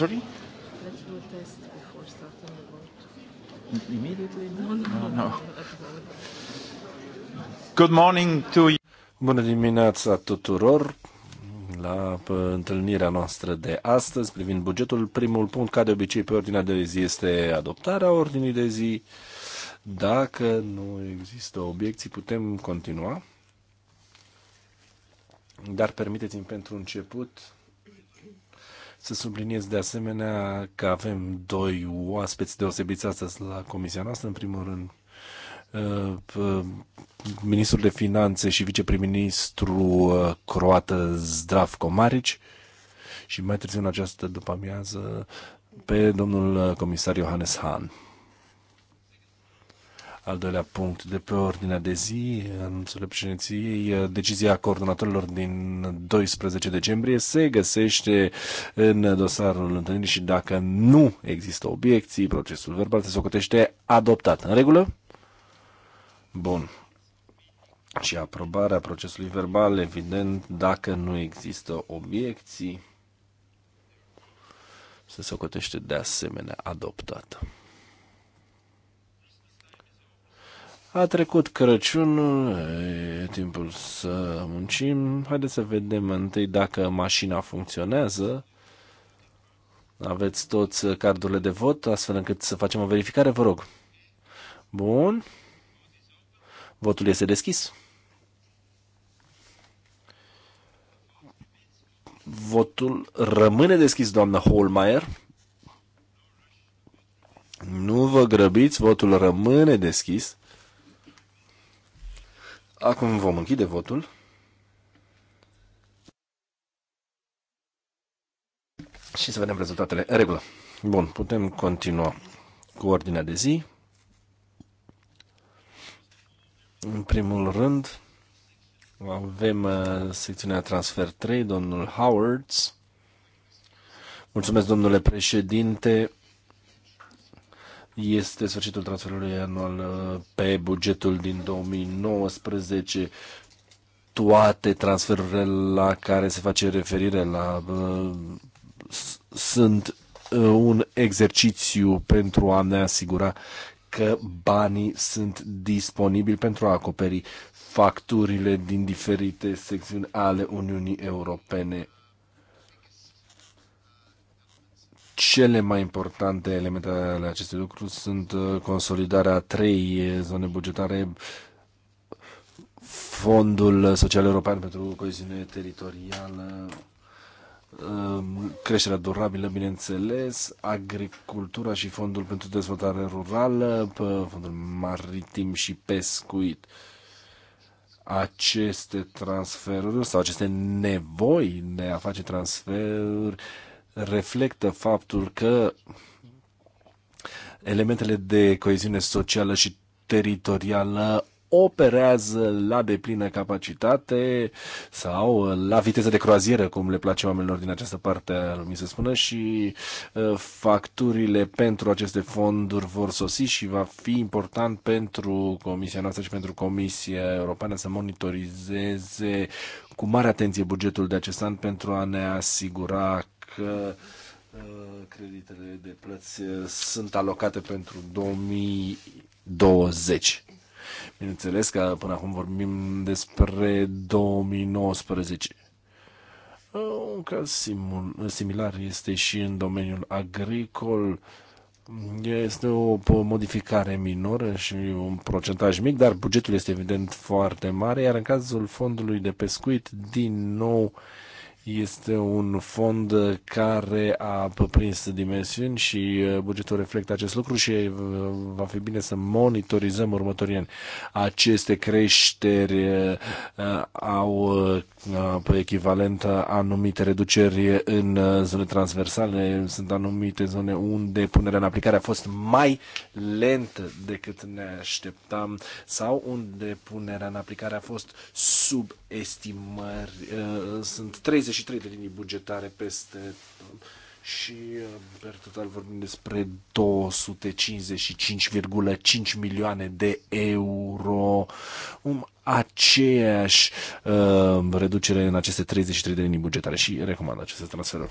Sorry? Let's do a test before starting the vote. Immediately? No, no, no. Good morning to you. Bună dimineața tuturor la întâlnirea noastră de astăzi privind bugetul. Primul punct, ca de obicei, pe ordinea de zi este adoptarea ordinii de zi. Dacă nu există obiecții, putem continua. Dar permiteți-mi pentru început să subliniez de asemenea că avem doi oaspeți deosebiți astăzi la comisia noastră. În primul rând, uh, ministrul de finanțe și viceprim-ministru uh, croată Zdravko Maric și mai târziu în această după amiază pe domnul uh, comisar Johannes Hahn. Al doilea punct de pe ordinea de zi, în președinției, decizia coordonatorilor din 12 decembrie se găsește în dosarul întâlnirii și dacă nu există obiecții, procesul verbal se socotește adoptat. În regulă? Bun și aprobarea procesului verbal, evident, dacă nu există obiecții, se socotește de asemenea adoptată. A trecut Crăciunul, e timpul să muncim. Haideți să vedem întâi dacă mașina funcționează. Aveți toți cardurile de vot, astfel încât să facem o verificare, vă rog. Bun. Votul este deschis. Votul rămâne deschis, doamnă Holmeier. Nu vă grăbiți, votul rămâne deschis. Acum vom închide votul. Și să vedem rezultatele. În regulă. Bun, putem continua cu ordinea de zi. În primul rând, avem uh, secțiunea Transfer 3, domnul Howards. Mulțumesc, domnule președinte este sfârșitul transferului anual uh, pe bugetul din 2019 toate transferurile la care se face referire la uh, sunt uh, un exercițiu pentru a ne asigura că banii sunt disponibili pentru a acoperi facturile din diferite secțiuni ale Uniunii Europene Cele mai importante elemente ale acestui lucru sunt uh, consolidarea trei zone bugetare, Fondul Social European pentru Coeziune Teritorială, um, creșterea durabilă, bineînțeles, agricultura și fondul pentru dezvoltare rurală, fondul maritim și pescuit. Aceste transferuri sau aceste nevoi de a face transferuri reflectă faptul că elementele de coeziune socială și teritorială operează la deplină capacitate sau la viteză de croazieră, cum le place oamenilor din această parte a lumii să spună, și uh, facturile pentru aceste fonduri vor sosi și va fi important pentru Comisia noastră și pentru Comisia Europeană să monitorizeze cu mare atenție bugetul de acest an pentru a ne asigura că uh, creditele de plăți uh, sunt alocate pentru 2020. Bineînțeles că până acum vorbim despre 2019. Uh, un caz similar este și în domeniul agricol. Este o modificare minoră și un procentaj mic, dar bugetul este evident foarte mare, iar în cazul fondului de pescuit, din nou, uh, este un fond care a prins dimensiuni și uh, bugetul reflectă acest lucru și uh, va fi bine să monitorizăm următorii ani. Aceste creșteri uh, au pe echivalent anumite reduceri în zone transversale, sunt anumite zone unde punerea în aplicare a fost mai lentă decât ne așteptam sau unde punerea în aplicare a fost estimări. Sunt 30 53 de linii bugetare peste și uh, per total vorbim despre 255,5 milioane de euro, um, aceeași uh, reducere în aceste 33 de linii bugetare și recomand aceste transferuri.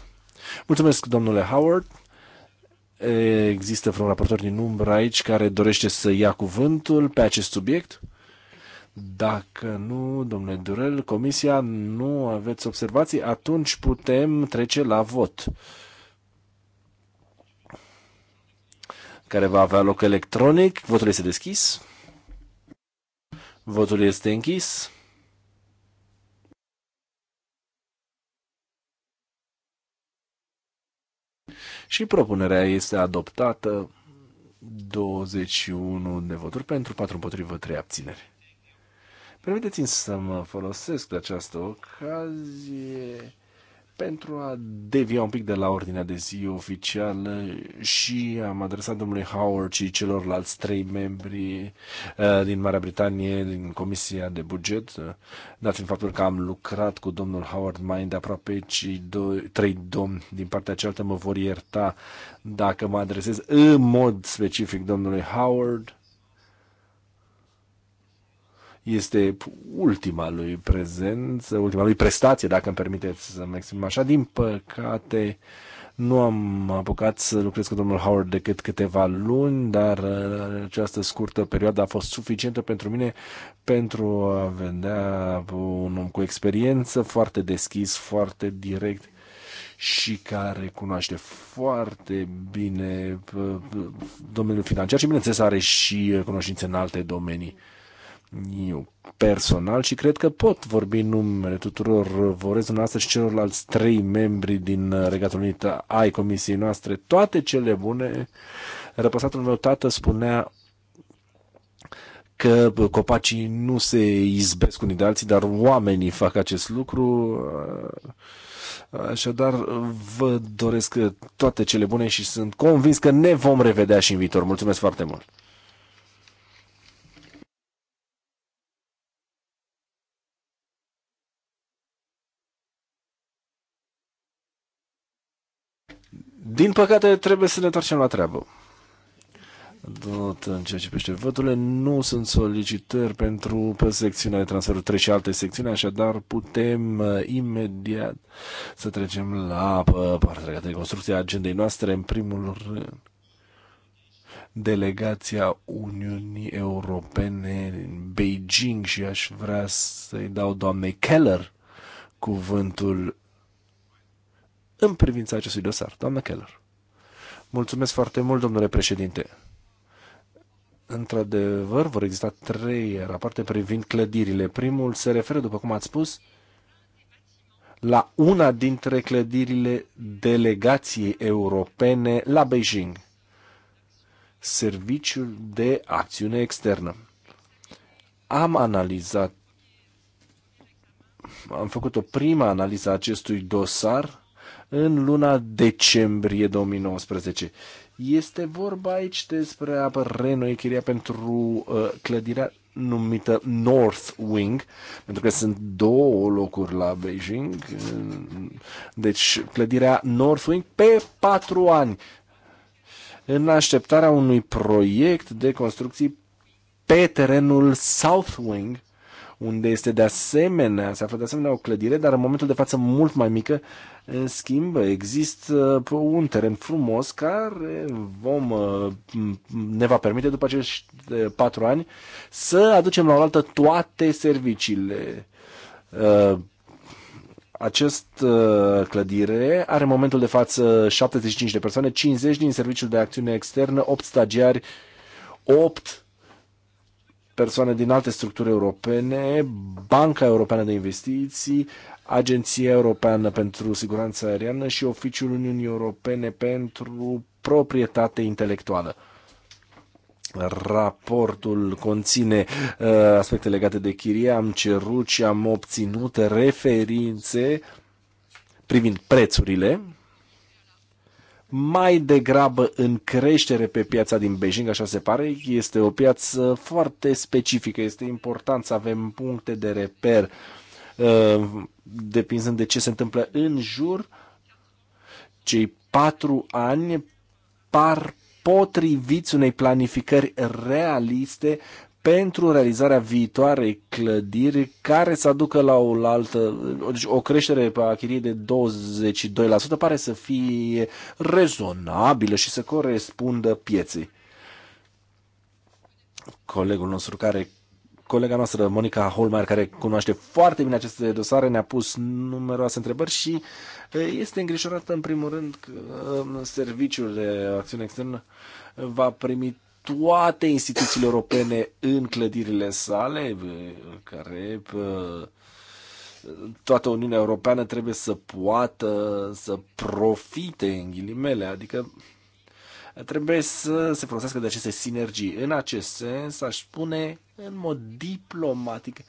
Mulțumesc, domnule Howard. Există vreun raportor din umbră aici care dorește să ia cuvântul pe acest subiect? Dacă nu, domnule Durel, comisia nu aveți observații, atunci putem trece la vot. Care va avea loc electronic. Votul este deschis. Votul este închis. Și propunerea este adoptată 21 de voturi pentru 4 împotrivă 3 abțineri. Permiteți-mi să mă folosesc de această ocazie pentru a devia un pic de la ordinea de zi oficială și am adresat domnului Howard și celorlalți trei membri uh, din Marea Britanie, din Comisia de Buget, uh, dat fiind faptul că am lucrat cu domnul Howard mai îndeaproape, ci do- trei domni din partea cealaltă mă vor ierta dacă mă adresez în mod specific domnului Howard este ultima lui prezență, ultima lui prestație, dacă îmi permiteți să-mi exprim așa. Din păcate, nu am apucat să lucrez cu domnul Howard decât câteva luni, dar uh, această scurtă perioadă a fost suficientă pentru mine pentru a vedea un om cu experiență, foarte deschis, foarte direct și care cunoaște foarte bine uh, uh, domeniul financiar și bineînțeles are și cunoștințe în alte domenii eu personal și cred că pot vorbi în numele tuturor, vorez urez și celorlalți trei membri din Regatul Unit ai comisiei noastre, toate cele bune. Răpăsatul meu tată spunea că copacii nu se izbesc unii de alții, dar oamenii fac acest lucru. Așadar, vă doresc toate cele bune și sunt convins că ne vom revedea și în viitor. Mulțumesc foarte mult! Din păcate, trebuie să ne întoarcem la treabă. Tot în ceea ce pește voturile, nu sunt solicitări pentru pe secțiunea de transferuri 3 și alte secțiuni, așadar putem uh, imediat să trecem la uh, partea legată de construcția agendei noastre. În primul rând, delegația Uniunii Europene în Beijing și aș vrea să-i dau doamnei Keller cuvântul în privința acestui dosar. Doamna Keller. Mulțumesc foarte mult, domnule președinte. Într-adevăr, vor exista trei rapoarte privind clădirile. Primul se referă, după cum ați spus, la una dintre clădirile delegației europene la Beijing, Serviciul de Acțiune Externă. Am analizat, am făcut o prima analiză a acestui dosar în luna decembrie 2019. Este vorba aici despre a renoichiria pentru uh, clădirea numită North Wing, pentru că sunt două locuri la Beijing. Uh, deci clădirea North Wing pe patru ani în așteptarea unui proiect de construcții pe terenul South Wing, unde este de asemenea, se află de asemenea o clădire, dar în momentul de față mult mai mică. În schimb, există un teren frumos care vom, uh, ne va permite după acești uh, patru ani să aducem la oaltă toate serviciile uh, acest clădire are în momentul de față 75 de persoane, 50 din serviciul de acțiune externă, 8 stagiari, 8 persoane din alte structuri europene, Banca Europeană de Investiții, Agenția Europeană pentru siguranță Aeriană și Oficiul Uniunii Europene pentru Proprietate Intelectuală. Raportul conține uh, aspecte legate de chirie, am cerut și am obținut referințe privind prețurile mai degrabă în creștere pe piața din Beijing, așa se pare. Este o piață foarte specifică, este important să avem puncte de reper uh, depinzând de ce se întâmplă în jur. Cei patru ani par potriviți unei planificări realiste pentru realizarea viitoarei clădiri care să aducă la o altă, o creștere pe achirie de 22% pare să fie rezonabilă și să corespundă pieței. Colegul nostru care colega noastră, Monica Holmeier, care cunoaște foarte bine aceste dosare, ne-a pus numeroase întrebări și este îngrijorată, în primul rând, că um, serviciul de acțiune externă va primi toate instituțiile europene în clădirile sale, care toată Uniunea Europeană trebuie să poată să profite în ghilimele, adică trebuie să se folosească de aceste sinergii. În acest sens, aș spune în mod diplomatic că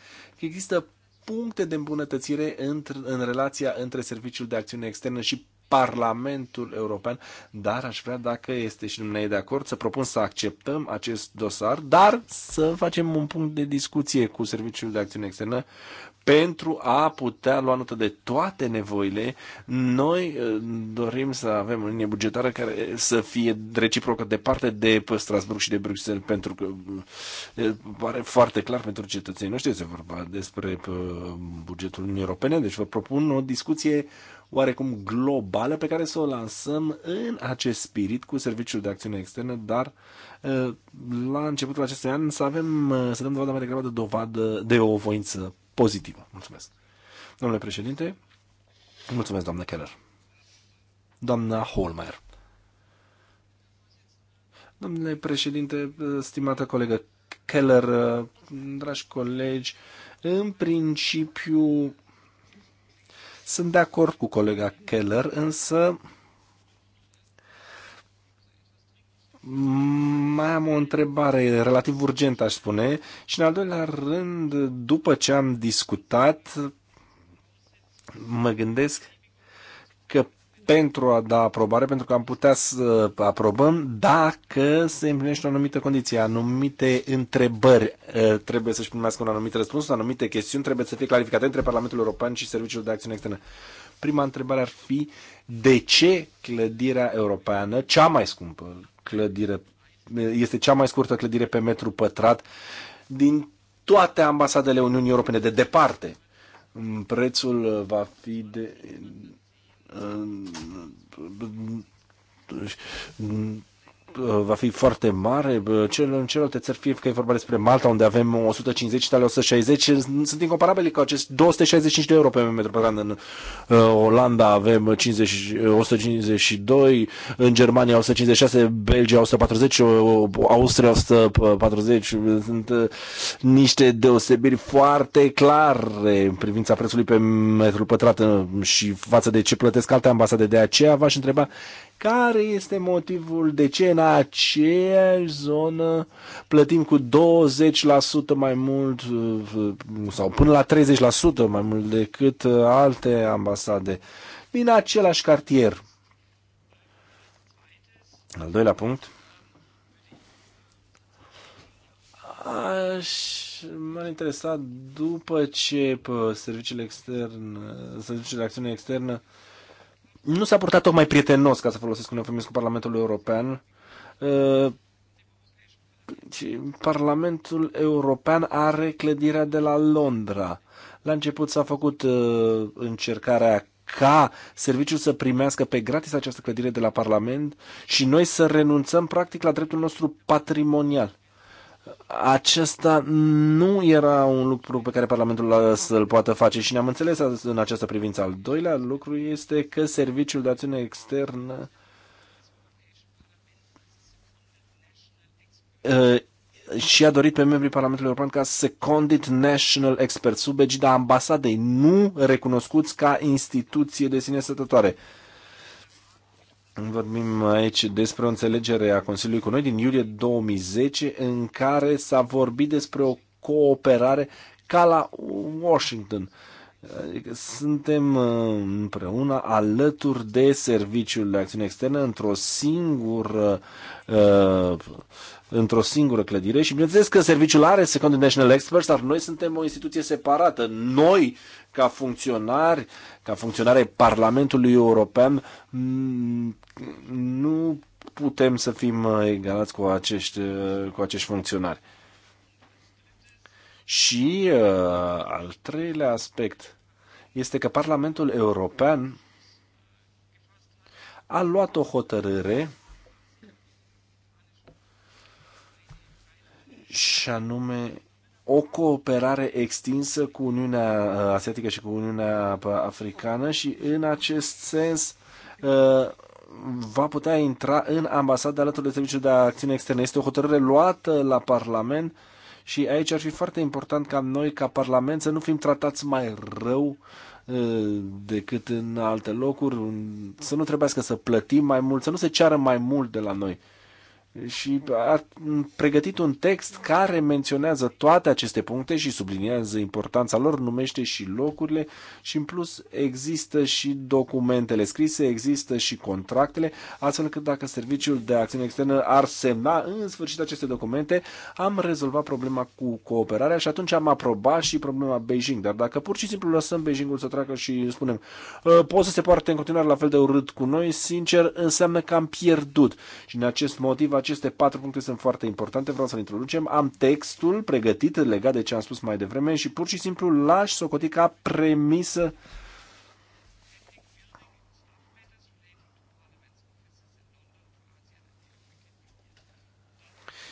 există puncte de îmbunătățire în, în relația între Serviciul de Acțiune Externă și Parlamentul European, dar aș vrea, dacă este și dumneavoastră de acord, să propun să acceptăm acest dosar, dar să facem un punct de discuție cu Serviciul de Acțiune Externă pentru a putea lua notă de toate nevoile. Noi eh, dorim să avem o linie bugetară care eh, să fie reciprocă de parte de Strasburg și de Bruxelles, pentru că eh, pare foarte clar pentru cetățenii noștri, este vorba despre bugetul Uniunii Europene, deci vă propun o discuție oarecum globală pe care să o lansăm în acest spirit cu Serviciul de Acțiune Externă, dar la începutul acestui an să avem, să dăm dovadă mai degrabă de dovadă de o voință pozitivă. Mulțumesc. Domnule președinte, mulțumesc, doamnă Keller. Doamna Holmeier. Domnule președinte, stimată colegă Keller, dragi colegi, în principiu sunt de acord cu colega Keller, însă Mai am o întrebare relativ urgentă, aș spune. Și în al doilea rând, după ce am discutat, mă gândesc pentru a da aprobare, pentru că am putea să aprobăm dacă se împlinește o anumită condiție, anumite întrebări eh, trebuie să-și primească un anumit răspuns, anumite chestiuni trebuie să fie clarificate între Parlamentul European și Serviciul de Acțiune Externă. Prima întrebare ar fi de ce clădirea europeană, cea mai scumpă clădire, eh, este cea mai scurtă clădire pe metru pătrat din toate ambasadele Uniunii Europene, de departe. Prețul va fi de Uh, uh, uh, uh, uh, uh, uh, uh, Uh, va fi foarte mare. Uh, cel, în celelalte țări, fie că e vorba despre Malta, unde avem 150 și 160, sunt incomparabile cu acest 265 de euro pe metru pătrat. În uh, Olanda avem 50, 152, în Germania 156, Belgia 140, Austria 140. Sunt niște deosebiri foarte clare în privința prețului pe metru pătrat și față de ce plătesc alte ambasade. De aceea v-aș întreba care este motivul de ce în aceeași zonă plătim cu 20% mai mult uh, sau până la 30% mai mult decât uh, alte ambasade din același cartier. Al doilea punct. Aș m a interesat după ce pe serviciile externe, uh, serviciile de acțiune externă uh, nu s-a purtat tocmai prietenos, ca să folosesc un eufemism cu Parlamentul European. Uh, Parlamentul European are clădirea de la Londra. La început s-a făcut uh, încercarea ca serviciul să primească pe gratis această clădire de la Parlament și noi să renunțăm practic la dreptul nostru patrimonial. Acesta nu era un lucru pe care Parlamentul să-l poată face și ne-am înțeles în această privință. Al doilea lucru este că Serviciul de Acțiune Externă uh, și a dorit pe membrii Parlamentului European ca seconded national experts sub egida ambasadei, nu recunoscuți ca instituție de sine sătătoare. Uh, Vorbim aici despre o înțelegere a Consiliului cu noi din iulie 2010 în care s-a vorbit despre o cooperare ca la Washington. Adică suntem uh, împreună alături de Serviciul de Acțiune Externă într-o singură uh, într-o singură clădire și bineînțeles că serviciul are Second National Experts, dar noi suntem o instituție separată. Noi ca funcționari, ca funcționare Parlamentului European, nu putem să fim uh, egalați cu acești, uh, cu acești funcționari. Și uh, al treilea aspect este că Parlamentul European a luat o hotărâre și anume o cooperare extinsă cu Uniunea uh, Asiatică și cu Uniunea Africană și în acest sens uh, va putea intra în ambasada alături de Serviciul de Acțiune Externă. Este o hotărâre luată la Parlament și aici ar fi foarte important ca noi, ca Parlament, să nu fim tratați mai rău uh, decât în alte locuri, să nu trebuiască să plătim mai mult, să nu se ceară mai mult de la noi și a pregătit un text care menționează toate aceste puncte și subliniază importanța lor, numește și locurile și în plus există și documentele scrise, există și contractele, astfel că dacă Serviciul de Acțiune Externă ar semna în sfârșit aceste documente, am rezolvat problema cu cooperarea și atunci am aprobat și problema Beijing. Dar dacă pur și simplu lăsăm Beijingul să treacă și spunem ă, pot să se poarte în continuare la fel de urât cu noi, sincer, înseamnă că am pierdut. Și în acest motiv aceste patru puncte sunt foarte importante, vreau să l introducem. Am textul pregătit legat de ce am spus mai devreme și pur și simplu lași socotica socoti premisă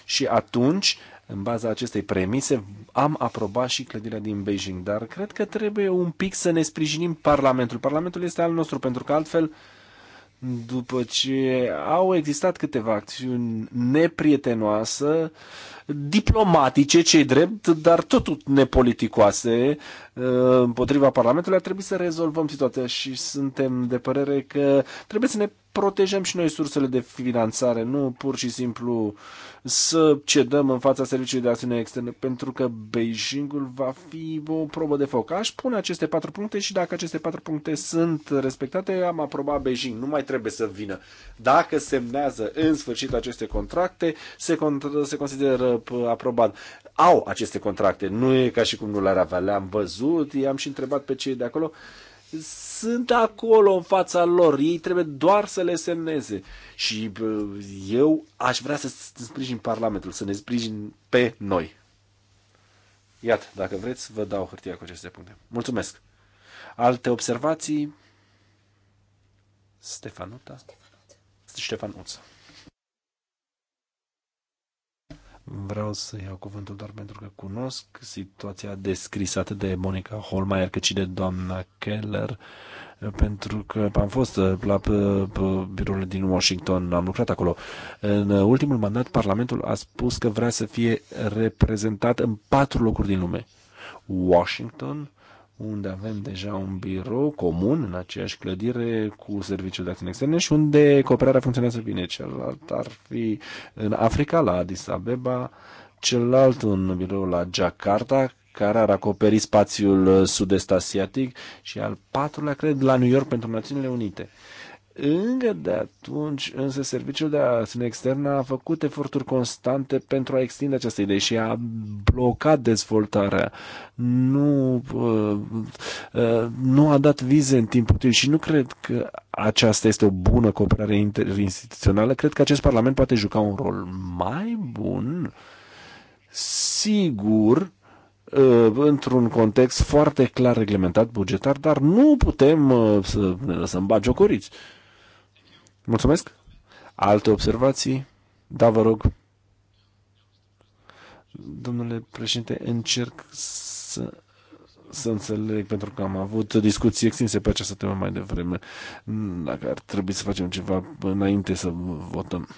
și atunci, în baza acestei premise, am aprobat și clădirea din Beijing, dar cred că trebuie un pic să ne sprijinim Parlamentul. Parlamentul este al nostru, pentru că altfel uh, după ce au existat câteva acțiuni neprietenoase diplomatice, cei drept, dar totul nepoliticoase uh, împotriva Parlamentului, ar trebui să rezolvăm situația și suntem de părere că trebuie să ne protejăm și noi sursele de finanțare, nu pur și simplu să cedăm în fața Serviciului de Acțiune Externe, pentru că Beijingul va fi o probă de foc. Aș pune aceste patru puncte și dacă aceste patru puncte sunt respectate, am aprobat Beijing. Nu mai trebuie să vină. Dacă semnează în sfârșit aceste contracte, se, con- se consideră Uh, aprobat. Au aceste contracte, nu e ca și cum nu le-ar avea, le-am văzut, i-am și întrebat pe cei de acolo, sunt acolo în fața lor, ei trebuie doar să le semneze. Și uh, eu aș vrea să sprijin Parlamentul, să ne sprijin pe noi. Iată, dacă vreți, vă dau hârtia cu aceste puncte. Mulțumesc! Alte observații? Stefanuta? Stefanuta. Stefanuta. Vreau să iau cuvântul doar pentru că cunosc situația descrisă atât de Monica Holmeier cât și de doamna Keller, pentru că am fost uh, la uh, birourile din Washington, am lucrat acolo. În ultimul mandat, Parlamentul a spus că vrea să fie reprezentat în patru locuri din lume. Washington, unde avem deja un birou comun în aceeași clădire cu serviciul de acțiune externe și unde cooperarea funcționează bine. Celălalt ar fi în Africa, la Addis Abeba, celălalt un birou la Jakarta, care ar acoperi spațiul sud-est asiatic și al patrulea, cred, la New York pentru Națiunile Unite. Încă de atunci, însă, Serviciul de Acțiune Externă a făcut eforturi constante pentru a extinde această idee și a blocat dezvoltarea. Nu, uh, uh, nu a dat vize în timp util și nu cred că aceasta este o bună cooperare interinstituțională. Cred că acest Parlament poate juca un rol mai bun. Sigur, uh, într-un context foarte clar reglementat bugetar, dar nu putem uh, să ne lăsăm bagiocoriți. Uh, Mulțumesc. Alte observații? Da, vă rog. Domnule președinte, încerc să, să înțeleg, pentru că am avut discuții extinse pe această temă mai devreme, dacă ar trebui să facem ceva înainte să votăm.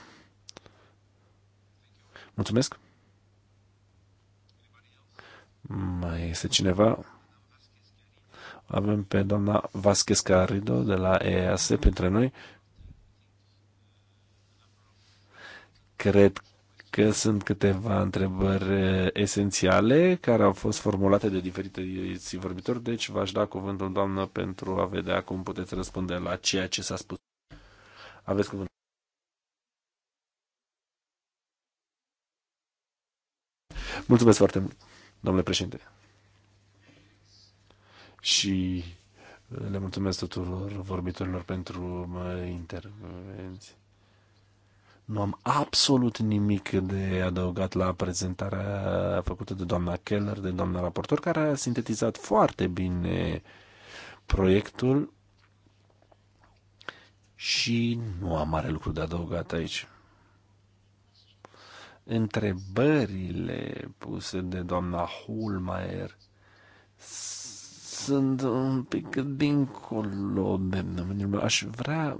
Mulțumesc. Mai este cineva? Avem pe doamna Vasquez Carido de la EAS printre noi. Cred că sunt câteva întrebări eh, esențiale care au fost formulate de diferite vorbitori, deci v-aș da cuvântul, doamnă, pentru a vedea cum puteți răspunde la ceea ce s-a spus. Aveți cuvântul. Mulțumesc foarte mult, domnule președinte. Și le mulțumesc tuturor vorbitorilor pentru intervenții. Nu am absolut nimic de adăugat la prezentarea făcută de doamna Keller, de doamna raportor, care a sintetizat foarte bine proiectul și nu am mare lucru de adăugat aici. Întrebările puse de doamna Hulmaier sunt un pic dincolo. de Aș vrea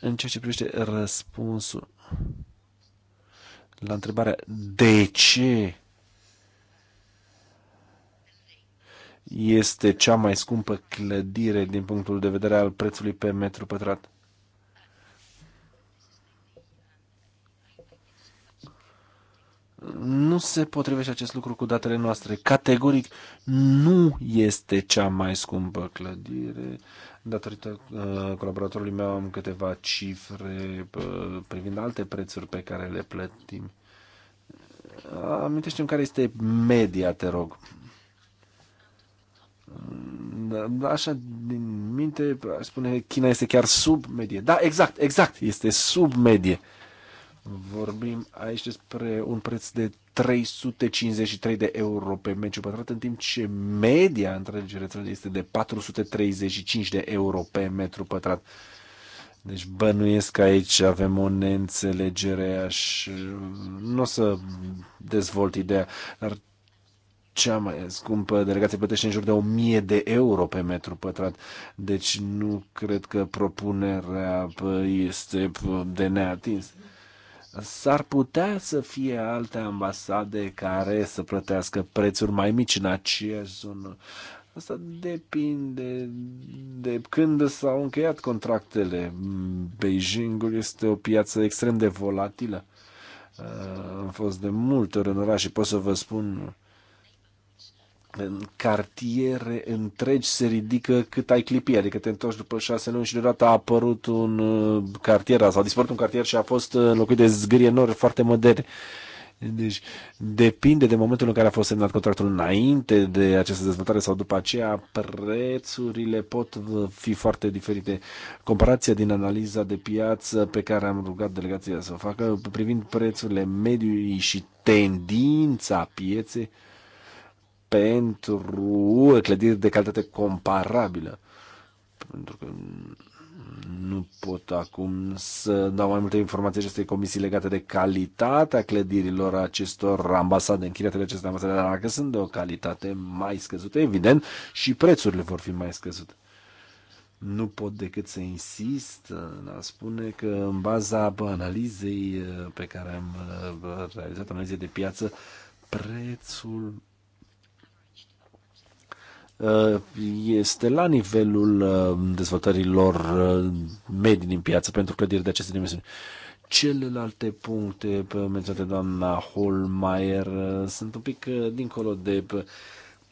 în ceea ce privește răspunsul la întrebarea de ce este cea mai scumpă clădire din punctul de vedere al prețului pe metru pătrat. Nu se potrivește acest lucru cu datele noastre. Categoric nu este cea mai scumpă clădire. Datorită uh, colaboratorului meu am câteva cifre uh, privind alte prețuri pe care le plătim. Uh, amintește-mi care este media, te rog. Da, da, așa, din minte, aș spune China este chiar sub medie. Da, exact, exact, este sub medie. Uh, Vorbim aici despre un preț de 353 de euro pe metru pătrat, în timp ce media întregii rețele este de 435 de euro pe metru pătrat. Deci bănuiesc că aici avem o neînțelegere, aș... nu o să dezvolt ideea, dar cea mai scumpă delegație plătește în jur de 1000 de euro pe metru pătrat. Deci nu cred că propunerea este de neatins. S-ar putea să fie alte ambasade care să plătească prețuri mai mici în aceeași zonă. Asta depinde de când s-au încheiat contractele. Beijingul este o piață extrem de volatilă. Uh, am fost de multe ori în oraș și pot să vă spun în cartiere întregi se ridică cât ai clipi, adică te întorci după șase luni și deodată a apărut un uh, cartier, sau a dispărut un cartier și a fost uh, înlocuit de zgârie nori foarte moderne. Deci depinde de momentul în care a fost semnat contractul înainte de această dezvoltare sau după aceea, prețurile pot fi foarte diferite. Comparația din analiza de piață pe care am rugat delegația să o facă privind prețurile mediului și tendința pieței pentru clădiri de calitate comparabilă. Pentru că nu pot acum să dau mai multe informații acestei comisii legate de calitatea clădirilor acestor ambasade, închiriatele acestor ambasade, dar dacă sunt de o calitate mai scăzută, evident, și prețurile vor fi mai scăzute. Nu pot decât să insist în a spune că în baza analizei uh, pe care am uh, realizat, analize de piață, prețul Uh, este la nivelul uh, dezvoltărilor uh, medii din piață pentru clădiri de aceste dimensiuni. Celelalte puncte menționate doamna Holmeier sunt un pic dincolo de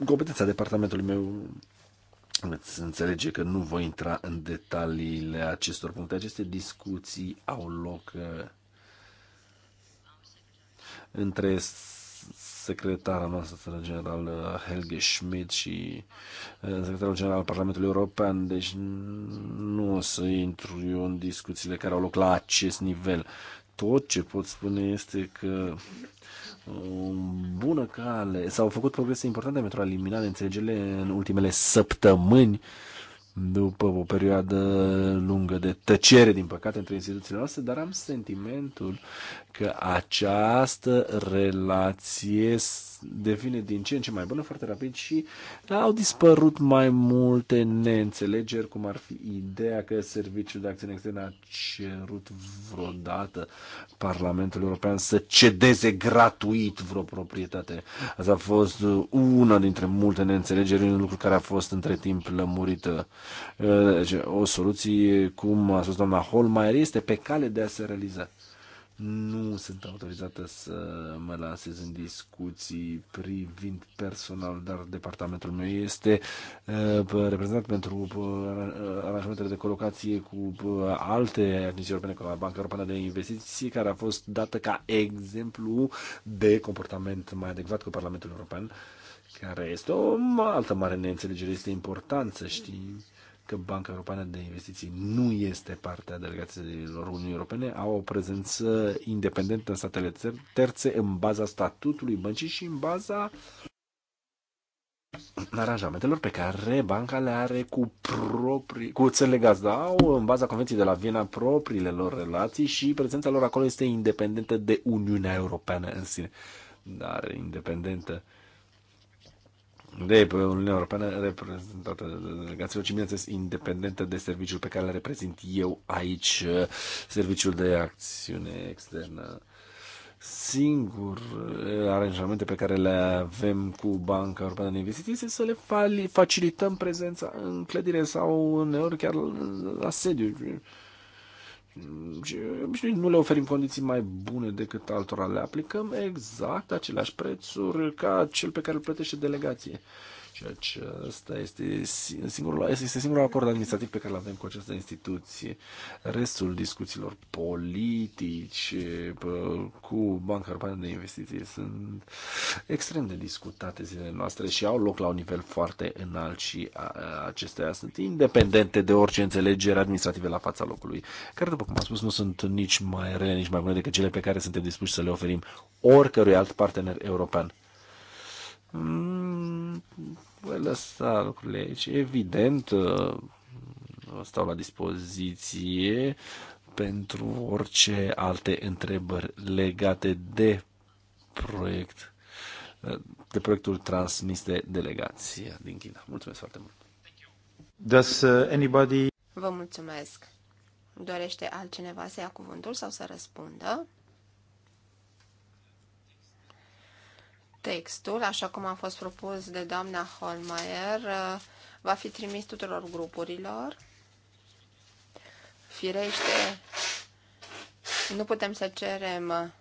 competența departamentului meu Veți înțelege că nu voi intra în detaliile acestor puncte. Aceste discuții au loc între secretara noastră general uh, Helge Schmidt și uh, secretarul general al Parlamentului European, deci nu o să intru eu în discuțiile care au loc la acest nivel. Tot ce pot spune este că o uh, bună cale, s-au făcut progrese importante pentru a elimina neînțelegerile în ultimele săptămâni uh, după o perioadă lungă de tăcere, din păcate, între instituțiile noastre, dar am sentimentul că această relație devine din ce în ce mai bună foarte rapid și au dispărut mai multe neînțelegeri, cum ar fi ideea că Serviciul de Acțiune Externă a cerut vreodată Parlamentul European să cedeze gratuit vreo proprietate. Asta a fost una dintre multe neînțelegeri, un lucru care a fost între timp lămurită. Deci, o soluție, cum a spus doamna Holmeier, este pe cale de a se realiza nu sunt autorizată să mă lansez în discuții privind personal, dar departamentul meu este uh, reprezentat pentru aranjamentele de colocație cu alte agenții europene, ca Banca Europeană de Investiții, care a fost dată ca exemplu de comportament mai adecvat cu Parlamentul European, care este o altă mare neînțelegere, este important să știi că Banca Europeană de Investiții nu este parte a delegațiilor Uniunii Europene, au o prezență independentă în statele terțe în baza statutului băncii și în baza aranjamentelor pe care banca le are cu proprii, cu țările gazdă. Da? Au în baza convenției de la Viena propriile lor relații și prezența lor acolo este independentă de Uniunea Europeană în sine. Dar independentă de Uniunea Europeană reprezentată de delegațiilor, ci bineînțeles independentă de serviciul pe care îl reprezint eu aici, serviciul de acțiune externă singur eh, aranjamente pe care le avem cu Banca Europeană de Investiții este să le facilităm prezența în clădire sau uneori chiar la sediu și nu le oferim condiții mai bune decât altora. Le aplicăm exact aceleași prețuri ca cel pe care îl plătește delegație. Uh, și acesta este singurul, este singurul acord administrativ pe care îl avem cu această instituție. Restul discuțiilor politice cu Banca Europeană de Investiții sunt extrem de discutate zilele noastre și au loc la un nivel foarte înalt și acestea sunt independente de orice înțelegere administrative la fața locului, care, după cum am spus, nu sunt nici mai rele, nici mai bune decât cele pe care suntem dispuși să le oferim oricărui alt partener european. Mm, voi lăsa lucrurile aici. Evident, uh, stau la dispoziție pentru orice alte întrebări legate de proiect, uh, de proiectul transmis de delegația din China. Mulțumesc foarte mult! Does uh, anybody... Vă mulțumesc! Dorește altcineva să ia cuvântul sau să răspundă? Textul, așa cum a fost propus de doamna Holmeier, va fi trimis tuturor grupurilor. Firește, nu putem să cerem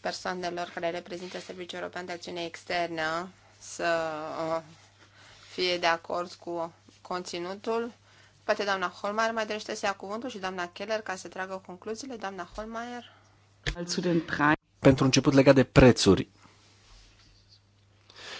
persoanelor care reprezintă Serviciul European de Acțiune Externă să fie de acord cu conținutul. Poate doamna Holmeier mai dorește să ia cuvântul și doamna Keller ca să tragă concluziile. Doamna Holmeier? Pentru început legat de prețuri,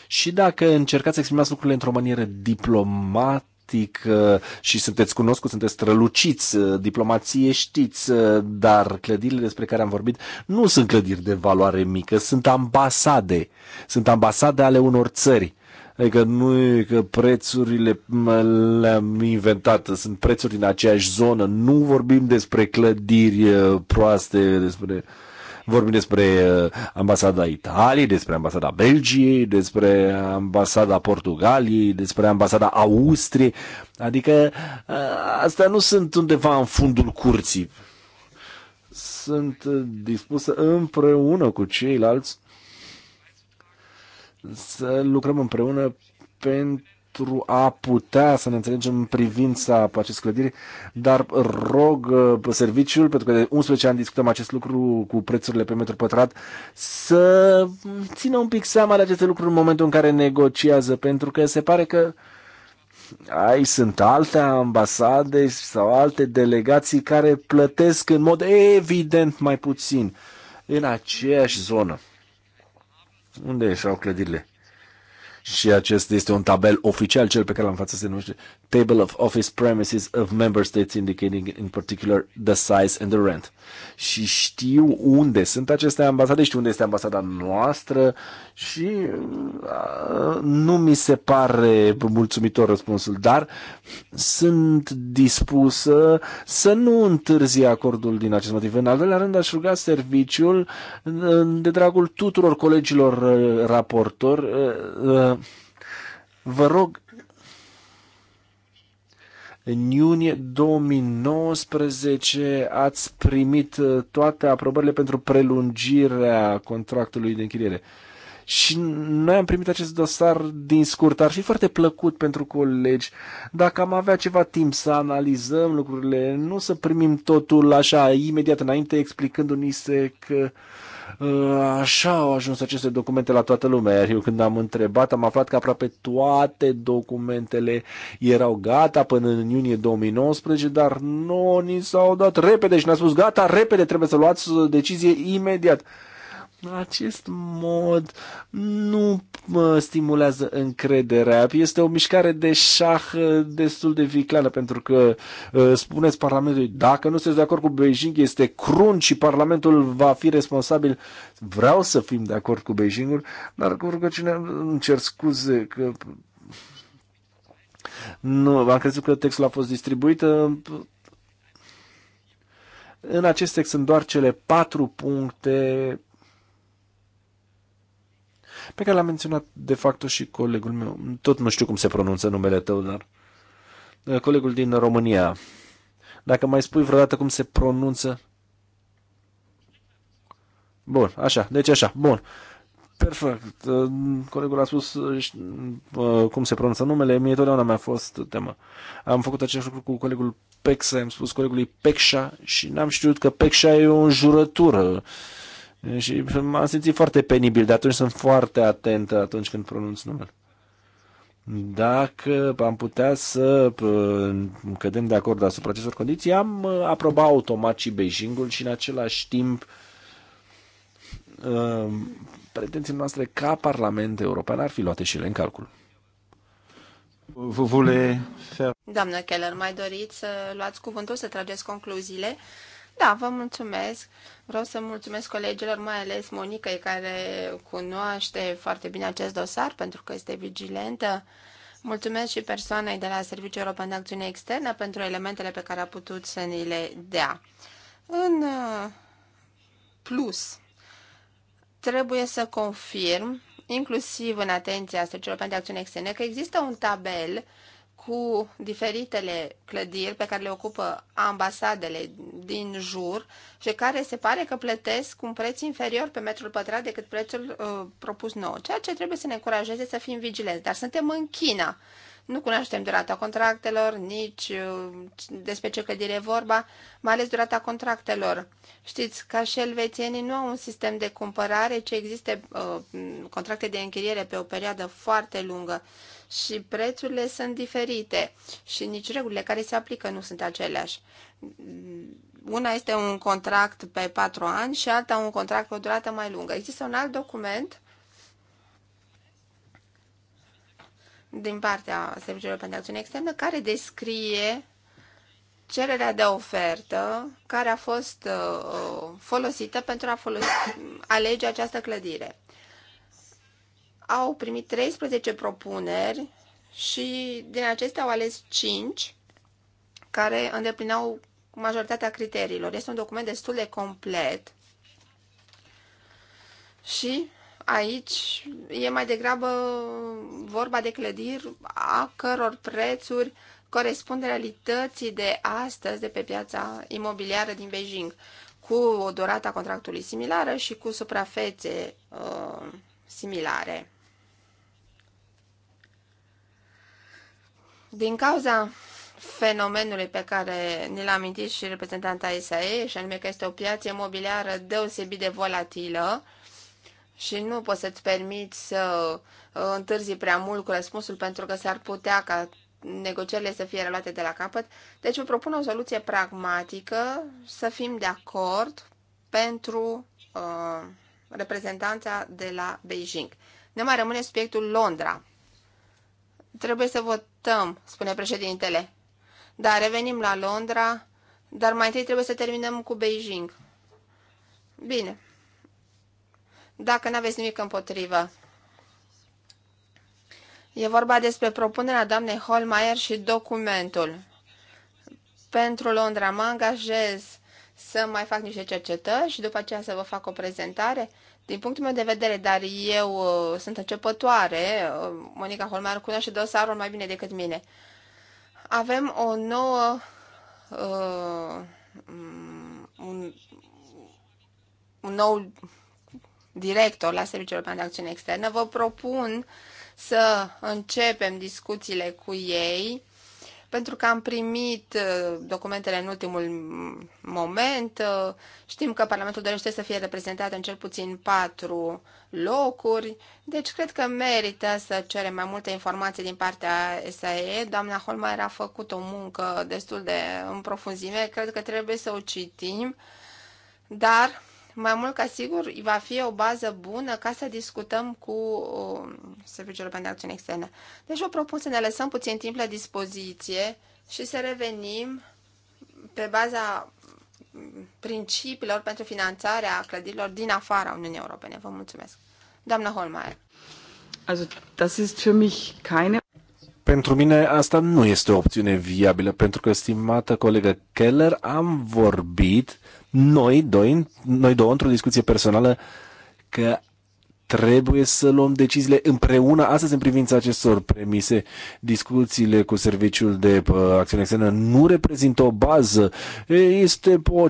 și dacă încercați să exprimați lucrurile într-o manieră diplomatică, și sunteți cunoscuți, sunteți străluciți, uh, diplomație știți, uh, dar clădirile despre care am vorbit nu sunt clădiri de valoare mică, sunt ambasade, sunt ambasade ale unor țări. Adică nu e că prețurile le-am inventat, sunt prețuri din aceeași zonă, nu vorbim despre clădiri uh, proaste, despre uh, Vorbim despre uh, ambasada Italiei, despre ambasada Belgiei, despre ambasada Portugaliei, despre ambasada Austriei. Adică uh, astea nu sunt undeva în fundul curții. Sunt uh, dispusă împreună cu ceilalți să lucrăm împreună pentru pentru a putea să ne înțelegem în privința acest clădiri, dar rog uh, serviciul, pentru că de 11 ani discutăm acest lucru cu prețurile pe metru pătrat, să țină un pic seama de aceste lucruri în momentul în care negociază, pentru că se pare că ai sunt alte ambasade sau alte delegații care plătesc în mod evident mai puțin în aceeași zonă. Unde și-au clădirile? și acest este un tabel oficial, cel pe care l-am față se numește table of office premises of member states indicating in particular the size and the rent. Și știu unde sunt aceste ambasade, știu unde este ambasada noastră și uh, nu mi se pare mulțumitor răspunsul, dar sunt dispusă să nu întârzi acordul din acest motiv. În al doilea rând aș ruga serviciul uh, de dragul tuturor colegilor uh, raportori vă rog în iunie 2019 ați primit uh, toate aprobările pentru prelungirea contractului de închiriere. Și noi am primit acest dosar din scurt. Ar fi foarte plăcut pentru colegi dacă am avea ceva timp să analizăm lucrurile, nu să primim totul așa imediat înainte, explicându-ni se că uh, Uh, așa au ajuns aceste documente la toată lumea, iar eu când am întrebat am aflat că aproape toate documentele erau gata până în iunie 2019, dar nu ni s-au dat repede și ne-a spus gata, repede, trebuie să luați decizie imediat acest mod nu stimulează încrederea. Este o mișcare de șah uh, destul de vicleană, pentru că uh, spuneți Parlamentului, dacă nu sunteți de acord cu Beijing, este crun și Parlamentul va fi responsabil. Vreau să fim de acord cu Beijingul, dar cu rugăciunea îmi cer scuze că nu, am crezut că textul a fost distribuit. Uh, în acest text sunt doar cele patru puncte pe care l-a menționat de fapt și colegul meu. Tot nu știu cum se pronunță numele tău, dar uh, colegul din România. Dacă mai spui vreodată cum se pronunță... Bun, așa, deci așa, bun. Perfect. Uh, colegul a spus uh, cum se pronunță numele, mie totdeauna mi-a fost temă. Am făcut același lucru cu colegul Pexa, am spus colegului Pexa și n-am știut că Pexa e o înjurătură. Uh, și m-am simțit foarte penibil, de atunci sunt foarte atent atunci când pronunț numele. Dacă am putea să uh, cădem de acord asupra acestor condiții, am uh, aprobat automat și Beijingul și în același timp uh, pretențiile noastre ca Parlament European ar fi luate și ele în calcul. Vă vole... Doamnă Keller, mai doriți să luați cuvântul, să trageți concluziile? Da, vă mulțumesc. Vreau să mulțumesc colegilor, mai ales Monicăi, care cunoaște foarte bine acest dosar, pentru că este vigilentă. Mulțumesc și persoanei de la Serviciul European de Acțiune Externă pentru elementele pe care a putut să ni le dea. În uh, plus, trebuie să confirm, inclusiv în atenția Serviciului European de Acțiune Externă, că există un tabel cu diferitele clădiri pe care le ocupă ambasadele din jur și care se pare că plătesc un preț inferior pe metrul pătrat decât prețul uh, propus nou, ceea ce trebuie să ne încurajeze să fim vigilenți. Dar suntem în China nu cunoaștem durata contractelor, nici uh, despre ce clădire e vorba, mai ales durata contractelor. Știți, ca și elvețienii nu au un sistem de cumpărare, ci există uh, contracte de închiriere pe o perioadă foarte lungă și prețurile sunt diferite și nici regulile care se aplică nu sunt aceleași. Una este un contract pe patru ani și alta un contract pe o durată mai lungă. Există un alt document din partea Serviciului pentru Acțiune Externă care descrie cererea de ofertă care a fost uh, uh folosită pentru a folosi, alege această clădire. Au primit 13 propuneri și din acestea au ales 5 care îndeplinau majoritatea criteriilor. Este un document destul de complet și Aici e mai degrabă vorba de clădiri a căror prețuri corespund realității de astăzi de pe piața imobiliară din Beijing, cu o durată a contractului similară și cu suprafețe uh, similare. Din cauza fenomenului pe care ne l-a amintit și reprezentanta SAE, și anume că este o piață imobiliară deosebit de volatilă, și nu poți să-ți permiți să uh, întârzi prea mult cu răspunsul pentru că s-ar putea ca negocierile să fie reluate de la capăt. Deci vă propun o soluție pragmatică, să fim de acord pentru uh, reprezentanța de la Beijing. Ne mai rămâne subiectul Londra. Trebuie să votăm, spune președintele. Da, revenim la Londra, dar mai întâi trebuie să terminăm cu Beijing. Bine dacă nu aveți nimic împotrivă. E vorba despre propunerea doamnei Holmeier și documentul. Pentru Londra mă angajez să mai fac niște cercetări și după aceea să vă fac o prezentare. Din punctul meu de vedere, dar eu uh, sunt începătoare, uh, Monica Holmeier cunoaște dosarul mai bine decât mine. Avem o nouă uh, un, un nou director la Serviciul European de Acțiune Externă, vă propun să începem discuțiile cu ei, pentru că am primit uh, documentele în ultimul moment. Uh, știm că Parlamentul dorește să fie reprezentat în cel puțin patru locuri, deci cred că merită să cerem mai multe informații din partea SAE. Doamna Holmeier a făcut o muncă destul de în profunzime, cred că trebuie să o citim, dar mai mult ca sigur va fi o bază bună ca să discutăm cu um, Serviciul European de Acțiune Externă. Deci vă propun să ne lăsăm puțin timp la dispoziție și să revenim pe baza principiilor pentru finanțarea clădirilor din afara Uniunii Europene. Vă mulțumesc. Doamna Holmeier. Also, das ist für mich keine pentru mine asta nu este o opțiune viabilă, pentru că, stimată colegă Keller, am vorbit noi, doi, noi doi într-o discuție personală că trebuie să luăm deciziile împreună astăzi în privința acestor premise. Discuțiile cu Serviciul de uh, Acțiune Externă nu reprezintă o bază, este o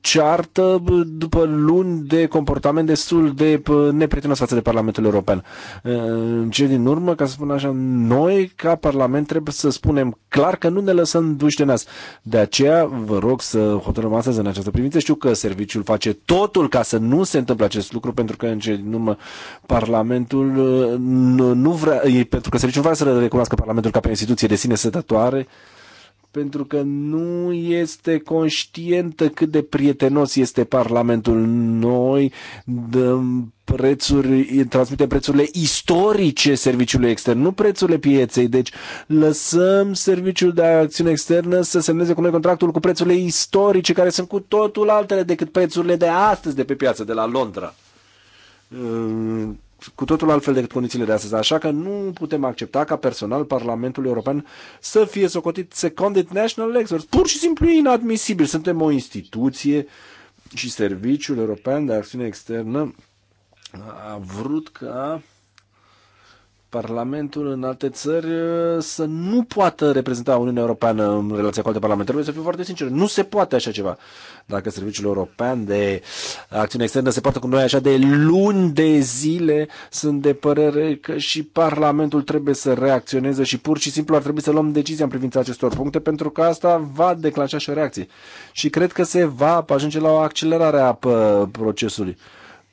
ceartă după luni de comportament destul de neprietenos față de Parlamentul European. În ce din urmă, ca să spun așa, noi ca Parlament trebuie să spunem clar că nu ne lăsăm duși de nas. De aceea vă rog să hotărâm astăzi în această privință. Știu că serviciul face totul ca să nu se întâmple acest lucru, pentru că în ce din urmă Parlamentul nu, nu vrea, pentru că serviciul vrea să recunoască Parlamentul ca pe instituție de sine sătătoare pentru că nu este conștientă cât de prietenos este Parlamentul. Noi dăm prețuri, transmitem prețurile istorice serviciului extern, nu prețurile pieței. Deci lăsăm serviciul de acțiune externă să semneze cu noi contractul cu prețurile istorice, care sunt cu totul altele decât prețurile de astăzi de pe piață, de la Londra cu totul altfel decât condițiile de astăzi. Așa că nu putem accepta ca personal Parlamentului European să fie socotit seconded national experts. Pur și simplu inadmisibil. Suntem o instituție și Serviciul European de Acțiune Externă a vrut ca Parlamentul în alte țări uh, să nu poată reprezenta Uniunea Europeană în relația cu alte parlamente. Trebuie să fiu foarte sincer, nu se poate așa ceva. Dacă Serviciul European de Acțiune Externă se poartă cu noi așa de luni de zile, sunt de părere că și Parlamentul trebuie să reacționeze și pur și simplu ar trebui să luăm decizia în privința acestor puncte, pentru că asta va declanșa și o reacție. Și cred că se va ajunge la o accelerare a procesului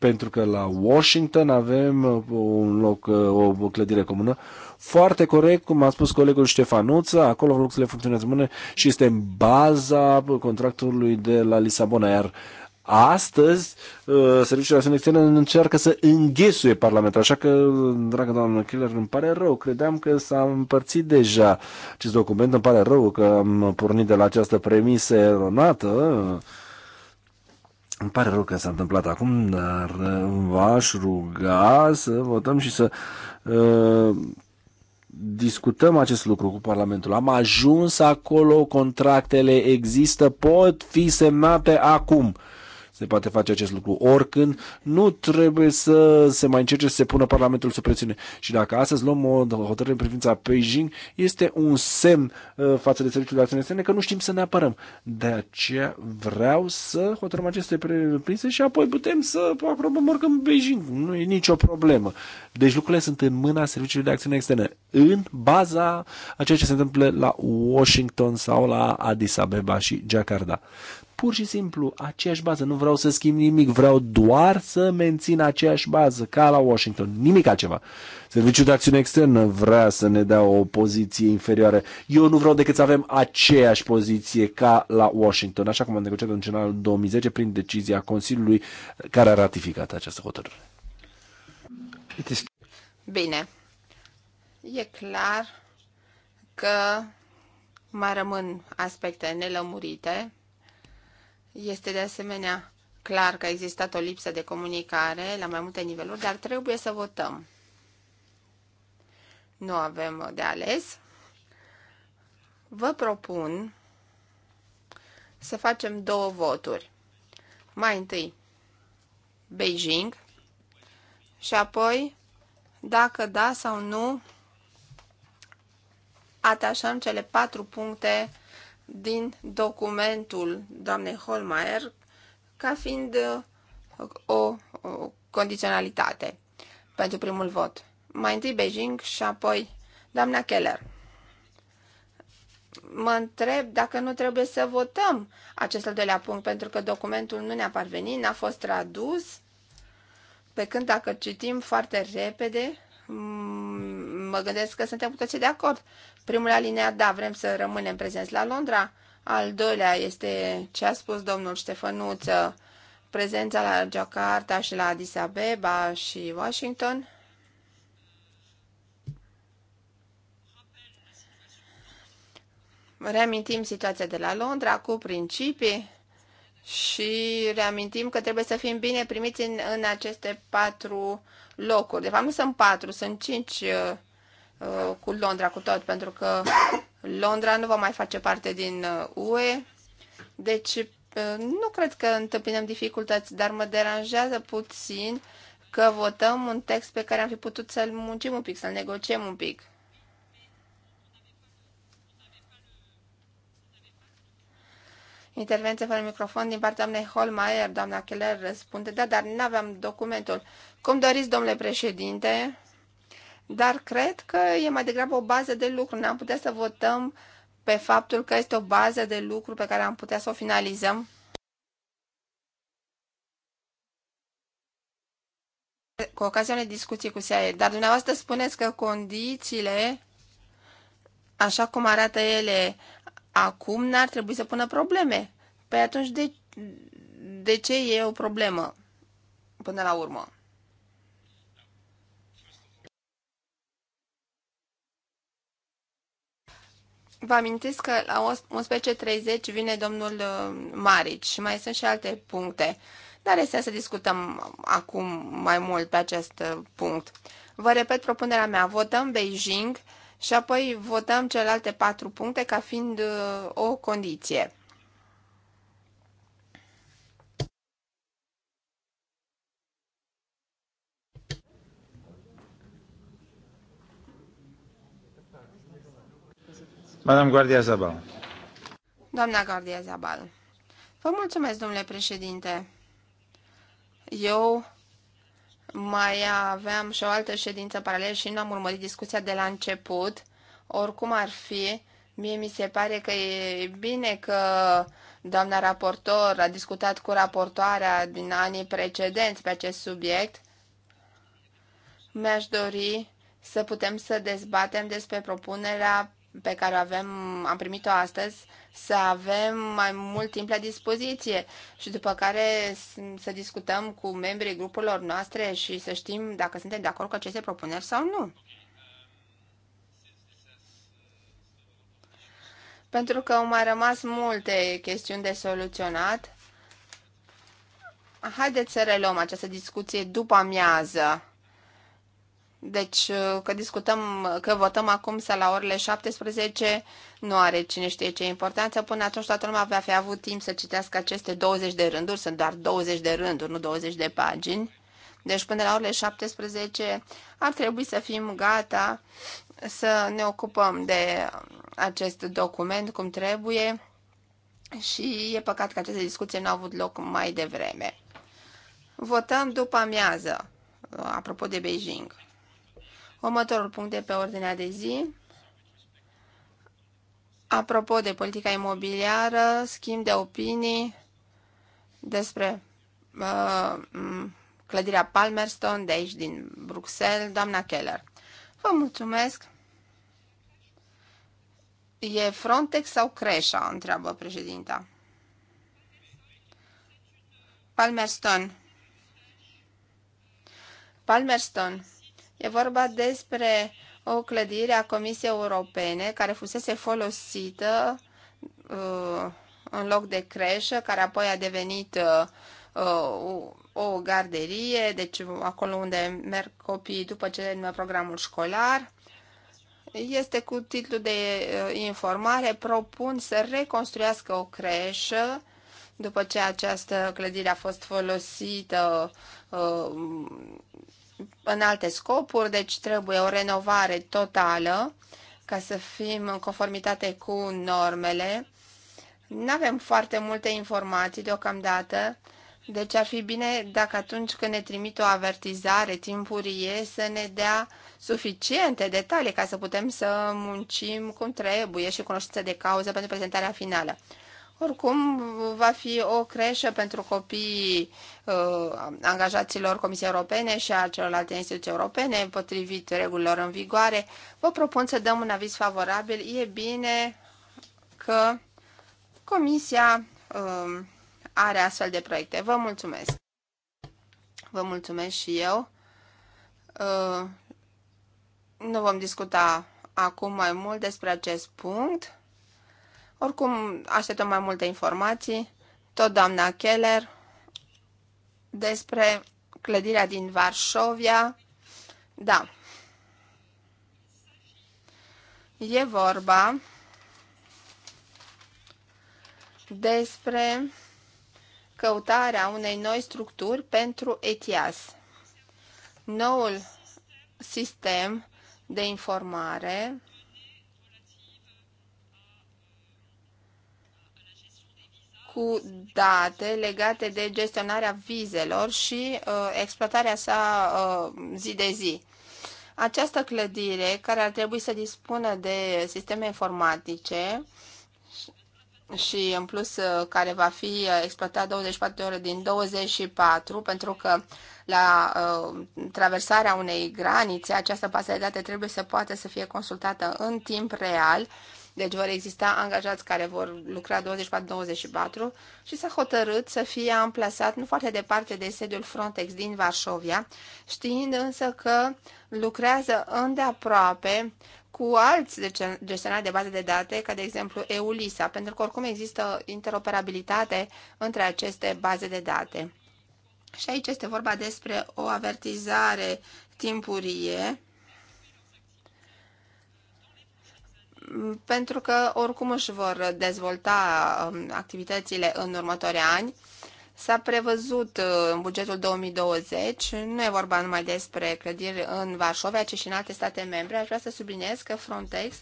pentru că la Washington avem uh, un loc, uh, o, clădire comună foarte corect, cum a spus colegul Ștefanuță, acolo lucrurile funcționează bine și este în baza contractului de la Lisabona, iar Astăzi, uh, Serviciul de Acțiune încearcă să înghesuie Parlamentul, așa că, dragă doamnă Killer, îmi pare rău. Credeam că s-a împărțit deja acest document, îmi pare rău că am pornit de la această premisă eronată îmi pare rău că s-a întâmplat acum, dar uh, v-aș ruga să votăm și să uh, discutăm acest lucru cu Parlamentul. Am ajuns acolo, contractele există, pot fi semnate acum. Uh, se poate face acest lucru oricând, nu trebuie să se mai încerce să se pună Parlamentul sub presiune. Și dacă astăzi luăm o hotărâre în privința Beijing, este un semn uh, față de Serviciul de Acțiune Externe că nu știm să ne apărăm. De aceea vreau să hotărâm aceste prinse și apoi putem să aprobăm oricând Beijing. Nu e nicio problemă. Deci lucrurile sunt în mâna Serviciului de Acțiune Externe, în baza a ceea ce se întâmplă la Washington sau la Addis Abeba și Jakarta pur și simplu aceeași bază. Nu vreau să schimb nimic, vreau doar să mențin aceeași bază, ca la Washington, nimic altceva. Serviciul de acțiune externă vrea să ne dea o poziție inferioară. Eu nu vreau decât să avem aceeași poziție ca la Washington, așa cum am negociat în general 2010 prin decizia Consiliului care a ratificat această hotărâre. Bine. E clar că mai rămân aspecte nelămurite este de asemenea clar că a existat o lipsă de comunicare la mai multe niveluri, dar trebuie să votăm. Nu avem de ales. Vă propun să facem două voturi. Mai întâi Beijing și apoi dacă da sau nu atașăm cele patru puncte din documentul doamnei Holmaier ca fiind uh, o, o condiționalitate pentru primul vot. Mai întâi Beijing și apoi doamna Keller. Mă întreb dacă nu trebuie să votăm acest al doilea punct, pentru că documentul nu ne-a parvenit, n-a fost tradus, pe când dacă citim foarte repede, mă gândesc că suntem cu toții de acord. Primul alinea, da, vrem să rămânem prezenți la Londra. Al doilea este ce a spus domnul Ștefănuță, uh, prezența la Jakarta și la Addis Abeba și Washington. Reamintim situația de la Londra cu principii și reamintim că trebuie să fim bine primiți în, în aceste patru locuri. De fapt, nu sunt patru, sunt cinci uh, Uh, cu Londra, cu tot, pentru că Londra nu va mai face parte din UE. Uh, deci uh, nu cred că întâmpinăm dificultăți, dar mă deranjează puțin că votăm un text pe care am fi putut să-l muncim un pic, să-l negociem un pic. Intervenție fără microfon din partea doamnei Holmeier. Doamna Keller răspunde, da, dar nu aveam documentul. Cum doriți, domnule președinte? dar cred că e mai degrabă o bază de lucru. ne am putea să votăm pe faptul că este o bază de lucru pe care am putea să o finalizăm. Cu ocazia unei discuții cu SAE, dar dumneavoastră spuneți că condițiile, așa cum arată ele acum, n-ar trebui să pună probleme. Păi atunci de, de ce e o problemă până la urmă? Vă amintesc că la 11.30 vine domnul uh, Marici și mai sunt și alte puncte, dar este să discutăm acum mai mult pe acest uh, punct. Vă repet propunerea mea, votăm Beijing și apoi votăm celelalte patru puncte ca fiind uh, o condiție. Madame Guardia Zabal. Doamna Guardia Zabal. Vă mulțumesc, domnule președinte. Eu mai aveam și o altă ședință paralel și nu am urmărit discuția de la început. Oricum ar fi, mie mi se pare că e bine că doamna raportor a discutat cu raportoarea din anii precedenți pe acest subiect. Mi-aș dori să putem să dezbatem despre propunerea pe care o avem, am primit-o astăzi, să avem mai mult timp la dispoziție și după care să discutăm cu membrii grupurilor noastre și să știm dacă suntem de acord cu aceste propuneri sau nu. Pentru că au mai rămas multe chestiuni de soluționat, haideți să reluăm această discuție după amiază. Deci uh, că discutăm, că votăm acum să la orele 17, nu are cine știe ce importanță. Până atunci toată lumea va fi avut timp să citească aceste 20 de rânduri, sunt doar 20 de rânduri, nu 20 de pagini. Deci până la orele 17 ar trebui să fim gata să ne ocupăm de acest document cum trebuie și e păcat că aceste discuții nu au avut loc mai devreme. Votăm după amiază, apropo de Beijing. Următorul punct de pe ordinea de zi. Apropo de politica imobiliară, schimb de opinii despre uh, clădirea Palmerston de aici din Bruxelles, doamna Keller. Vă mulțumesc! E Frontex sau Creșa? întreabă președinta. Palmerston. Palmerston E vorba despre o clădire a Comisiei Europene care fusese folosită uh, în loc de creșă, care apoi a devenit uh, o, o garderie, deci acolo unde merg copiii după ce în programul școlar. Este cu titlu de uh, informare, propun să reconstruiască o creșă după ce această clădire a fost folosită uh, în alte scopuri, deci trebuie o renovare totală ca să fim în conformitate cu normele. Nu avem foarte multe informații deocamdată, deci ar fi bine dacă atunci când ne trimit o avertizare timpurie să ne dea suficiente detalii ca să putem să muncim cum trebuie și cunoștință de cauză pentru prezentarea finală. Oricum, va fi o creșă pentru copiii uh, angajaților Comisiei Europene și a celorlalte instituții europene, potrivit regulilor în vigoare. Vă propun să dăm un aviz favorabil. E bine că Comisia uh, are astfel de proiecte. Vă mulțumesc! Vă mulțumesc și eu. Uh, nu vom discuta acum mai mult despre acest punct. Oricum, așteptăm mai multe informații, tot doamna Keller, despre clădirea din Varșovia. Da. E vorba despre căutarea unei noi structuri pentru ETIAS. Noul sistem de informare cu date legate de gestionarea vizelor și uh, exploatarea sa uh, zi de zi. Această clădire, care ar trebui să dispună de sisteme informatice și în plus uh, care va fi uh, exploatat 24 ore din 24, pentru că la uh, traversarea unei granițe această bază de date trebuie să poată să fie consultată în timp real, uh, deci vor exista angajați care vor lucra 24-24 și s-a hotărât să fie amplasat nu foarte departe de sediul Frontex din Varșovia, știind însă că lucrează îndeaproape cu alți gestionari de baze de date, ca de exemplu EULISA, pentru că oricum există interoperabilitate între aceste baze de date. Și aici este vorba despre o avertizare timpurie pentru că oricum își vor dezvolta um, activitățile în următorii ani. S-a prevăzut uh, în bugetul 2020, nu e vorba numai despre clădiri în Varșovia, ci și în alte state membre. Aș vrea să subliniez că Frontex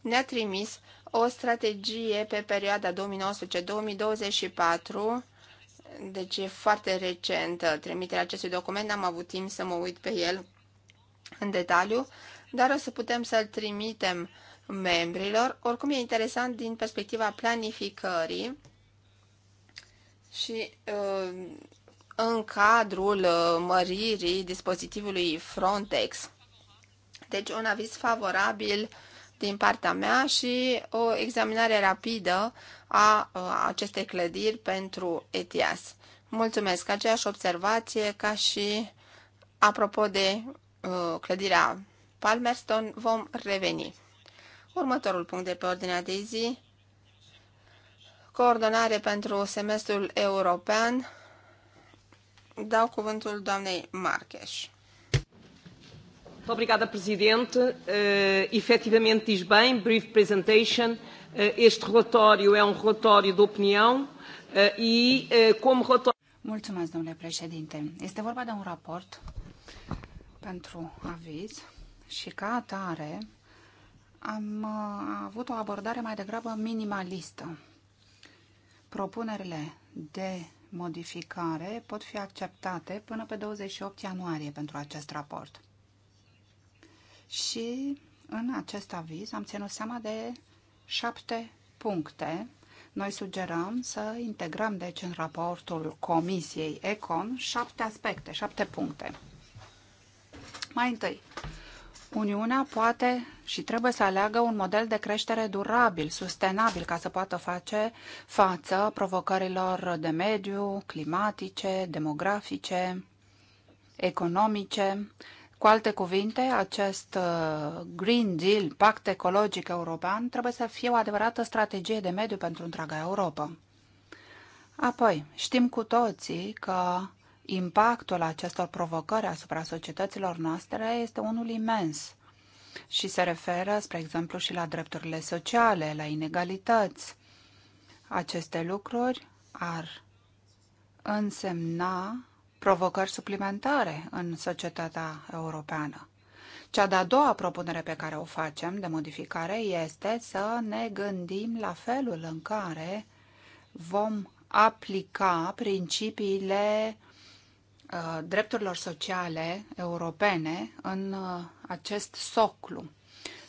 ne-a trimis o strategie pe perioada 2019-2024, deci e foarte recent trimiterea acestui document, n-am avut timp să mă uit pe el în detaliu, dar o să putem să-l trimitem membrilor. Oricum e interesant din perspectiva planificării și uh, în cadrul uh, măririi dispozitivului Frontex. Deci un aviz favorabil din partea mea și o examinare rapidă a uh, acestei clădiri pentru ETIAS. Mulțumesc! Aceeași observație ca și apropo de clădirea Palmerston vom reveni. Următorul punct de pe ordinea de zi, coordonare pentru semestrul european, dau cuvântul doamnei Marcheș. Obrigada, Presidente. Uh, efetivamente diz bem, brief presentation. Uh, este relatório é um relatório de opinião uh, e, uh, como relatório. Mulțumesc, domnule președinte. Este vorba de un raport pentru aviz și ca atare am uh, avut o abordare mai degrabă minimalistă. Propunerile de modificare pot fi acceptate până pe 28 ianuarie pentru acest raport. Și în acest aviz am ținut seama de șapte puncte. Noi sugerăm să integrăm, deci, în raportul Comisiei ECON șapte aspecte, șapte puncte. Mai întâi, Uniunea poate și trebuie să aleagă un model de creștere durabil, sustenabil, ca să poată face față provocărilor de mediu, climatice, demografice, economice. Cu alte cuvinte, acest uh, Green Deal, pact ecologic european, trebuie să fie o adevărată strategie de mediu pentru întreaga Europa. Apoi, știm cu toții că impactul acestor provocări asupra societăților noastre este unul imens și se referă, spre exemplu, și la drepturile sociale, la inegalități. Aceste lucruri ar însemna provocări suplimentare în societatea europeană. Cea de-a doua propunere pe care o facem de modificare este să ne gândim la felul în care vom aplica principiile Uh, drepturilor sociale europene în uh, acest soclu.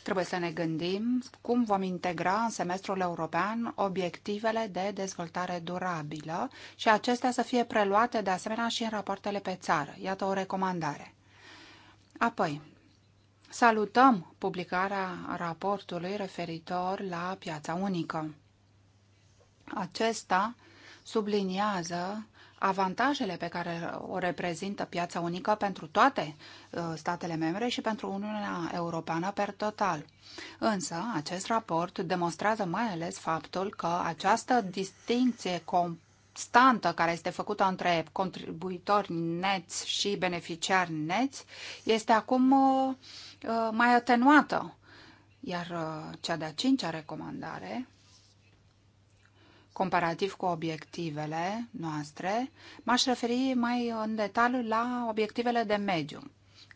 Trebuie să ne gândim cum vom integra în semestrul european obiectivele de dezvoltare durabilă și acestea să fie preluate de asemenea și în rapoartele pe țară. Iată o recomandare. Apoi, salutăm publicarea raportului referitor la piața unică. Acesta subliniază avantajele pe care o reprezintă piața unică pentru toate uh, statele membre și pentru Uniunea Europeană per total. Însă, acest raport demonstrează mai ales faptul că această distinție constantă care este făcută între contribuitori neți și beneficiari neți este acum uh, uh, mai atenuată. Iar cea de-a cincea recomandare comparativ cu obiectivele noastre, m-aș referi mai în detaliu la obiectivele de mediu,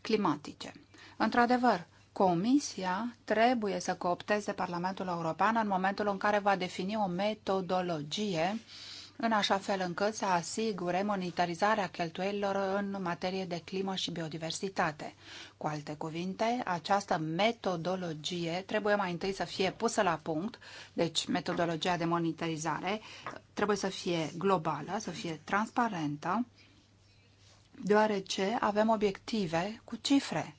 climatice. Într-adevăr, Comisia trebuie să coopteze Parlamentul European în momentul în care va defini o metodologie uh, în așa fel încât să asigure monitorizarea cheltuielilor în materie de climă și biodiversitate. Cu alte cuvinte, această metodologie trebuie mai întâi să fie pusă la punct, deci metodologia de monitorizare trebuie să fie globală, să fie transparentă, deoarece avem obiective cu cifre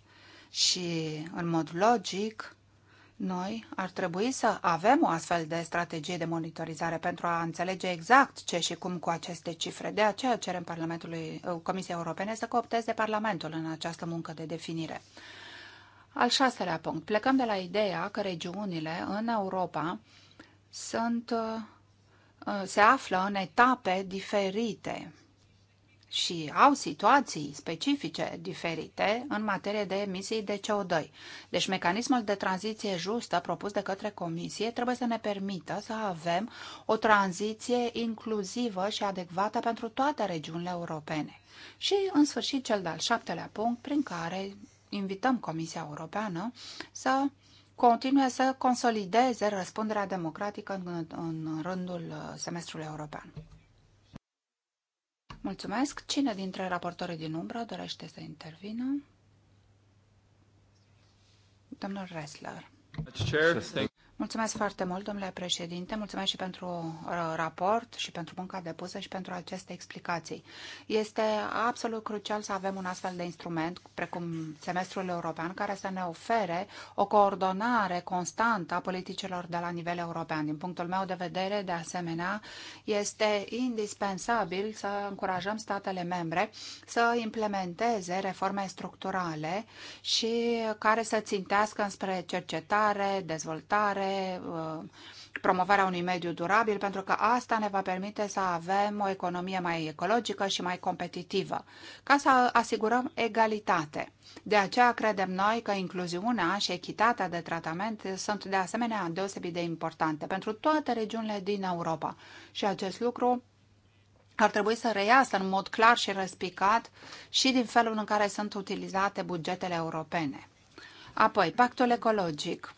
și, în mod logic, noi ar trebui să avem o astfel de strategie de monitorizare pentru a înțelege exact ce și cum cu aceste cifre. De aceea cerem Parlamentului, uh, Comisiei Europene să coopteze Parlamentul în această muncă de definire. Al șaselea punct. Plecăm de la ideea că regiunile în Europa sunt, uh, uh, se află în etape diferite și au situații specifice diferite în materie de emisii de CO2. Deci mecanismul de tranziție justă propus de către Comisie trebuie să ne permită să avem o tranziție inclusivă și adecvată pentru toate regiunile europene. Și, în sfârșit, cel de-al șaptelea punct prin care invităm Comisia Europeană să continue să consolideze răspunderea democratică în, în rândul semestrului european. Mulțumesc. Cine dintre raportorii din umbră dorește să intervină? Domnul Ressler. Mulțumesc foarte mult, domnule președinte. Mulțumesc și pentru uh, raport și pentru munca depusă și pentru aceste explicații. Este absolut crucial să avem un astfel de instrument, precum semestrul european, care să ne ofere o coordonare constantă a politicilor de la nivel european. Din punctul meu de vedere, de asemenea, este indispensabil să încurajăm statele membre să implementeze reforme structurale și care să țintească înspre cercetare, dezvoltare, de uh, promovarea unui mediu durabil, pentru că asta ne va permite să avem o economie mai ecologică și mai competitivă, ca să asigurăm egalitate. De aceea credem noi că incluziunea și echitatea de tratament sunt de asemenea deosebit de importante pentru toate regiunile din Europa. Și acest lucru ar trebui să reiasă în mod clar și răspicat și din felul în care sunt utilizate bugetele europene. Apoi, pactul ecologic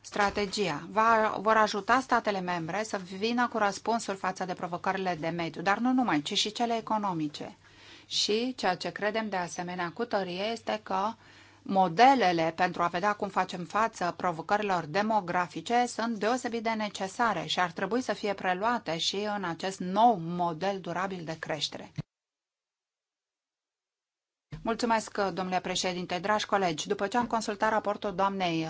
strategia va, vor ajuta statele membre să vină cu răspunsuri față de provocările de mediu, dar nu numai, ci și cele economice. Și ceea ce credem de asemenea cu tărie este că modelele pentru a vedea cum facem față provocărilor demografice sunt deosebit de necesare și ar trebui să fie preluate și în acest nou model durabil de creștere. Mulțumesc, domnule președinte, dragi colegi. După ce am consultat raportul doamnei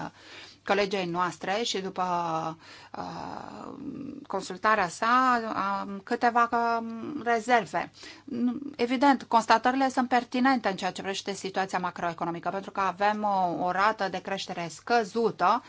colegei noastre și după uh, consultarea sa am câteva um, rezerve. Evident, constatările sunt pertinente în ceea ce privește situația macroeconomică, pentru că avem o, o rată de creștere scăzută,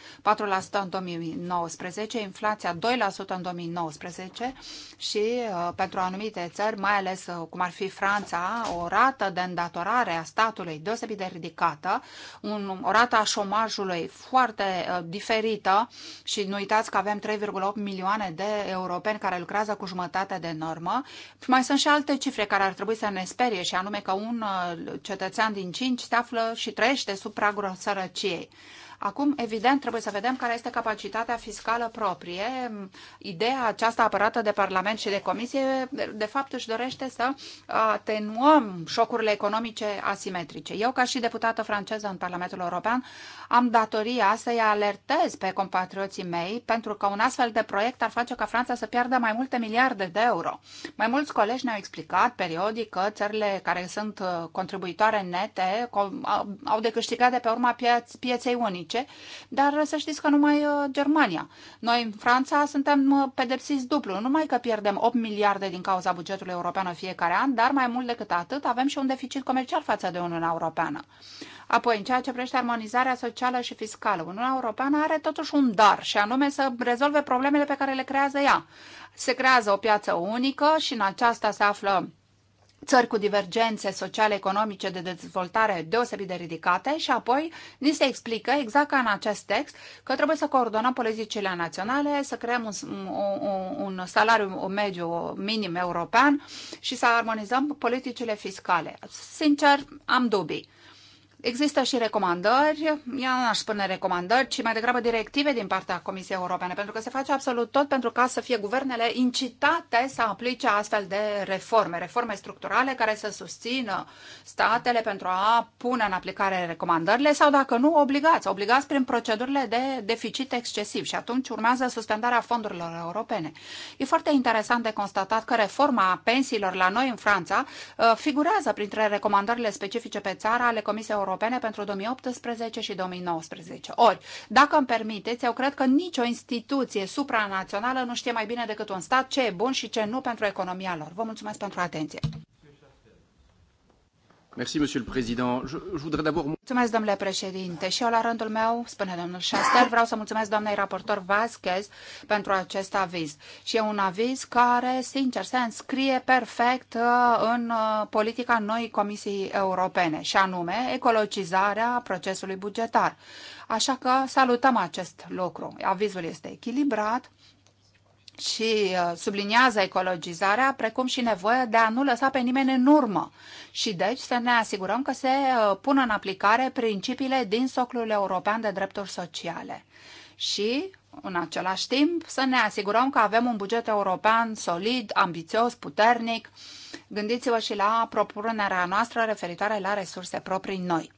4% în 2019, inflația 2% în 2019 și uh, pentru anumite țări, mai ales uh, cum ar fi Franța, o rată de îndatorare a statului deosebit de ridicată, un, o rată a șomajului foarte Uh, diferită și nu uitați că avem 3,8 milioane de europeni care lucrează cu jumătate de normă. Mai sunt și alte cifre care ar trebui să ne sperie și anume că un uh, cetățean din 5 se află și trăiește sub pragul sărăciei. Acum, evident, trebuie să vedem care este capacitatea fiscală proprie. Ideea aceasta apărată de Parlament și de Comisie, de fapt, își dorește să atenuăm șocurile economice asimetrice. Eu, ca și deputată franceză în Parlamentul European, am datoria să-i alertez pe compatrioții mei pentru că un astfel de proiect ar face ca Franța să piardă mai multe miliarde de euro. Mai mulți colegi ne-au explicat periodic că țările care sunt contribuitoare nete au de câștigat de pe urma pieț pieței unice economice, dar să știți că numai uh, Germania. Noi în Franța suntem uh, pedepsiți dublu, nu numai că pierdem 8 miliarde din cauza bugetului european în fiecare an, dar mai mult decât atât avem și un deficit comercial față de Uniunea Europeană. Apoi, în ceea ce privește armonizarea socială și fiscală, Uniunea Europeană are totuși un dar și anume să rezolve problemele pe care le creează ea. Se creează o piață unică și în aceasta se află țări cu divergențe sociale, economice, de dezvoltare deosebit de ridicate și apoi ni se explică, exact ca în acest text, că trebuie să coordonăm politicile naționale, să creăm un, un, un salariu un mediu minim european și să armonizăm politicile fiscale. Sincer, am dubii. Există și recomandări, eu nu aș spune recomandări, ci mai degrabă directive din partea Comisiei Europene, pentru că se face absolut tot pentru ca să fie guvernele incitate să aplice astfel de reforme, reforme structurale care să susțină statele pentru a pune în aplicare recomandările sau, dacă nu, obligați, obligați prin procedurile de deficit excesiv și atunci urmează suspendarea fondurilor europene. E foarte interesant de constatat că reforma pensiilor la noi în Franța uh, figurează printre recomandările specifice pe țară ale Comisiei Europene Europene pentru 2018 și 2019. Ori, dacă îmi permiteți, eu cred că nicio instituție supranațională nu știe mai bine decât un stat ce e bun și ce nu pentru economia lor. Vă mulțumesc pentru atenție. Mulțumesc, domnule președinte. Și eu, la rândul meu, spune domnul Șastel, vreau să mulțumesc doamnei raportor Vasquez pentru acest aviz. Și e un aviz care, sincer, se înscrie perfect uh, în uh, politica noii Comisii Europene, și anume ecologizarea procesului bugetar. Așa că salutăm acest lucru. Avizul este echilibrat și uh, subliniază ecologizarea, precum și nevoia de a nu lăsa pe nimeni în urmă și deci să ne asigurăm că se uh, pun în aplicare principiile din soclul european de drepturi sociale. Și, în același timp, să ne asigurăm că avem un buget european solid, ambițios, puternic. Gândiți-vă și la propunerea noastră referitoare la resurse proprii noi.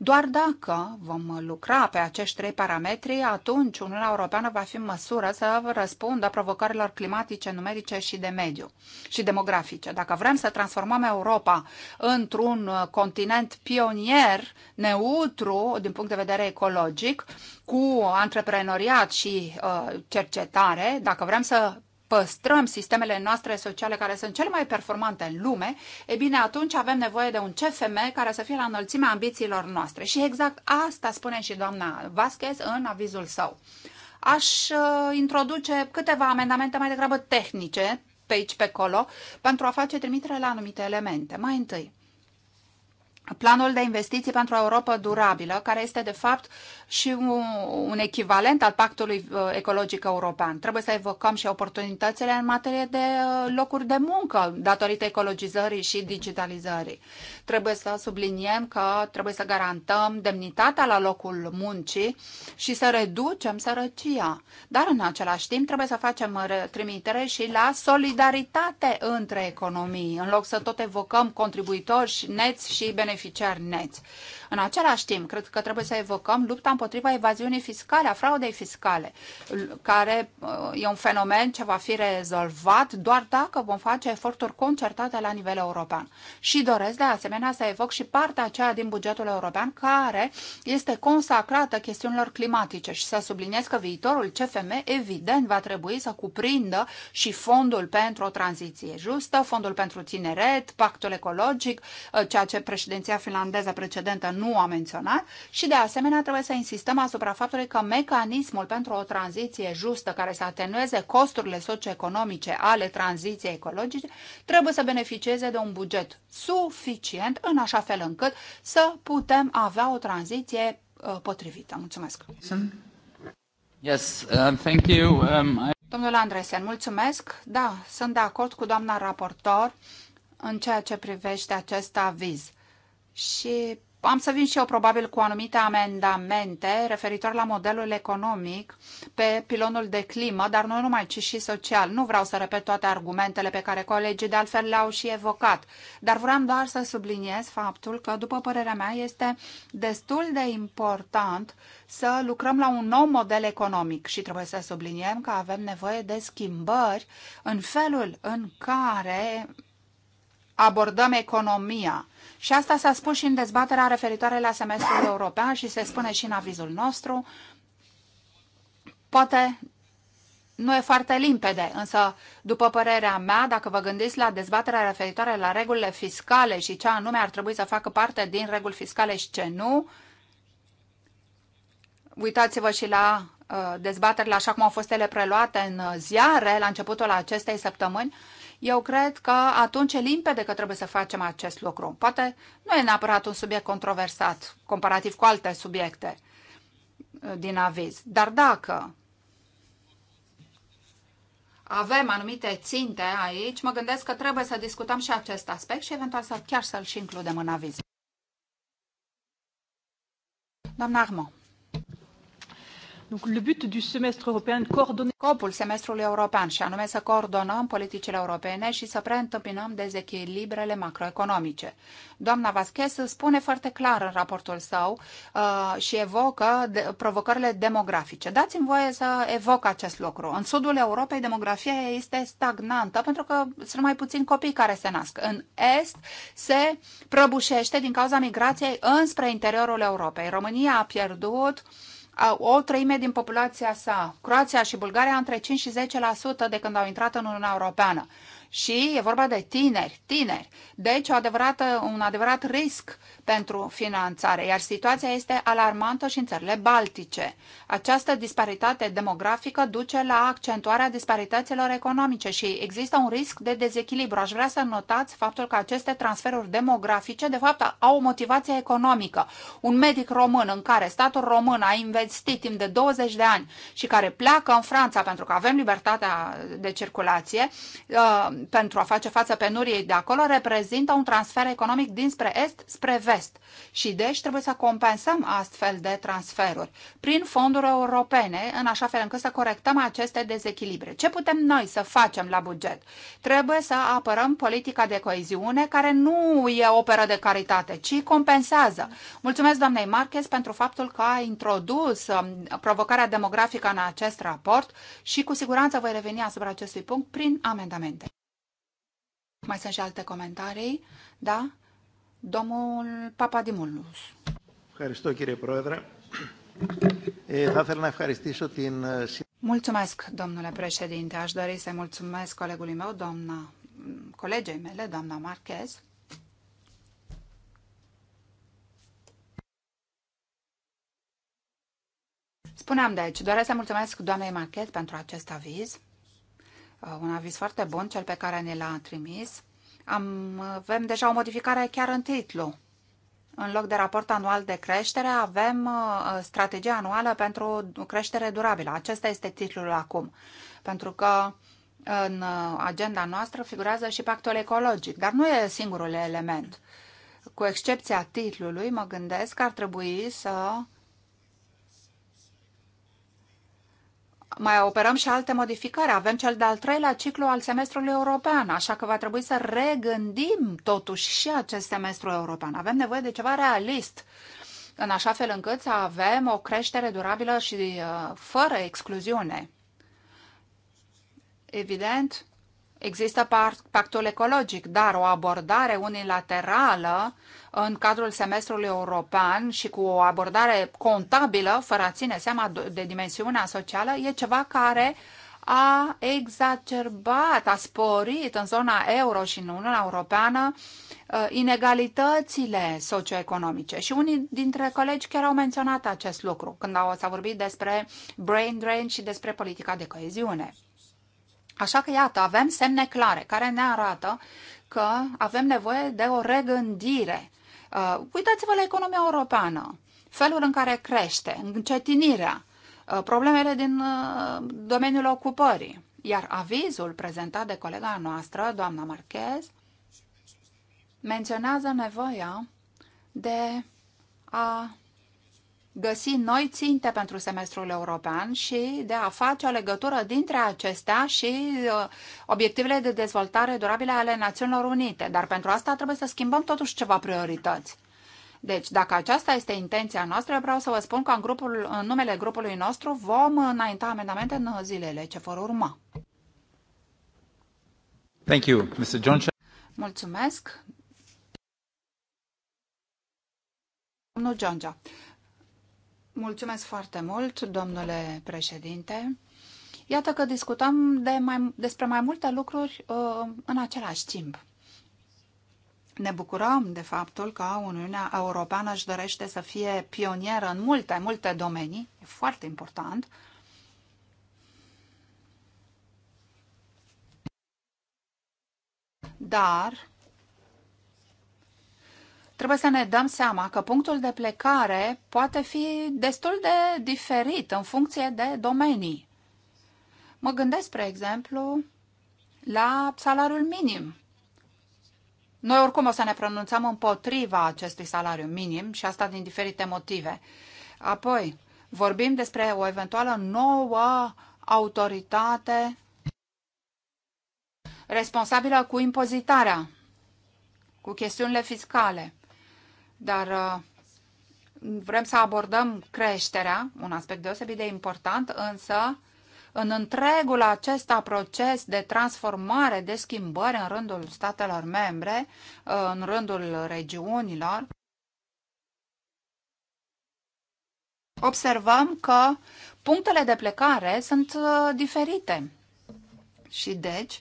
Doar dacă vom lucra pe acești trei parametri, atunci Uniunea Europeană va fi în măsură să răspundă provocărilor climatice, numerice și de mediu și demografice. Dacă vrem să transformăm Europa într-un continent pionier, neutru din punct de vedere ecologic, cu antreprenoriat și uh, cercetare, dacă vrem să păstrăm sistemele noastre sociale care sunt cele mai performante în lume, e bine, atunci avem nevoie de un CFM care să fie la înălțimea ambițiilor noastre. Și exact asta spune și doamna Vasquez în avizul său. Aș uh, introduce câteva amendamente mai degrabă tehnice, pe aici, pe acolo, pentru a face trimitere la anumite elemente. Mai întâi, planul de investiții pentru o Europa durabilă, care este de fapt și un, un echivalent al pactului uh, ecologic european. Trebuie să evocăm și oportunitățile în materie de uh, locuri de muncă datorită ecologizării și digitalizării. Trebuie să subliniem că trebuie să garantăm demnitatea la locul muncii și să reducem sărăcia. Dar în același timp trebuie să facem uh, trimitere și la solidaritate între economii, în loc să tot evocăm contribuitori și neți și beneficiari beneficiari neți. În același timp, cred că trebuie să evocăm lupta împotriva evaziunii fiscale, a fraudei fiscale, care uh, e un fenomen ce va fi rezolvat doar dacă vom face eforturi concertate la nivel european. Și doresc de asemenea să evoc și partea aceea din bugetul european care este consacrată chestiunilor climatice și să subliniez că viitorul CFM evident va trebui să cuprindă și fondul pentru o tranziție justă, fondul pentru tineret, pactul ecologic, uh, ceea ce președinția finlandeză precedentă nu a menționat și de asemenea trebuie să insistăm asupra faptului că mecanismul pentru o tranziție justă care să atenueze costurile socioeconomice ale tranziției ecologice trebuie să beneficieze de un buget suficient în așa fel încât să putem avea o tranziție uh, potrivită. Mulțumesc! Yes, um, thank you. Um, I... Domnul Andresen, mulțumesc. Da, sunt de acord cu doamna raportor în ceea ce privește acest aviz. Și am să vin și eu probabil cu anumite amendamente referitor la modelul economic pe pilonul de climă, dar nu numai, ci și social. Nu vreau să repet toate argumentele pe care colegii de altfel le-au și evocat, dar vreau doar să subliniez faptul că, după părerea mea, este destul de important să lucrăm la un nou model economic și trebuie să subliniem că avem nevoie de schimbări în felul în care abordăm economia și asta s-a spus și în dezbaterea referitoare la semestrul european și se spune și în avizul nostru. Poate nu e foarte limpede, însă, după părerea mea, dacă vă gândiți la dezbaterea referitoare la regulile fiscale și ce anume ar trebui să facă parte din reguli fiscale și ce nu, uitați-vă și la uh, dezbaterile așa cum au fost ele preluate în uh, ziare la începutul acestei săptămâni, eu cred că atunci e limpede că trebuie să facem acest lucru. Poate nu e neapărat un subiect controversat comparativ cu alte subiecte uh, din aviz. Dar dacă avem anumite ținte aici, mă gândesc că trebuie să discutăm și acest aspect și eventual să chiar să-l și includem în aviz. Doamna Armand. Donc, le but du european Scopul semestrului european și anume să coordonăm politicile europene și să preîntâmpinăm dezechilibrele macroeconomice. Doamna Vasquez spune foarte clar în raportul său uh, și evocă de, provocările demografice. Dați-mi voie să evoc acest lucru. În sudul Europei demografia este stagnantă pentru că sunt mai puțini copii care se nasc. În est se prăbușește din cauza migrației înspre interiorul Europei. România a pierdut uh, o treime din populația sa. Croația și Bulgaria între 5 și 10% de când au intrat în Uniunea Europeană și e vorba de tineri, tineri. Deci o adevărată, un adevărat risc pentru finanțare, iar situația este alarmantă și în țările baltice. Această disparitate demografică duce la accentuarea disparităților economice și există un risc de dezechilibru. Aș vrea să notați faptul că aceste transferuri demografice, de fapt, au o motivație economică. Un medic român în care statul român a investit timp de 20 de ani și care pleacă în Franța pentru că avem libertatea de circulație, uh, pentru a face față penuriei de acolo reprezintă un transfer economic dinspre est spre vest și deci trebuie să compensăm astfel de transferuri prin fonduri europene în așa fel încât să corectăm aceste dezechilibre. Ce putem noi să facem la buget? Trebuie să apărăm politica de coeziune care nu e operă de caritate, ci compensează. Mulțumesc doamnei Marquez pentru faptul că a introdus um, provocarea demografică în acest raport și cu siguranță voi reveni asupra acestui punct prin amendamente. Mai sunt și alte comentarii? Da? Domnul Papadimulus. Ευχαριστώ Mulțumesc, domnule președinte. Aș dori să mulțumesc colegului meu, doamna, colegei mele, doamna Marquez. Spuneam deci, doresc să mulțumesc doamnei Marquez pentru acest aviz. Uh, un aviz foarte bun, cel pe care ne l-a trimis. Am, uh, avem deja o modificare chiar în titlu. În loc de raport anual de creștere, avem uh, strategia anuală pentru creștere durabilă. Acesta este titlul acum. Pentru că în agenda noastră figurează și pactul ecologic, dar nu e singurul element. Cu excepția titlului, mă gândesc că ar trebui să mai operăm și alte modificări. Avem cel de-al treilea ciclu al semestrului european, așa că va trebui să regândim totuși și acest semestru european. Avem nevoie de ceva realist, în așa fel încât să avem o creștere durabilă și uh, fără excluziune. Evident, Există pactul ecologic, dar o abordare unilaterală în cadrul semestrului european și cu o abordare contabilă, fără a ține seama de dimensiunea socială, e ceva care a exacerbat, a sporit în zona euro și în Uniunea Europeană uh, inegalitățile socioeconomice. Și unii dintre colegi chiar au menționat acest lucru când s-a vorbit despre brain drain și despre politica de coeziune. Așa că, iată, avem semne clare care ne arată că avem nevoie de o regândire. Uh, uitați-vă la economia europeană, felul în care crește, încetinirea, uh, problemele din uh, domeniul ocupării. Iar avizul prezentat de colega noastră, doamna Marchez, menționează nevoia de a găsi noi ținte pentru semestrul european și de a face o legătură dintre acestea și uh, obiectivele de dezvoltare durabile ale Națiunilor Unite. Dar pentru asta trebuie să schimbăm totuși ceva priorități. Deci, dacă aceasta este intenția noastră, vreau să vă spun că în, grupul, în numele grupului nostru vom înainta amendamente în zilele ce vor urma. Thank you, Mr. Johnson. Mulțumesc. Domnul Johnson. Mulțumesc foarte mult, domnule președinte. Iată că discutăm de mai, despre mai multe lucruri uh, în același timp. Ne bucurăm de faptul că Uniunea Europeană își dorește să fie pionieră în multe, multe domenii. E foarte important. Dar trebuie să ne dăm seama că punctul de plecare poate fi destul de diferit în funcție de domenii. Mă gândesc, spre exemplu, la salariul minim. Noi oricum o să ne pronunțăm împotriva acestui salariu minim și asta din diferite motive. Apoi, vorbim despre o eventuală nouă autoritate responsabilă cu impozitarea, cu chestiunile fiscale. Dar uh, vrem să abordăm creșterea, un aspect deosebit de important, însă în întregul acesta proces de transformare, de schimbări în rândul statelor membre, uh, în rândul regiunilor, observăm că punctele de plecare sunt uh, diferite. Și deci,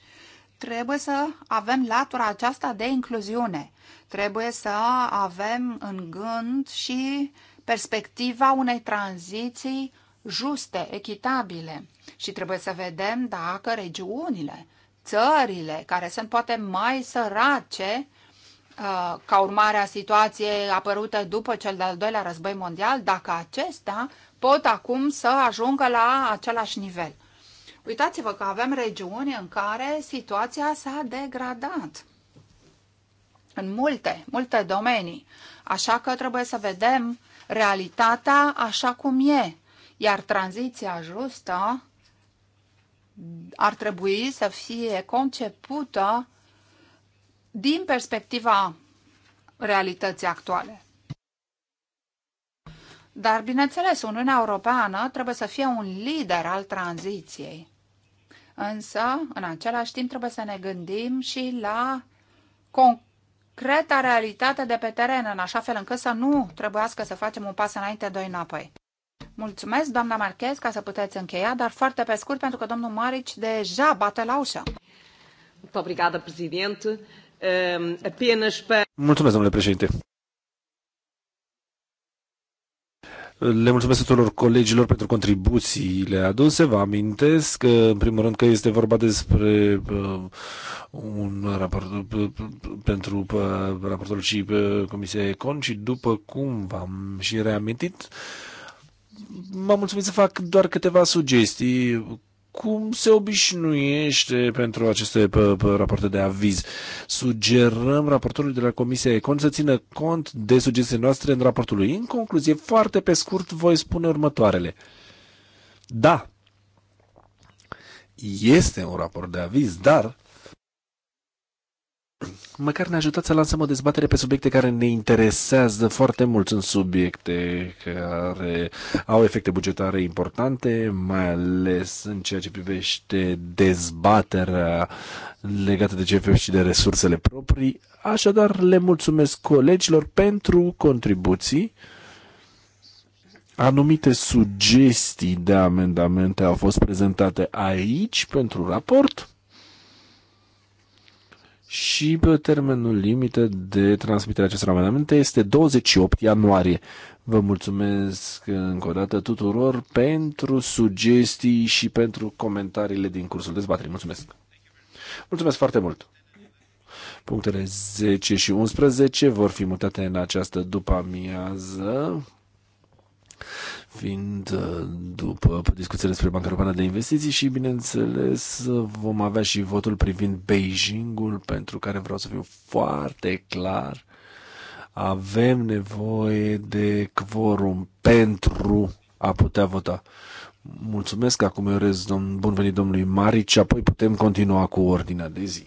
trebuie să avem latura aceasta de incluziune. Trebuie să avem în gând și perspectiva unei tranziții juste, echitabile. Și trebuie să vedem dacă regiunile, țările care sunt poate mai sărace, uh, ca urmare a situației apărute după cel de-al doilea război mondial, dacă acestea pot acum să ajungă la același nivel. Uitați-vă că avem regiuni în care situația s-a degradat în multe, multe domenii. Așa că trebuie să vedem realitatea așa cum e. Iar tranziția justă ar trebui să fie concepută din perspectiva realității actuale. Dar, bineînțeles, Uniunea Europeană trebuie să fie un lider al tranziției. Însă, în același timp, trebuie să ne gândim și la concreta realitate de pe teren, în așa fel încât să nu trebuiască să facem un pas înainte, doi înapoi. Mulțumesc, doamna Marchez, ca să puteți încheia, dar foarte pe scurt, pentru că domnul Marici deja bate la ușă. Mulțumesc, domnule președinte. Le mulțumesc tuturor colegilor pentru contribuțiile aduse. Vă amintesc că, uh, în primul rând, că este vorba despre uh, un raport uh, pentru uh, raportul și uh, Comisia Econ și, după cum v-am și reamintit, m-am mulțumit să fac doar câteva sugestii cum se obișnuiește pentru aceste rapoarte de aviz. Sugerăm raportorului de la Comisia Econ să țină cont de sugestiile noastre în raportul lui. În concluzie, foarte pe scurt, voi spune următoarele. Da, este un raport de aviz, dar măcar ne ajutat să lansăm o dezbatere pe subiecte care ne interesează foarte mult. Sunt subiecte care au efecte bugetare importante, mai ales în ceea ce privește dezbaterea legată de CFF și de resursele proprii. Așadar, le mulțumesc colegilor pentru contribuții. Anumite sugestii de amendamente au fost prezentate aici pentru raport și pe termenul limită de transmitere acestor amendamente este 28 ianuarie. Vă mulțumesc încă o dată tuturor pentru sugestii și pentru comentariile din cursul dezbaterii. Mulțumesc! Mulțumesc foarte mult! Punctele 10 și 11 vor fi mutate în această după amiază fiind uh, după discuțiile despre Banca Europeană de Investiții și, bineînțeles, vom avea și votul privind Beijingul, pentru care vreau să fiu foarte clar. Avem nevoie de quorum pentru a putea vota. Mulțumesc, acum eu urez domn, bun venit domnului Marici, apoi putem continua cu ordinea de zi.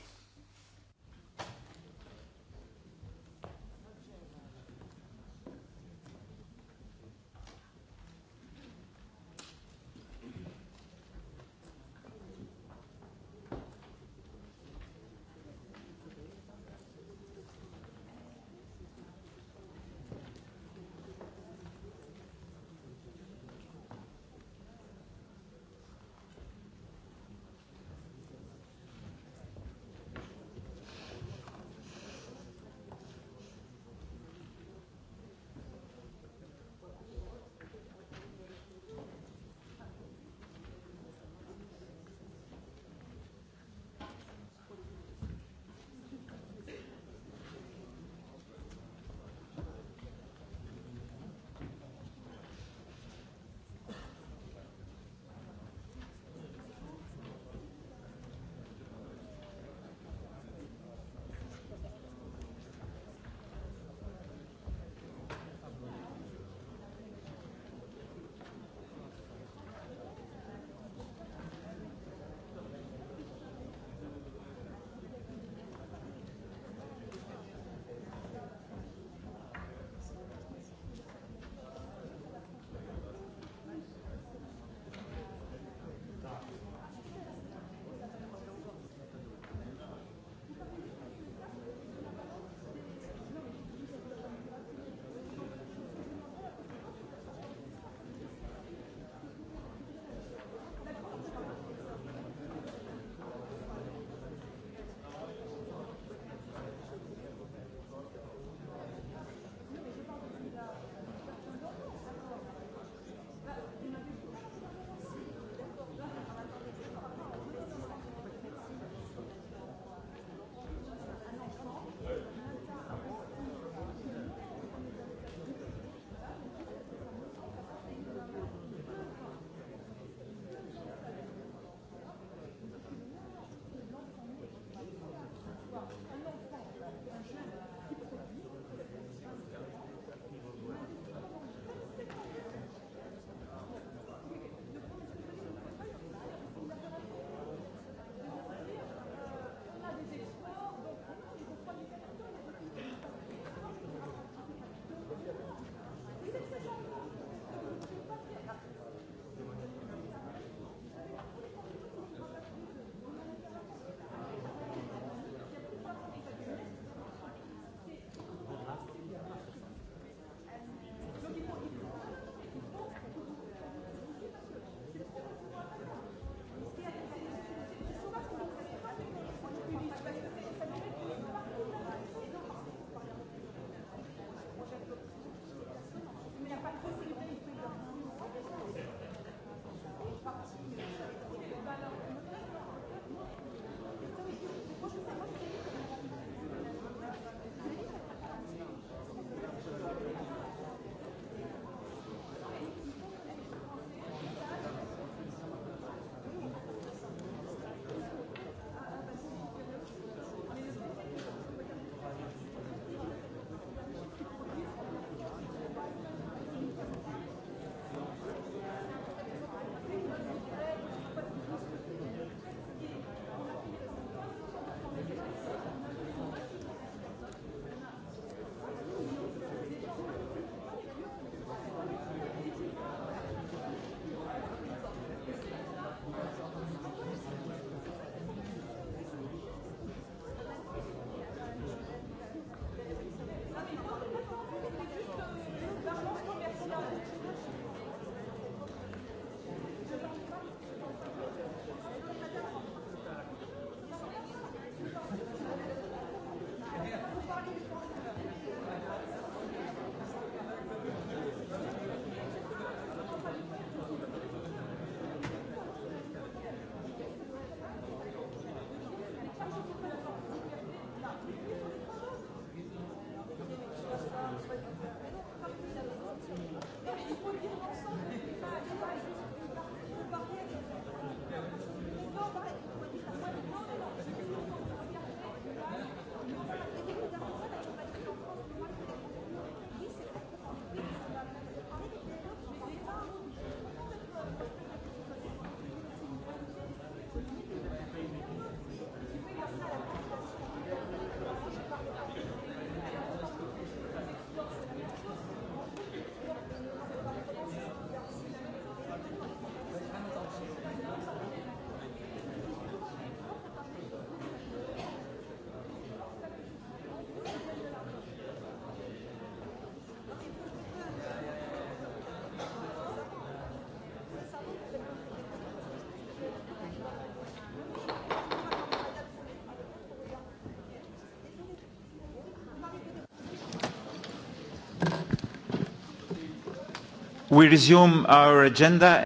We resume our agenda.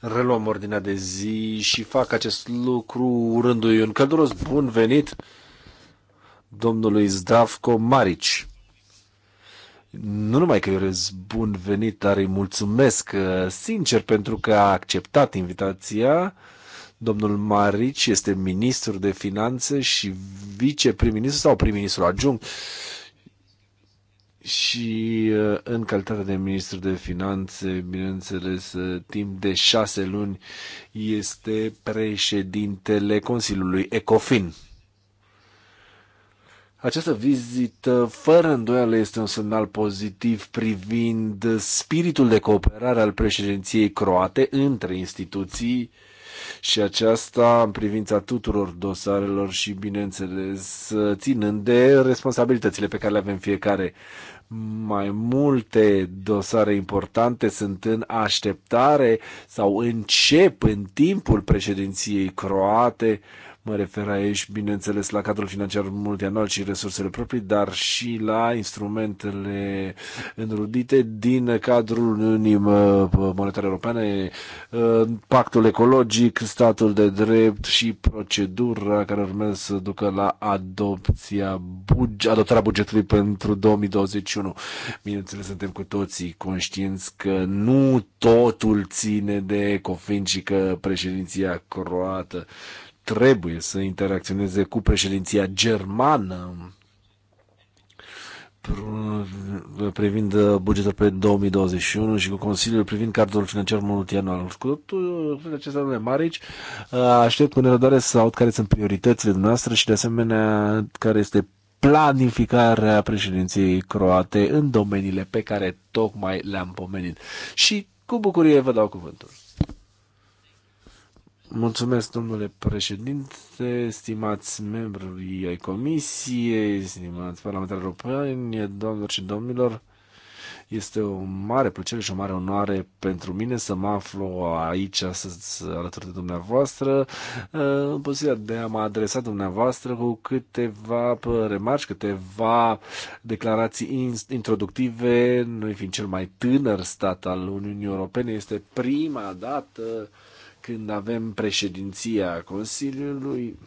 Reluăm ordinea de zi și fac acest lucru urându-i un călduros bun venit domnului Zdravko Marici. Nu numai că îi urez bun venit, dar îi mulțumesc uh, sincer pentru că a acceptat invitația. Domnul Marici este ministru de finanțe și viceprim-ministru sau prim-ministru adjunct și uh, în calitate de ministru de finanțe, bineînțeles, uh, timp de șase luni este președintele Consiliului ECOFIN. Această vizită, fără îndoială, este un semnal pozitiv privind spiritul de cooperare al președinției croate între instituții și aceasta în privința tuturor dosarelor și, bineînțeles, ținând de responsabilitățile pe care le avem fiecare. Mai multe dosare importante sunt în așteptare sau încep în timpul președinției croate Mă refer aici, bineînțeles, la cadrul financiar multianual și resursele proprii, dar și la instrumentele înrudite din cadrul Uniunii Monetare Europene, pactul ecologic, statul de drept și procedura care urmează să ducă la adopția adoptarea bugetului pentru 2021. Bineînțeles, suntem cu toții conștienți că nu totul ține de COFIN și că președinția croată trebuie să interacționeze cu președinția germană privind uh, bugetul pe 2021 și cu Consiliul privind cadrul financiar multianual. Cu toate acestea, domnule Marici, uh, aștept cu nerăbdare să aud care sunt prioritățile noastre și, de asemenea, care este planificarea președinției croate în domeniile pe care tocmai le-am pomenit. Și cu bucurie vă dau cuvântul. Mulțumesc, domnule președinte, stimați membri ai comisiei, stimați parlamentari europeni, doamnelor și domnilor. Este o mare plăcere și o mare onoare pentru mine să mă aflu aici astăzi alături de dumneavoastră în poziția de a mă adresa dumneavoastră cu câteva remarci, câteva declarații introductive. Noi fiind cel mai tânăr stat al Uniunii Europene, este prima dată când avem președinția Consiliului,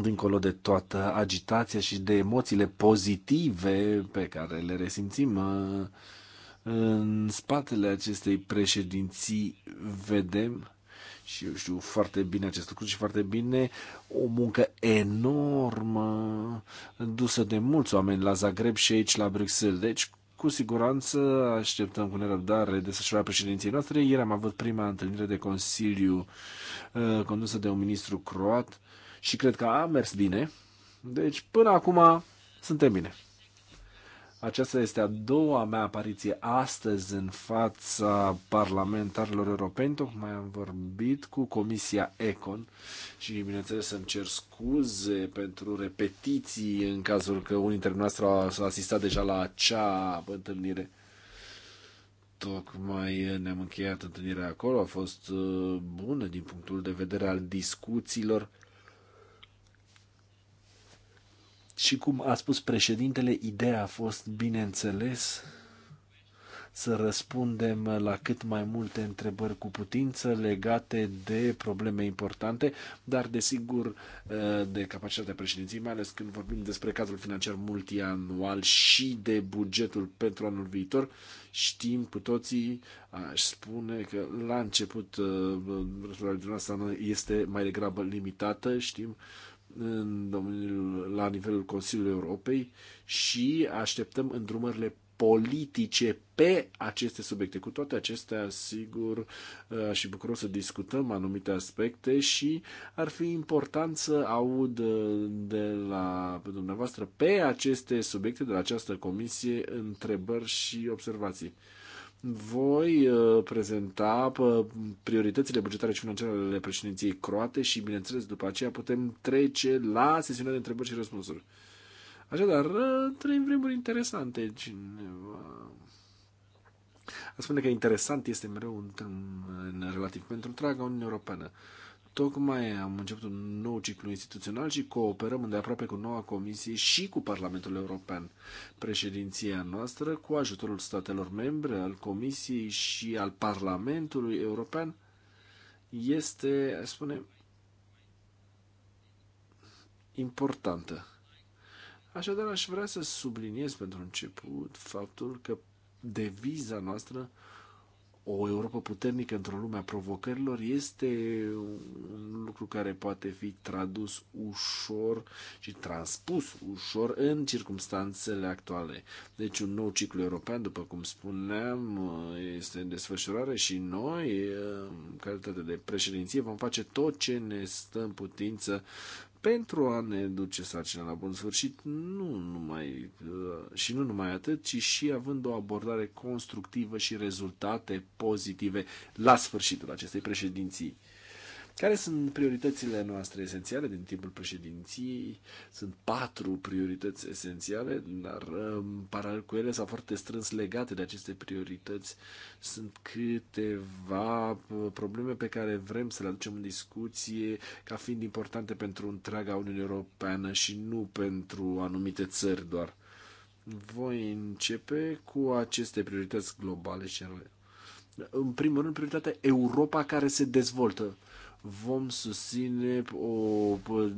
dincolo de toată agitația și de emoțiile pozitive pe care le resimțim uh, în spatele acestei președinții, vedem și eu știu foarte bine acest lucru și foarte bine o muncă enormă dusă de mulți oameni la Zagreb și aici la Bruxelles. Deci cu siguranță așteptăm cu nerăbdare desfășurarea președinției noastre. Ieri am avut prima întâlnire de Consiliu uh, condusă de un ministru croat și cred că a mers bine. Deci, până acum, suntem bine. Aceasta este a doua mea apariție astăzi în fața parlamentarilor europeni. Tocmai am vorbit cu Comisia Econ și, bineînțeles, să-mi cer scuze pentru repetiții în cazul că unii dintre noastre au asistat deja la acea întâlnire. Tocmai ne-am încheiat întâlnirea acolo, a fost uh, bună din punctul de vedere al discuțiilor Și cum a spus președintele, ideea a fost, bineînțeles, să răspundem la cât mai multe întrebări cu putință legate de probleme importante, dar desigur de capacitatea președinției, mai ales când vorbim despre cadrul financiar multianual și de bugetul pentru anul viitor, știm cu toții, aș spune că la început uh, răspunderea dumneavoastră este mai degrabă limitată, știm în domeniul, la nivelul Consiliului Europei și așteptăm îndrumările politice pe aceste subiecte. Cu toate acestea, sigur, și bucuros să discutăm anumite aspecte și ar fi important să aud de la dumneavoastră pe aceste subiecte, de la această comisie, întrebări și observații voi uh, prezenta uh, prioritățile bugetare și financiare ale președinției croate și, bineînțeles, după aceea putem trece la sesiunea de întrebări și răspunsuri. Așadar, uh, trăim vremuri interesante. Cineva... A spune că interesant este mereu în, în, în relativ pentru întreaga Uniunea Europeană. Tocmai am început un nou ciclu instituțional și cooperăm îndeaproape cu noua comisie și cu Parlamentul European. Președinția noastră, cu ajutorul statelor membre, al comisiei și al Parlamentului European, este, aș spune, importantă. Așadar, aș vrea să subliniez pentru început faptul că deviza noastră o Europa puternică într-o lume a provocărilor este un lucru care poate fi tradus ușor și transpus ușor în circumstanțele actuale. Deci un nou ciclu european, după cum spuneam, este în desfășurare și noi, în calitate de președinție, vom face tot ce ne stă în putință pentru a ne duce sarcina la bun sfârșit, nu numai, uh, și nu numai atât, ci și având o abordare constructivă și rezultate pozitive la sfârșitul acestei președinții. Care sunt prioritățile noastre esențiale din timpul președinției? Sunt patru priorități esențiale, dar în um, paralel cu ele sau foarte strâns legate de aceste priorități sunt câteva uh, probleme pe care vrem să le aducem în discuție ca fiind importante pentru întreaga Uniune Europeană și nu pentru anumite țări doar. Voi începe cu aceste priorități globale și în primul rând, prioritatea Europa care se dezvoltă vom susține o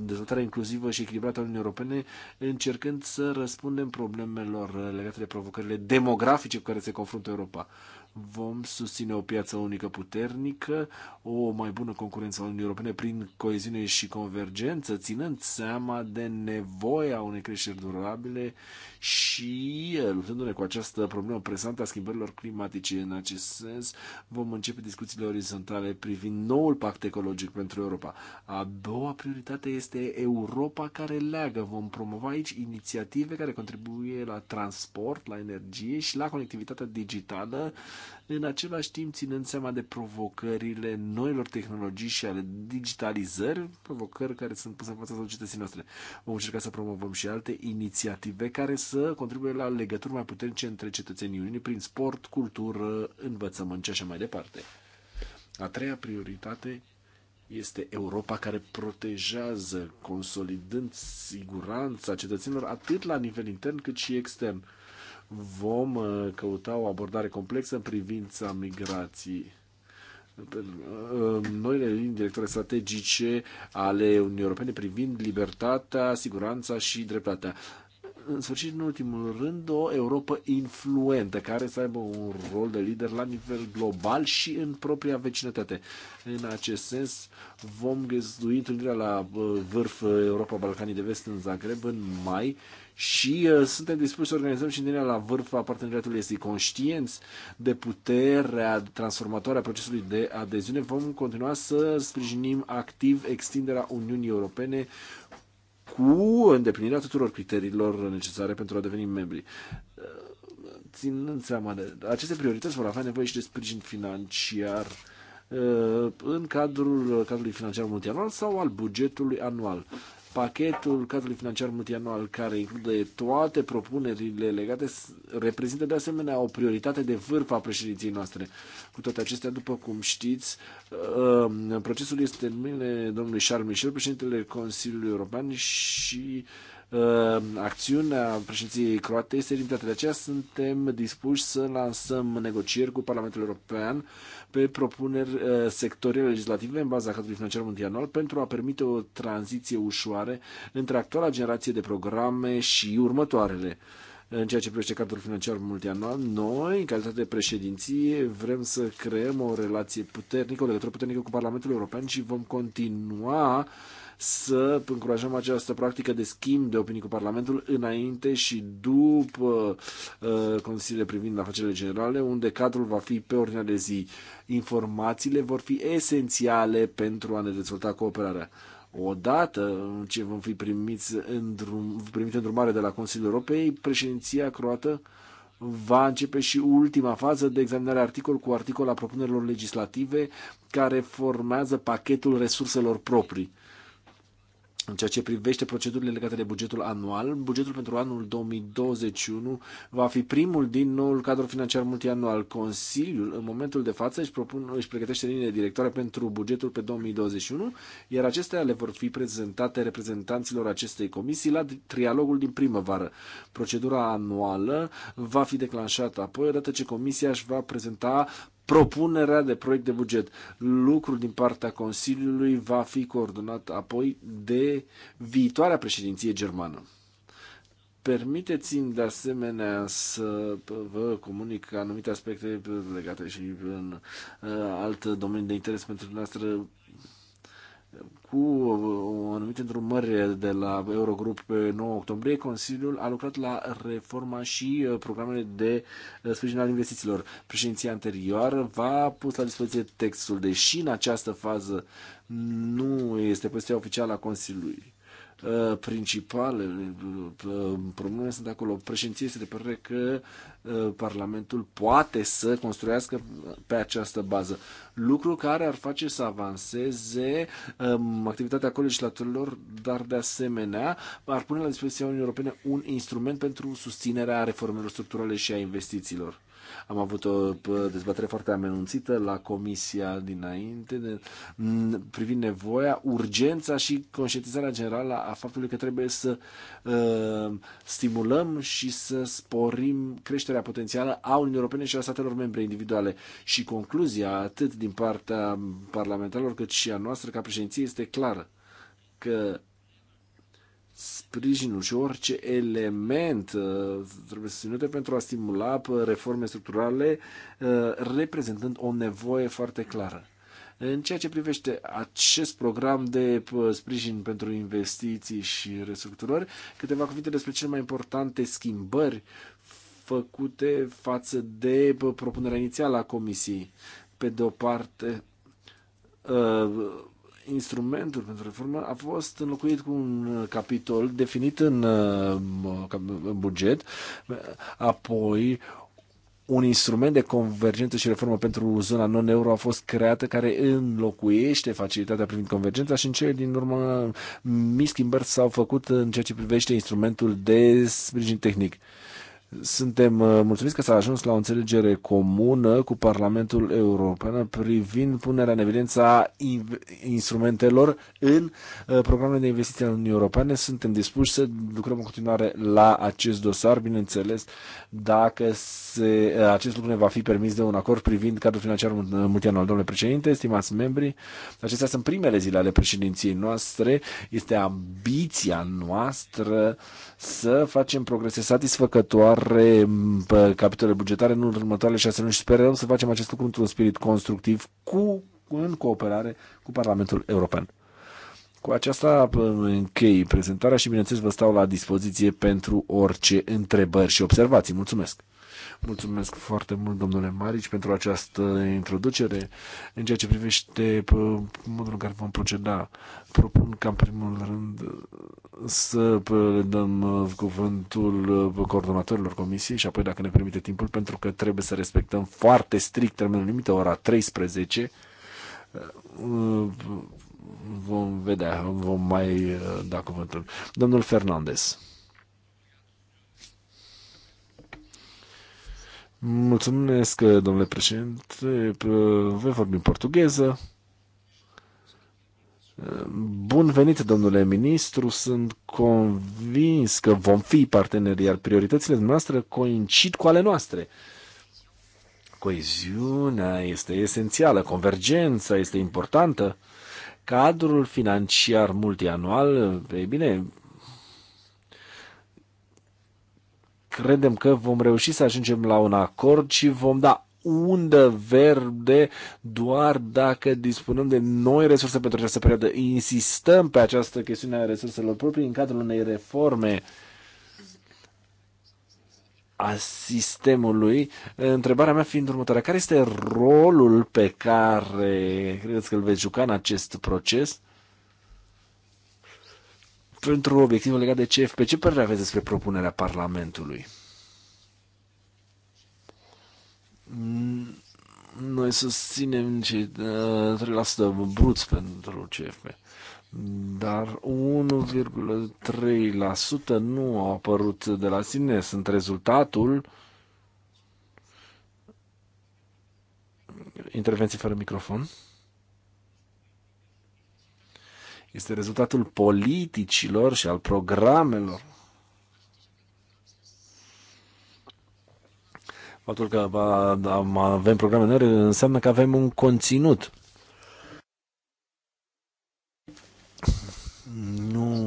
dezvoltare inclusivă și echilibrată a Uniunii Europene, încercând să răspundem problemelor legate de provocările demografice cu care se confruntă Europa. Vom susține o piață unică puternică, o mai bună concurență a Uniunii Europene prin coeziune și convergență, ținând seama de nevoia unei creșteri durabile și eh, luptându-ne cu această problemă prezentă a schimbărilor climatice. În acest sens vom începe discuțiile orizontale privind noul pact ecologic pentru Europa. A doua prioritate este Europa care leagă. Vom promova aici inițiative care contribuie la transport, la energie și la conectivitatea digitală în același timp ținând seama de provocările noilor tehnologii și ale digitalizări, provocări care sunt puse în fața societății noastre. Vom încerca să promovăm și alte inițiative care să contribuie la legături mai puternice între cetățenii Uniunii prin sport, cultură, învățământ și așa mai departe. A treia prioritate este Europa care protejează, consolidând siguranța cetățenilor atât la nivel intern cât și extern vom uh, căuta o abordare complexă în privința migrației. Uh, noile linii directoare strategice ale Uniunii Europene privind libertatea, siguranța și dreptatea în sfârșit, în ultimul rând, o Europa influentă, care să aibă un rol de lider la nivel global și în propria vecinătate. În acest sens, vom găzdui întâlnirea la uh, vârf uh, Europa Balcanii de Vest în Zagreb în mai și uh, suntem dispuși să organizăm și întâlnirea la vârf a parteneriatului este conștienți de puterea transformatoare a procesului de adeziune. Vom continua să sprijinim activ extinderea Uniunii Europene cu îndeplinirea tuturor criteriilor necesare pentru a deveni membri. Ținând seama de aceste priorități, vor avea nevoie și de sprijin financiar uh, în cadrul uh, cadrului financiar multianual sau al bugetului anual. Pachetul cadrului financiar multianual, care include toate propunerile legate, reprezintă de asemenea o prioritate de vârf a președinției noastre. Cu toate acestea, după cum știți, um, procesul este în mine, domnului Charles Michel, președintele Consiliului European și uh, Ehm, acțiunea președinției croate este limitată. De aceea suntem dispuși să lansăm negocieri cu Parlamentul European pe propuneri eh, sectoriale legislative în baza cadrului financiar multianual pentru a permite o tranziție ușoare între actuala generație de programe și următoarele în ceea ce privește cadrul financiar multianual, noi, în calitate de președinție, vrem să creăm o relație puternică, o legătură puternică cu Parlamentul European și vom continua să încurajăm această practică de schimb de opinii cu Parlamentul înainte și după uh, consiliile privind afacerile generale, unde cadrul va fi pe ordinea de zi. Informațiile vor fi esențiale pentru a ne dezvolta cooperarea. Odată ce vom fi primiți în drum, primit drumare de la Consiliul Europei, președinția croată va începe și ultima fază de examinare articol cu articol a propunerilor legislative care formează pachetul resurselor proprii. În ceea ce privește procedurile legate de bugetul anual, bugetul pentru anul 2021 va fi primul din noul cadru financiar multianual. Consiliul, în momentul de față, își, propun, își pregătește liniile directoare pentru bugetul pe 2021, iar acestea le vor fi prezentate reprezentanților acestei comisii la trialogul din primăvară. Procedura anuală va fi declanșată apoi, odată ce comisia își va prezenta propunerea de proiect de buget. Lucrul din partea Consiliului va fi coordonat apoi de viitoarea președinție germană. Permiteți-mi de asemenea să vă comunic anumite aspecte legate și în uh, alt domeniu de interes pentru dumneavoastră cu uh, anumite îndrumări de la Eurogrup pe 9 octombrie, Consiliul a lucrat la reforma și uh, programele de uh, sprijin al investițiilor. Președinția anterioară va pus la dispoziție textul, deși în această fază nu este poziția oficială a Consiliului Uh, principalele uh, problemele sunt acolo. Președinția este de părere că uh, Parlamentul poate să construiască pe această bază. Lucru care ar face să avanseze um, activitatea colegislatorilor, dar de asemenea ar pune la dispoziția Uniunii Europene un instrument pentru susținerea reformelor structurale și a investițiilor. Am avut o dezbatere foarte amenunțită la comisia dinainte de, mm, privind nevoia, urgența și conștientizarea generală a faptului că trebuie să uh, stimulăm și să sporim creșterea potențială a Uniunii Europene și a statelor membre individuale. Și concluzia, atât din partea parlamentarilor cât și a noastră ca președinție, este clară că sprijinul și orice element uh, trebuie susținute pentru a stimula uh, reforme structurale, uh, reprezentând o nevoie foarte clară. În ceea ce privește acest program de sprijin pentru investiții și restructurări, câteva cuvinte despre cele mai importante schimbări făcute față de propunerea inițială a Comisiei. Pe de o parte, instrumentul pentru reformă a fost înlocuit cu un uh, capitol definit în uh, buget, uh, apoi un instrument de convergență și reformă pentru zona non-euro a fost creată care înlocuiește facilitatea privind convergența și în cele din urmă mii schimbări s-au făcut în ceea ce privește instrumentul de sprijin tehnic. Uh, suntem uh, mulțumiți că s-a ajuns la o înțelegere comună cu Parlamentul European privind punerea în evidență a instrumentelor în uh, programele de investiții în Uniunea Europene. Suntem dispuși să lucrăm în continuare la acest dosar, bineînțeles, dacă se, uh, acest lucru ne va fi permis de un acord privind cadrul financiar multianual. Domnule președinte, stimați membri, acestea sunt primele zile ale președinției noastre. Este ambiția noastră uh, să facem progrese satisfăcătoare pe capitolele bugetare în următoarele șase luni și sperăm să facem acest lucru într-un spirit constructiv cu, în cooperare cu Parlamentul European. Cu aceasta închei prezentarea și bineînțeles vă stau la dispoziție pentru orice întrebări și observații. Mulțumesc! Mulțumesc foarte mult, domnule Marici, pentru această introducere. În ceea ce privește modul în care vom proceda, propun ca în primul rând să le dăm uh, cuvântul uh, coordonatorilor comisiei și apoi dacă ne permite timpul, pentru că trebuie să respectăm foarte strict termenul limită, ora 13. Uh, vom vedea, vom mai da cuvântul. Domnul Fernandez. Mulțumesc, domnule președinte. Voi vorbi în portugheză. Bun venit, domnule ministru, sunt convins că vom fi parteneri, iar prioritățile noastre coincid cu ale noastre. Coeziunea este esențială, convergența este importantă, cadrul financiar multianual, e bine, credem că vom reuși să ajungem la un acord și vom da undă verde doar dacă dispunem de noi resurse pentru această perioadă. Insistăm pe această chestiune a resurselor proprii în cadrul unei reforme a sistemului. Întrebarea mea fiind următoarea, care este rolul pe care credeți că îl veți juca în acest proces? pentru obiectivul legat de CFP, ce părere aveți despre propunerea Parlamentului? Noi susținem ce 3% uh, bruți pentru CFP, dar 1,3% nu au apărut de la sine, sunt rezultatul intervenții fără microfon este rezultatul politicilor și al programelor Faptul că avem programe noi înseamnă că avem un conținut. Nu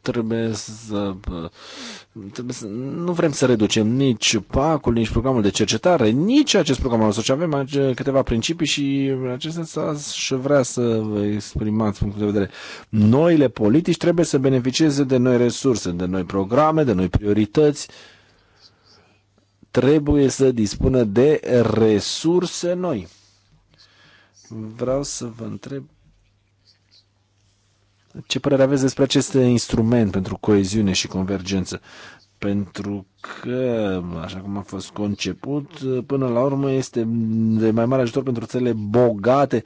trebuie să, trebuie să... Nu vrem să reducem nici pacul, nici programul de cercetare, nici acest program al social. Avem câteva principii și în acest sens aș vrea să vă exprimați punctul de vedere. Noile politici trebuie să beneficieze de noi resurse, de noi programe, de noi priorități, uh, trebuie să dispună de resurse noi. Vreau să vă întreb ce părere aveți despre acest instrument pentru coeziune și convergență? Pentru că, așa cum a fost conceput, până la urmă este de mai mare ajutor pentru țările bogate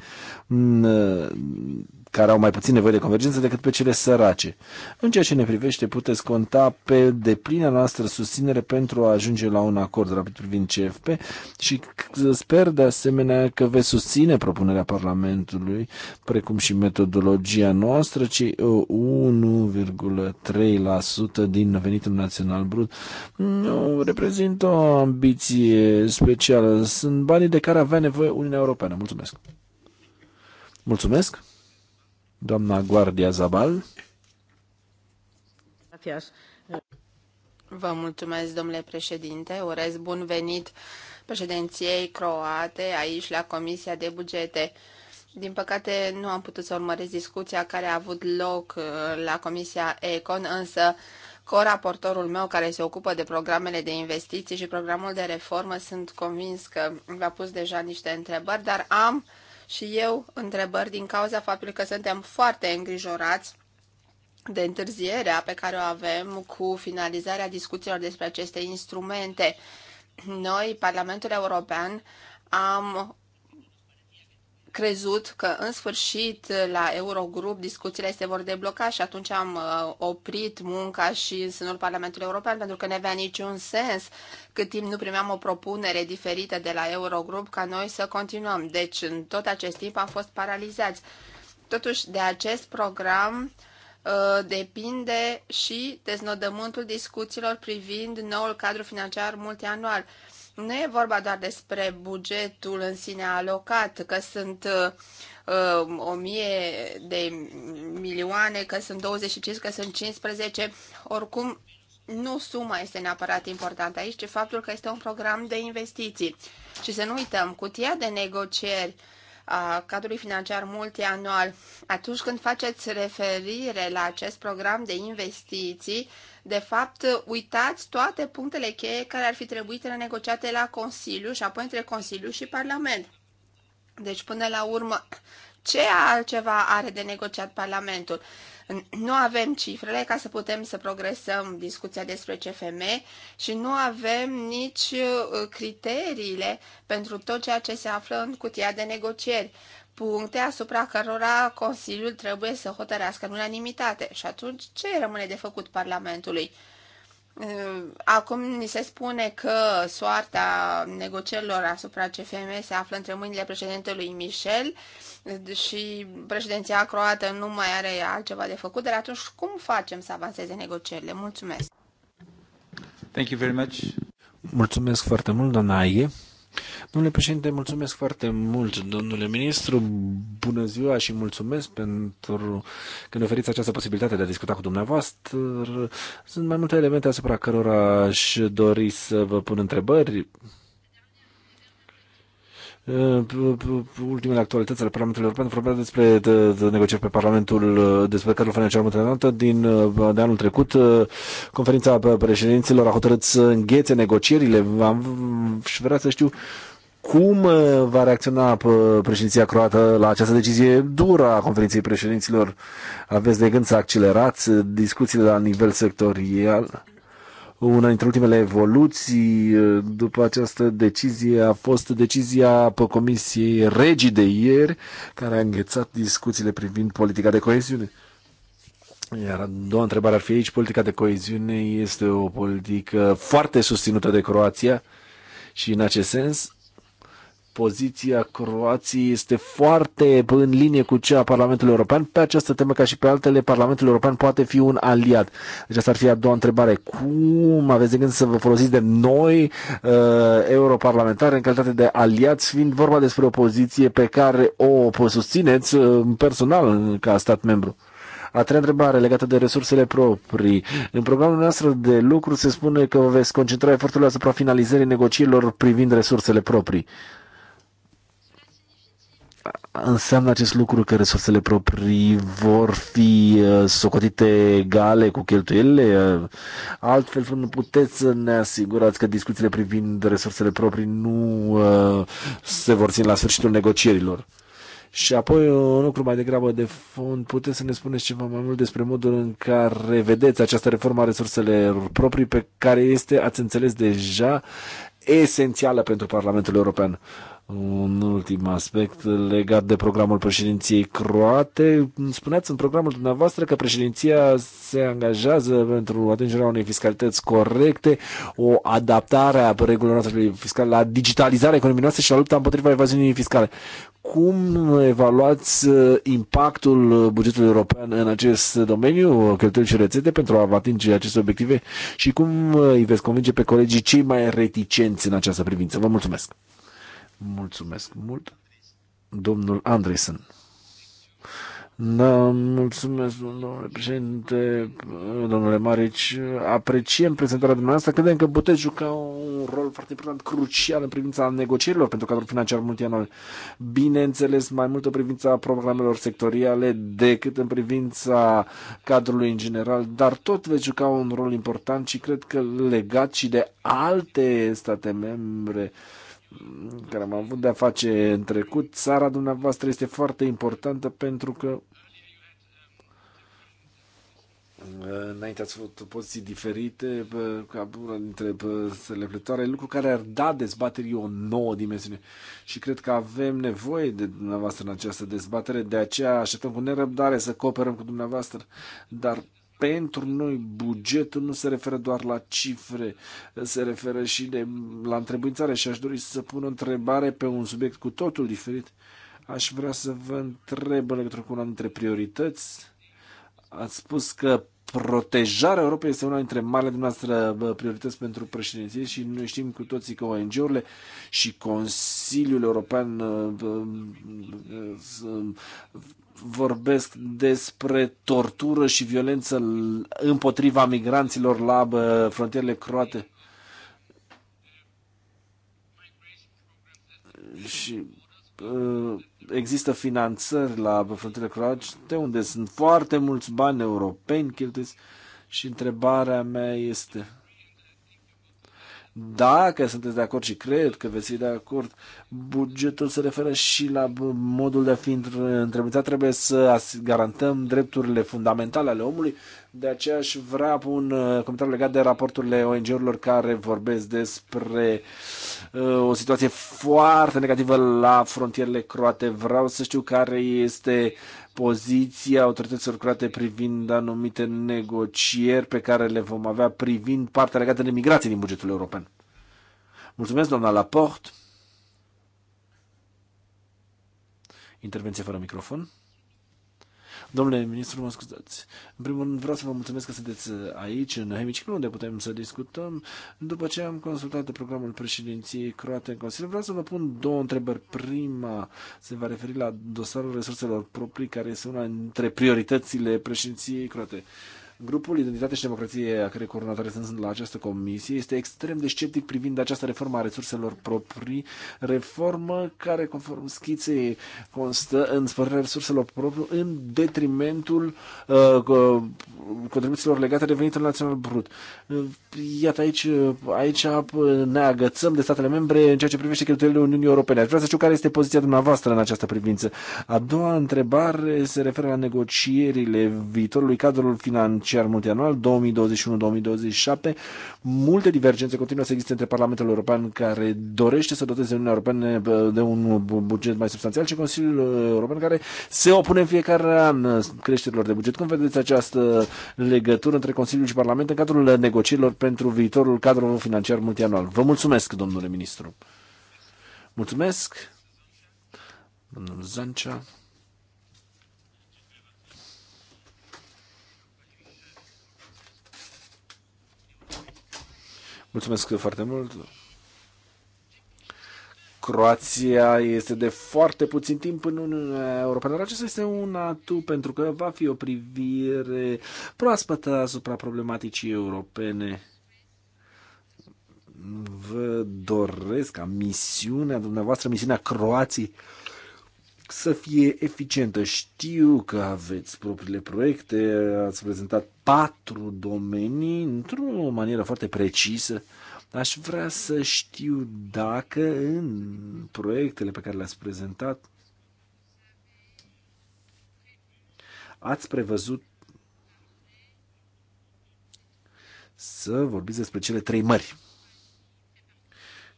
care au mai puțin nevoie de convergență decât pe cele sărace. În ceea ce ne privește, puteți conta pe deplina noastră susținere pentru a ajunge la un acord rapid privind CFP și sper de asemenea că veți susține propunerea Parlamentului, precum și metodologia noastră, ci 1,3% uh, din venitul național brut nu reprezintă o ambiție specială. Sunt banii de care avea nevoie Uniunea Europeană. Mulțumesc! Mulțumesc! Doamna Guardia Zabal. Vă mulțumesc, domnule președinte. Urez bun venit președinției croate aici la Comisia de Bugete. Din păcate, nu am putut să urmăresc discuția care a avut loc uh, la Comisia Econ, însă co-raportorul meu care se ocupă de programele de investiții și programul de reformă sunt convins că v-a pus deja niște întrebări, dar am și eu întrebări din cauza faptului că suntem foarte îngrijorați de întârzierea pe care o avem cu finalizarea discuțiilor despre aceste instrumente. Noi, Parlamentul European, am crezut că în sfârșit la Eurogrup discuțiile se vor debloca și atunci am uh, oprit munca și în sânul Parlamentului European pentru că nu avea niciun sens cât timp nu primeam o propunere diferită de la Eurogrup ca noi să continuăm. Deci în tot acest timp am fost paralizați. Totuși de acest program uh, depinde și deznodământul discuțiilor privind noul cadru financiar multianual. Nu e vorba doar despre bugetul în sine alocat, că sunt uh, mie de milioane, că sunt 25, că sunt 15. Oricum, nu suma este neapărat importantă aici, ci faptul că este un program de investiții. Și să nu uităm, cutia de negocieri a cadrului financiar multianual. Atunci când faceți referire la acest program de investiții, de fapt, uitați toate punctele cheie care ar fi trebuit renegociate la Consiliu și apoi între Consiliu și Parlament. Deci, până la urmă, ce altceva are de negociat Parlamentul? Nu avem cifrele ca să putem să progresăm discuția despre CFM și nu avem nici uh, criteriile pentru tot ceea ce se află în cutia de negocieri, puncte asupra cărora Consiliul trebuie să hotărească în unanimitate. Și atunci ce rămâne de făcut Parlamentului? Ă, acum ni se spune că soarta negocierilor asupra CFM se află între mâinile președintelui Michel și președinția croată nu mai are altceva de făcut, dar atunci cum facem să avanseze negocierile? Mulțumesc! Thank you very much. Mulțumesc foarte mult, doamna Aie. Domnule președinte, mulțumesc foarte mult, domnule ministru. Bună ziua și mulțumesc pentru că ne oferiți această posibilitate de a discuta cu dumneavoastră. Sunt mai multe elemente asupra cărora aș dori să vă pun întrebări ultimele actualități ale Parlamentului European vorbea despre de, de negocieri pe Parlamentul, despre cadrul financiar multilateral din de anul trecut. Conferința președinților a hotărât să înghețe negocierile. Am, și vrea să știu cum va reacționa președinția croată la această decizie dură a conferinței președinților? Aveți de gând să accelerați discuțiile la nivel sectorial? Una dintre ultimele evoluții uh, după această decizie a fost decizia pe Comisiei Regii de ieri, care a înghețat discuțiile privind politica de coeziune. Iar a doua întrebare ar fi aici, politica de coeziune este o politică foarte susținută de Croația și în acest sens poziția Croației este foarte în linie cu cea a Parlamentului European. Pe această temă, ca și pe altele, Parlamentul European poate fi un aliat. Deci asta ar fi a doua întrebare. Cum aveți de gând să vă folosiți de noi, uh, europarlamentari, în calitate de aliați, fiind vorba despre o poziție pe care o susțineți uh, personal ca stat membru? A treia întrebare legată de resursele proprii. În programul nostru de lucru se spune că veți concentra eforturile asupra finalizării negocierilor privind resursele proprii. Uh, înseamnă acest lucru că resursele proprii vor fi uh, socotite egale cu cheltuielile? Uh, altfel nu puteți să ne asigurați că discuțiile privind resursele proprii nu uh, se vor ține la sfârșitul negocierilor. Și apoi un lucru mai degrabă de fond, puteți să ne spuneți ceva mai mult despre modul în care vedeți această reformă a resurselor proprii pe care este, ați înțeles deja, esențială pentru Parlamentul European. Uh, un ultim aspect legat de programul președinției croate. Spuneați în programul dumneavoastră că președinția se angajează pentru atingerea unei fiscalități corecte, o adaptare a regulilor noastre fiscale la digitalizarea economiei noastre și la lupta împotriva evaziunii fiscale. Cum evaluați uh, impactul bugetului european în acest domeniu, cheltuieli și rețete, pentru a atinge aceste obiective și cum uh, îi veți convinge pe colegii cei mai reticenți în această privință? Vă mulțumesc! Mulțumesc mult, domnul Andresen. Da, mulțumesc, domnule președinte, domnule Marici. Apreciem prezentarea dumneavoastră. Credem că puteți juca un rol foarte important, crucial în privința negocierilor pentru cadrul financiar multianual. Bineînțeles, mai mult în privința programelor sectoriale decât în privința cadrului în general, dar tot veți juca un rol important și cred că legat și de alte state membre. Uh, care am avut de-a face în trecut, țara dumneavoastră este foarte importantă pentru că înainte ați avut poziții diferite ca una dintre selepletoare, lucru care ar da dezbaterii o nouă dimensiune. Și cred că avem nevoie de dumneavoastră în această dezbatere, de aceea așteptăm cu nerăbdare să cooperăm cu dumneavoastră, dar pentru noi bugetul nu se referă doar la cifre, se referă și de, la întrebuințare și aș dori să pun o întrebare pe un subiect cu totul diferit. Aș vrea să vă întreb în legătură cu una dintre priorități. Ați spus că protejarea Europei este una dintre marile dumneavoastră priorități pentru președinție și noi știm cu toții că ONG-urile și Consiliul European vorbesc despre tortură și violență împotriva migranților la frontierele croate. Și Uh, există finanțări la frontiere croate, unde sunt foarte mulți bani europeni cheltuiți și întrebarea mea este dacă sunteți de acord și cred că veți fi de acord, bugetul se referă și la modul de a fi întrebuințat. Trebuie să garantăm drepturile fundamentale ale omului de aceea aș vrea un uh, comentariu legat de raporturile ONG-urilor care vorbesc despre uh, o situație foarte negativă la frontierele croate. Vreau să știu care este poziția autorităților croate privind anumite negocieri pe care le vom avea privind partea legată de migrație din bugetul european. Mulțumesc, doamna Laporte. Intervenție fără microfon. Domnule ministru, mă scuzați. În primul rând vreau să vă mulțumesc că sunteți uh, aici, în hemiciclu, unde putem să discutăm. După ce am consultat programul președinției croate în Consiliu, vreau să vă pun două întrebări. Prima se va referi la dosarul resurselor proprii, care este una dintre prioritățile președinției croate. Grupul Identitate și Democrație, a cărei coordonatoare sunt la această comisie, este extrem de sceptic privind această reformă a resurselor proprii, reformă care, conform schiței, constă în spărirea resurselor proprii în detrimentul uh, contribuțiilor legate de venitul național brut. Uh, iată, aici, uh, aici uh, ne agățăm de statele membre în ceea ce privește cheltuielile Uniunii Europene. Aș vrea să știu care este poziția dumneavoastră în această privință. A doua întrebare se referă la negocierile viitorului cadrul financiar financiar multianual 2021-2027. Multe divergențe continuă să existe între Parlamentul European care dorește să doteze Uniunea Europeană de un buget mai substanțial și Consiliul European care se opune în fiecare an creșterilor de buget. Cum vedeți această legătură între Consiliul și Parlament în cadrul negocierilor pentru viitorul cadru financiar multianual? Vă mulțumesc, domnule ministru. Mulțumesc. Domnul Zancea. Mulțumesc foarte mult. Croația este de foarte puțin timp în Uniunea Europeană, dar acesta este un atu pentru că va fi o privire proaspătă asupra problematicii europene. Vă doresc ca misiunea dumneavoastră, misiunea Croației, să fie eficientă. Știu că aveți propriile proiecte, ați prezentat patru domenii într-o manieră foarte precisă. Aș vrea să știu dacă în proiectele pe care le-ați prezentat ați prevăzut să vorbiți despre cele trei mări.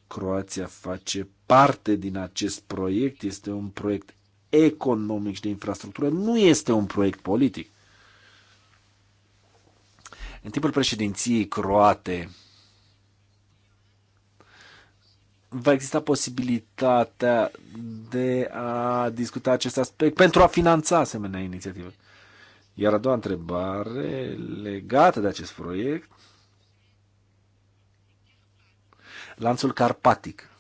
Croația face parte din acest proiect, este un proiect economic și de infrastructură, nu este un proiect politic. În timpul președinției croate va exista posibilitatea de a discuta acest aspect pentru a finanța asemenea inițiative. Iar a doua întrebare legată de acest proiect lanțul carpatic.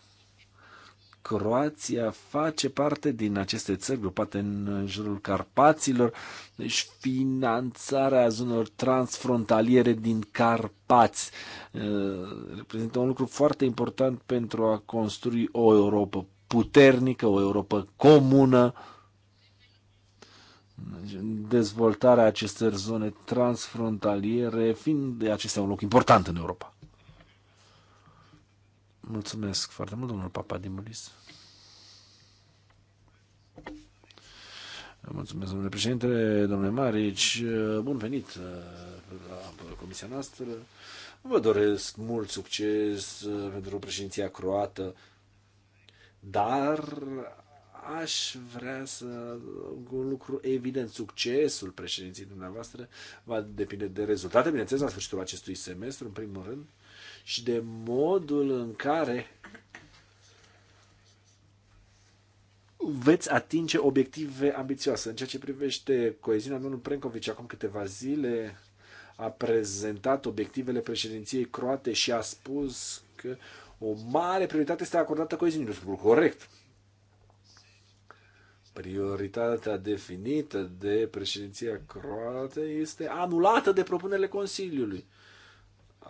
Croația face parte din aceste țări grupate în jurul Carpaților, deci finanțarea zonelor transfrontaliere din Carpați eh, reprezintă un lucru foarte important pentru a construi o Europa puternică, o Europa comună, dezvoltarea acestor zone transfrontaliere fiind de acestea un loc important în Europa. Mulțumesc foarte mult, domnul Dimulis. Mulțumesc, domnule președinte, domnule Marici, bun venit uh, la comisia noastră. Vă doresc mult succes uh, pentru președinția croată, dar aș vrea să un lucru evident, succesul președinției dumneavoastră va depinde de rezultate, bineînțeles, la sfârșitul acestui semestru, în primul rând, și de modul în care veți atinge obiective ambițioase. În ceea ce privește coeziunea, domnul Prencovici acum câteva zile a prezentat obiectivele președinției croate și a spus că o mare prioritate este acordată coeziunii. Lucru corect. Prioritatea definită de președinția croată este anulată de propunerile Consiliului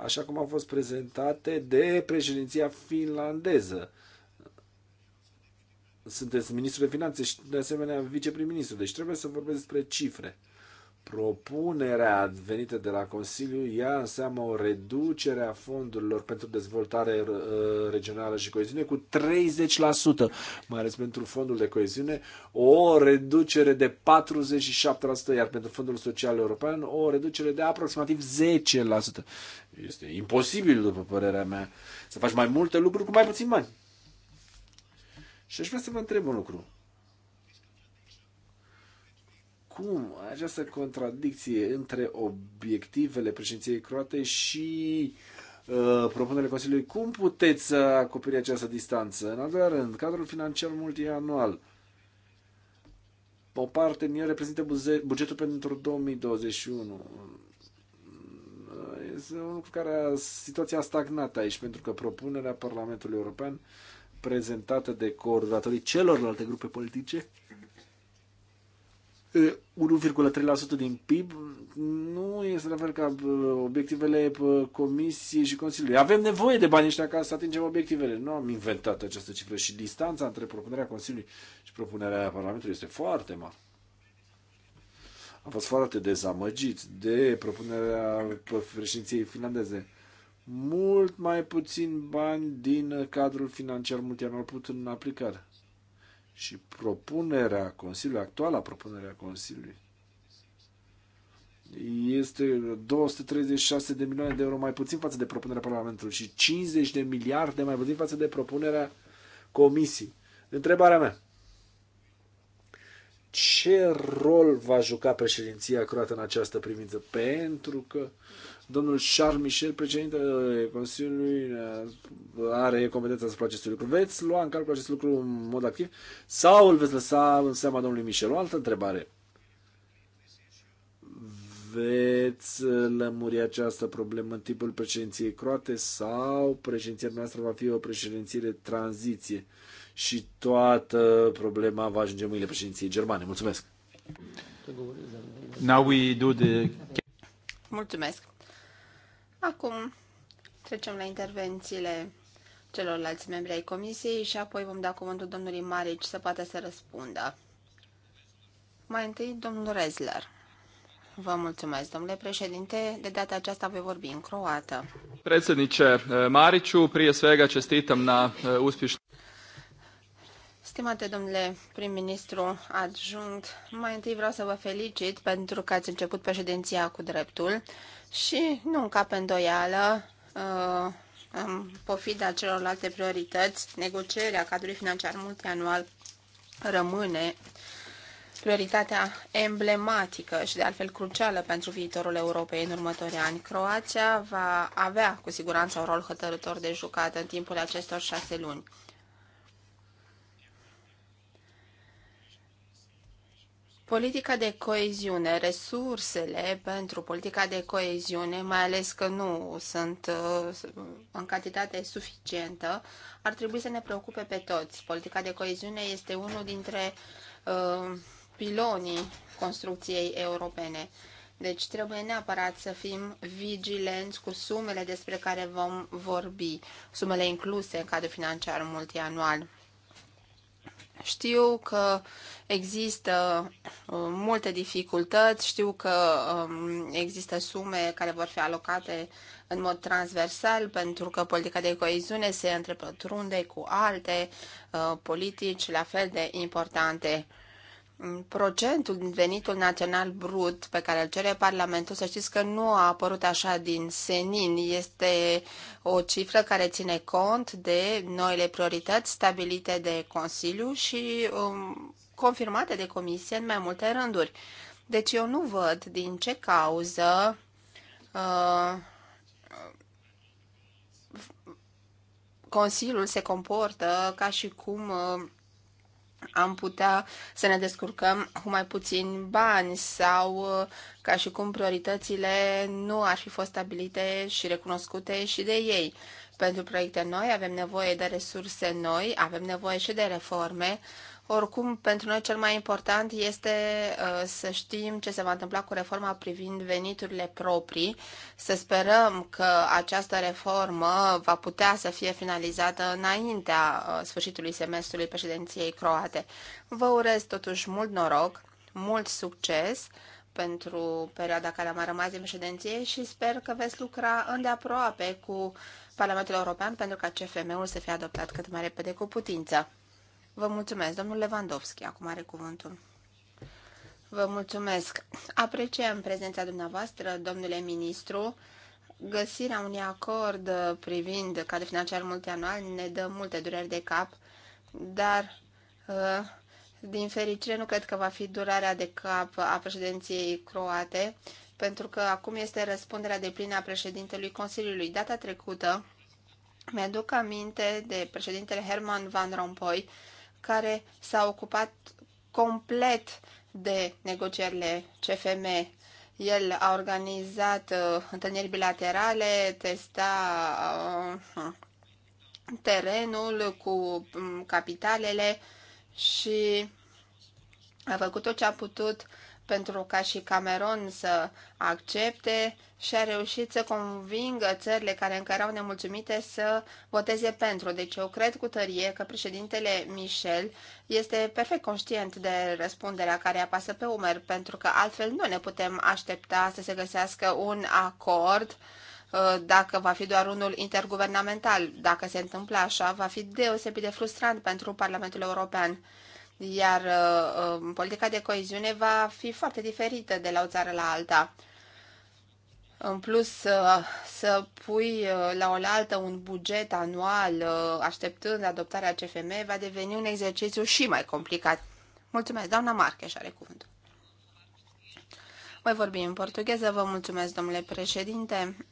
așa cum au fost prezentate de președinția finlandeză. Sunteți ministru de finanțe și de asemenea viceprim-ministru, deci trebuie să vorbesc despre cifre. Propunerea venită de la Consiliu ia în seamă o reducere a fondurilor pentru dezvoltare uh, regională și coeziune cu 30%, mai ales pentru fondul de coeziune, o reducere de 47%, iar pentru fondul social european o reducere de aproximativ 10%. Este imposibil, după părerea mea, să faci mai multe lucruri cu mai puțin bani. Și aș vrea să vă întreb un lucru. Cum această contradicție între obiectivele președinției croate și uh, propunerile Consiliului. Cum puteți să acoperi această distanță? În al doilea rând, cadrul financiar multianual. O parte din el reprezintă bugetul pentru 2021 este un lucru care a, situația a stagnat aici, pentru că propunerea Parlamentului European prezentată de coordonatorii celorlalte grupe politice 1,3% din PIB nu este la fel ca obiectivele Comisiei și Consiliului. Avem nevoie de bani ăștia ca să atingem obiectivele. Nu am inventat această cifră și distanța între propunerea Consiliului și propunerea Parlamentului este foarte mare. Am fost foarte dezamăgiți de propunerea președinției finlandeze. Mult mai puțin bani din cadrul financiar multianual put în aplicare și propunerea Consiliului, actuala propunerea Consiliului, este 236 de milioane de euro mai puțin față de propunerea Parlamentului și 50 de miliarde mai puțin față de propunerea Comisiei. Întrebarea mea. Ce rol va juca președinția croată în această privință? Pentru că Domnul Charles Michel, președintele Consiliului, uh, are competența asupra acestui lucru. Veți lua în calcul acest lucru în mod activ sau îl veți lăsa în seama domnului Michel? O altă întrebare. Veți uh, lămuri această problemă în timpul președinției croate sau președinția noastră va fi o președinție de tranziție și toată problema va ajunge în mâinile președinției germane? Mulțumesc! Now we do the... Mulțumesc! Acum trecem la intervențiile celorlalți membri ai comisiei și apoi vom da cuvântul domnului Marici să poată să răspundă. Mai întâi, domnul Rezler. Vă mulțumesc, domnule președinte. De data aceasta voi vorbi în croată. Președinte eh, Mariciu, prie svega čestitam na eh, uspiș... Stimate domnule prim-ministru adjunct, mai întâi vreau să vă felicit pentru că ați început președinția cu dreptul și nu încap îndoială uh, în pofida celorlalte priorități, negocierea cadrului financiar multianual rămâne prioritatea emblematică și de altfel crucială pentru viitorul Europei în următorii ani. Croația va avea cu siguranță un rol hotărător de jucat în timpul acestor șase luni. Politica de coeziune, resursele pentru politica de coeziune, mai ales că nu sunt uh, în cantitate suficientă, ar trebui să ne preocupe pe toți. Politica de coeziune este unul dintre uh, pilonii construcției europene. Deci trebuie neapărat să fim vigilenți cu sumele despre care vom vorbi, sumele incluse în cadrul financiar multianual. Știu că uh, Există uh, multe dificultăți, știu că um, există sume care vor fi alocate în mod transversal pentru că politica de coeziune se întrepătrunde cu alte uh, politici la fel de importante. Procentul din venitul național brut pe care îl cere Parlamentul, să știți că nu a apărut așa din senin, este o cifră care ține cont de noile priorități stabilite de Consiliu și um, confirmate de comisie în mai multe rânduri. Deci eu nu văd din ce cauză uh, Consiliul se comportă ca și cum uh, am putea să ne descurcăm cu mai puțin bani sau uh, ca și cum prioritățile nu ar fi fost stabilite și recunoscute și de ei. Pentru proiecte noi avem nevoie de resurse noi, avem nevoie și de reforme, oricum, pentru noi cel mai important este uh, să știm ce se va întâmpla cu reforma privind veniturile proprii. Să sperăm că această reformă va putea să fie finalizată înaintea uh, sfârșitului semestrului președinției croate. Vă urez totuși mult noroc, mult succes pentru perioada care a mai rămas din președinție și sper că veți lucra îndeaproape cu Parlamentul European pentru ca CFM-ul să fie adoptat cât mai repede cu putință. Vă mulțumesc. Domnul Lewandowski acum are cuvântul. Vă mulțumesc. Apreciem prezența dumneavoastră, domnule ministru. Găsirea unui acord privind cadrul financiar multianual ne dă multe dureri de cap, dar uh, din fericire nu cred că va fi durarea de cap a președinției croate, pentru că acum este răspunderea de plină a președintelui Consiliului. Data trecută, mi-aduc aminte de președintele Herman Van Rompuy, care s-a ocupat complet de negocierile CFM. El a organizat uh, întâlniri bilaterale, testa uh, terenul cu um, capitalele și a făcut tot ce a putut pentru ca și Cameron să accepte și a reușit să convingă țările care încă erau nemulțumite să voteze pentru. Deci eu cred cu tărie că președintele Michel este perfect conștient de răspunderea care apasă pe umăr? pentru că altfel nu ne putem aștepta să se găsească un acord uh, dacă va fi doar unul interguvernamental. Dacă se întâmplă așa, va fi deosebit de frustrant pentru Parlamentul European. Iar uh, um, politica de coeziune va fi foarte diferită de la o țară la alta. În plus, uh, să pui uh, la oaltă un buget anual uh, așteptând adoptarea CFM va deveni un exercițiu și mai complicat. Mulțumesc, doamna Marcheș are cuvântul. Voi vorbi în portugheză, vă mulțumesc, domnule președinte.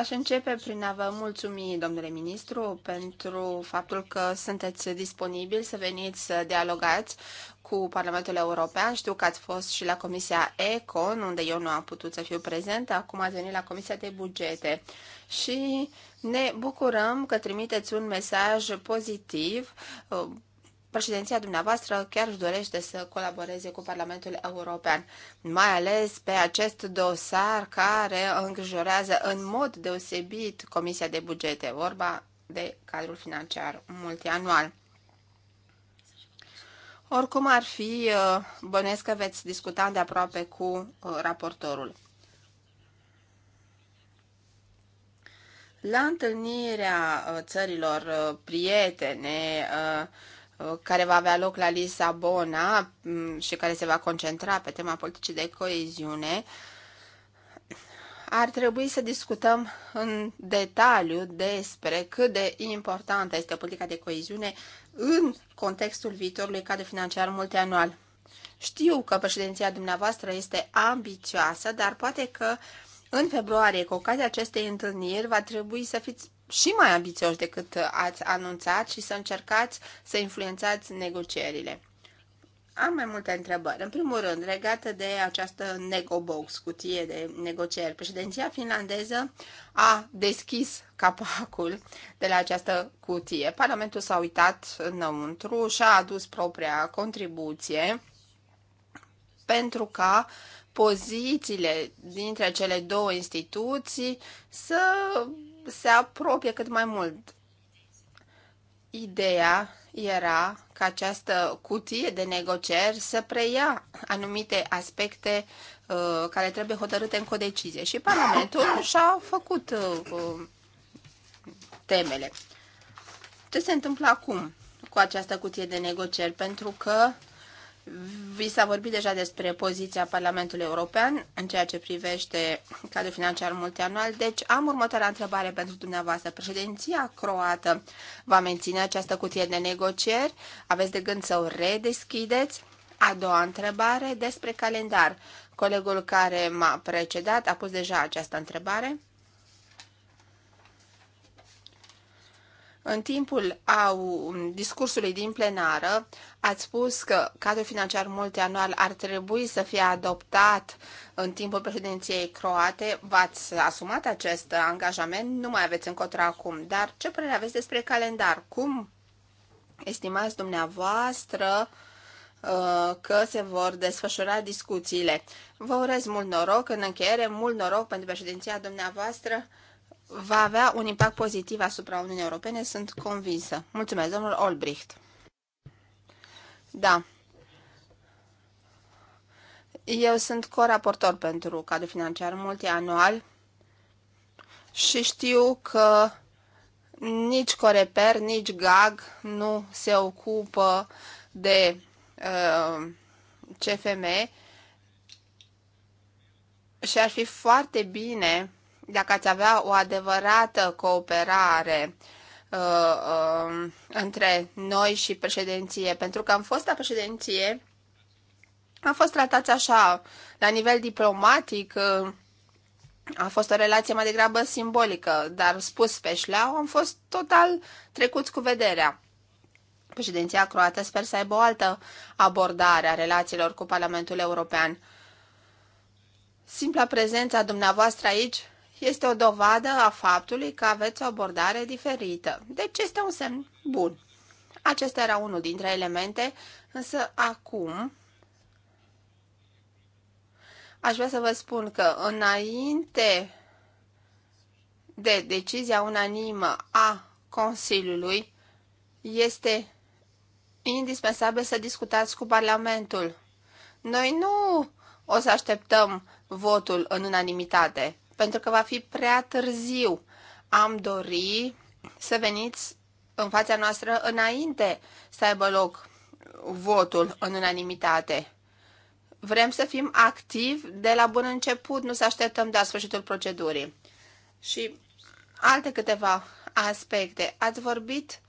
Aș începe prin a vă mulțumi, domnule ministru, pentru faptul că sunteți disponibil să veniți să dialogați cu Parlamentul European. Știu că ați fost și la Comisia ECON, unde eu nu am putut să fiu prezent. Acum ați venit la Comisia de Bugete. Și ne bucurăm că trimiteți un mesaj pozitiv Președinția dumneavoastră chiar își dorește să colaboreze cu Parlamentul European, mai ales pe acest dosar care îngrijorează în mod deosebit Comisia de Bugete, vorba de cadrul financiar multianual. Oricum ar fi, uh, bănuiesc că veți discuta de aproape cu uh, raportorul. La întâlnirea uh, țărilor prietene, care va avea loc la Lisabona mm, și care se va concentra pe tema politicii de coeziune, ar trebui să discutăm în detaliu despre cât de importantă este politica de coeziune în contextul viitorului cadru financiar multianual. Știu că președinția dumneavoastră este ambițioasă, dar poate că în februarie, cu ocazia acestei întâlniri, va trebui să fiți și mai ambițioși decât ați anunțat și să încercați să influențați negocierile. Am mai multe întrebări. În primul rând, legată de această negobox, cutie de negocieri. Președinția finlandeză a deschis capacul de la această cutie. Parlamentul s-a uitat înăuntru și a adus propria contribuție pentru ca pozițiile dintre cele două instituții să se apropie cât mai mult. Ideea era ca această cutie de negocieri să preia anumite aspecte uh, care trebuie hotărâte în codecizie și Parlamentul și-a făcut uh, uh temele. Ce se întâmplă acum cu această cutie de negocieri? Pentru că uh, vi s-a vorbit deja despre poziția Parlamentului European în ceea ce privește cadrul financiar multianual, deci am următoarea întrebare pentru dumneavoastră. Președinția croată va menține această cutie de negocieri? Aveți de gând să o redeschideți? A doua întrebare despre calendar. Colegul care m-a precedat a pus deja această întrebare. În timpul au, discursului din plenară, ați spus că cadrul financiar multianual ar trebui să fie adoptat în timpul președinției croate. V-ați asumat acest angajament, nu mai aveți încotro acum, dar ce părere aveți despre calendar? Cum estimați dumneavoastră uh, că se vor desfășura discuțiile. Vă urez mult noroc în încheiere, mult noroc pentru președinția dumneavoastră va avea un impact pozitiv asupra Uniunii Europene, sunt convinsă. Mulțumesc, domnul Olbricht. Da. Eu sunt coraportor pentru cadrul financiar multianual și știu că nici Coreper, nici GAG nu se ocupă de uh, CFM și ar fi foarte bine dacă ați avea o adevărată cooperare uh, uh, între noi și președinție, pentru că am fost la președinție, am fost tratați așa, la nivel diplomatic, uh, a fost o relație mai degrabă simbolică, dar spus pe șleau, am fost total trecuți cu vederea. Președinția croată sper să aibă o altă abordare a relațiilor cu Parlamentul European. Simpla prezența dumneavoastră aici este o dovadă a faptului că aveți o abordare diferită. Deci este un semn bun. Acesta era unul dintre elemente, însă acum aș vrea să vă spun că înainte de decizia unanimă a Consiliului, este indispensabil să discutați cu Parlamentul. Noi nu o să așteptăm votul în unanimitate pentru că va fi prea târziu. Am dori să veniți în fața noastră înainte să aibă loc votul în unanimitate. Vrem să fim activi de la bun început, nu să așteptăm de la sfârșitul procedurii. Și alte câteva aspecte. Ați vorbit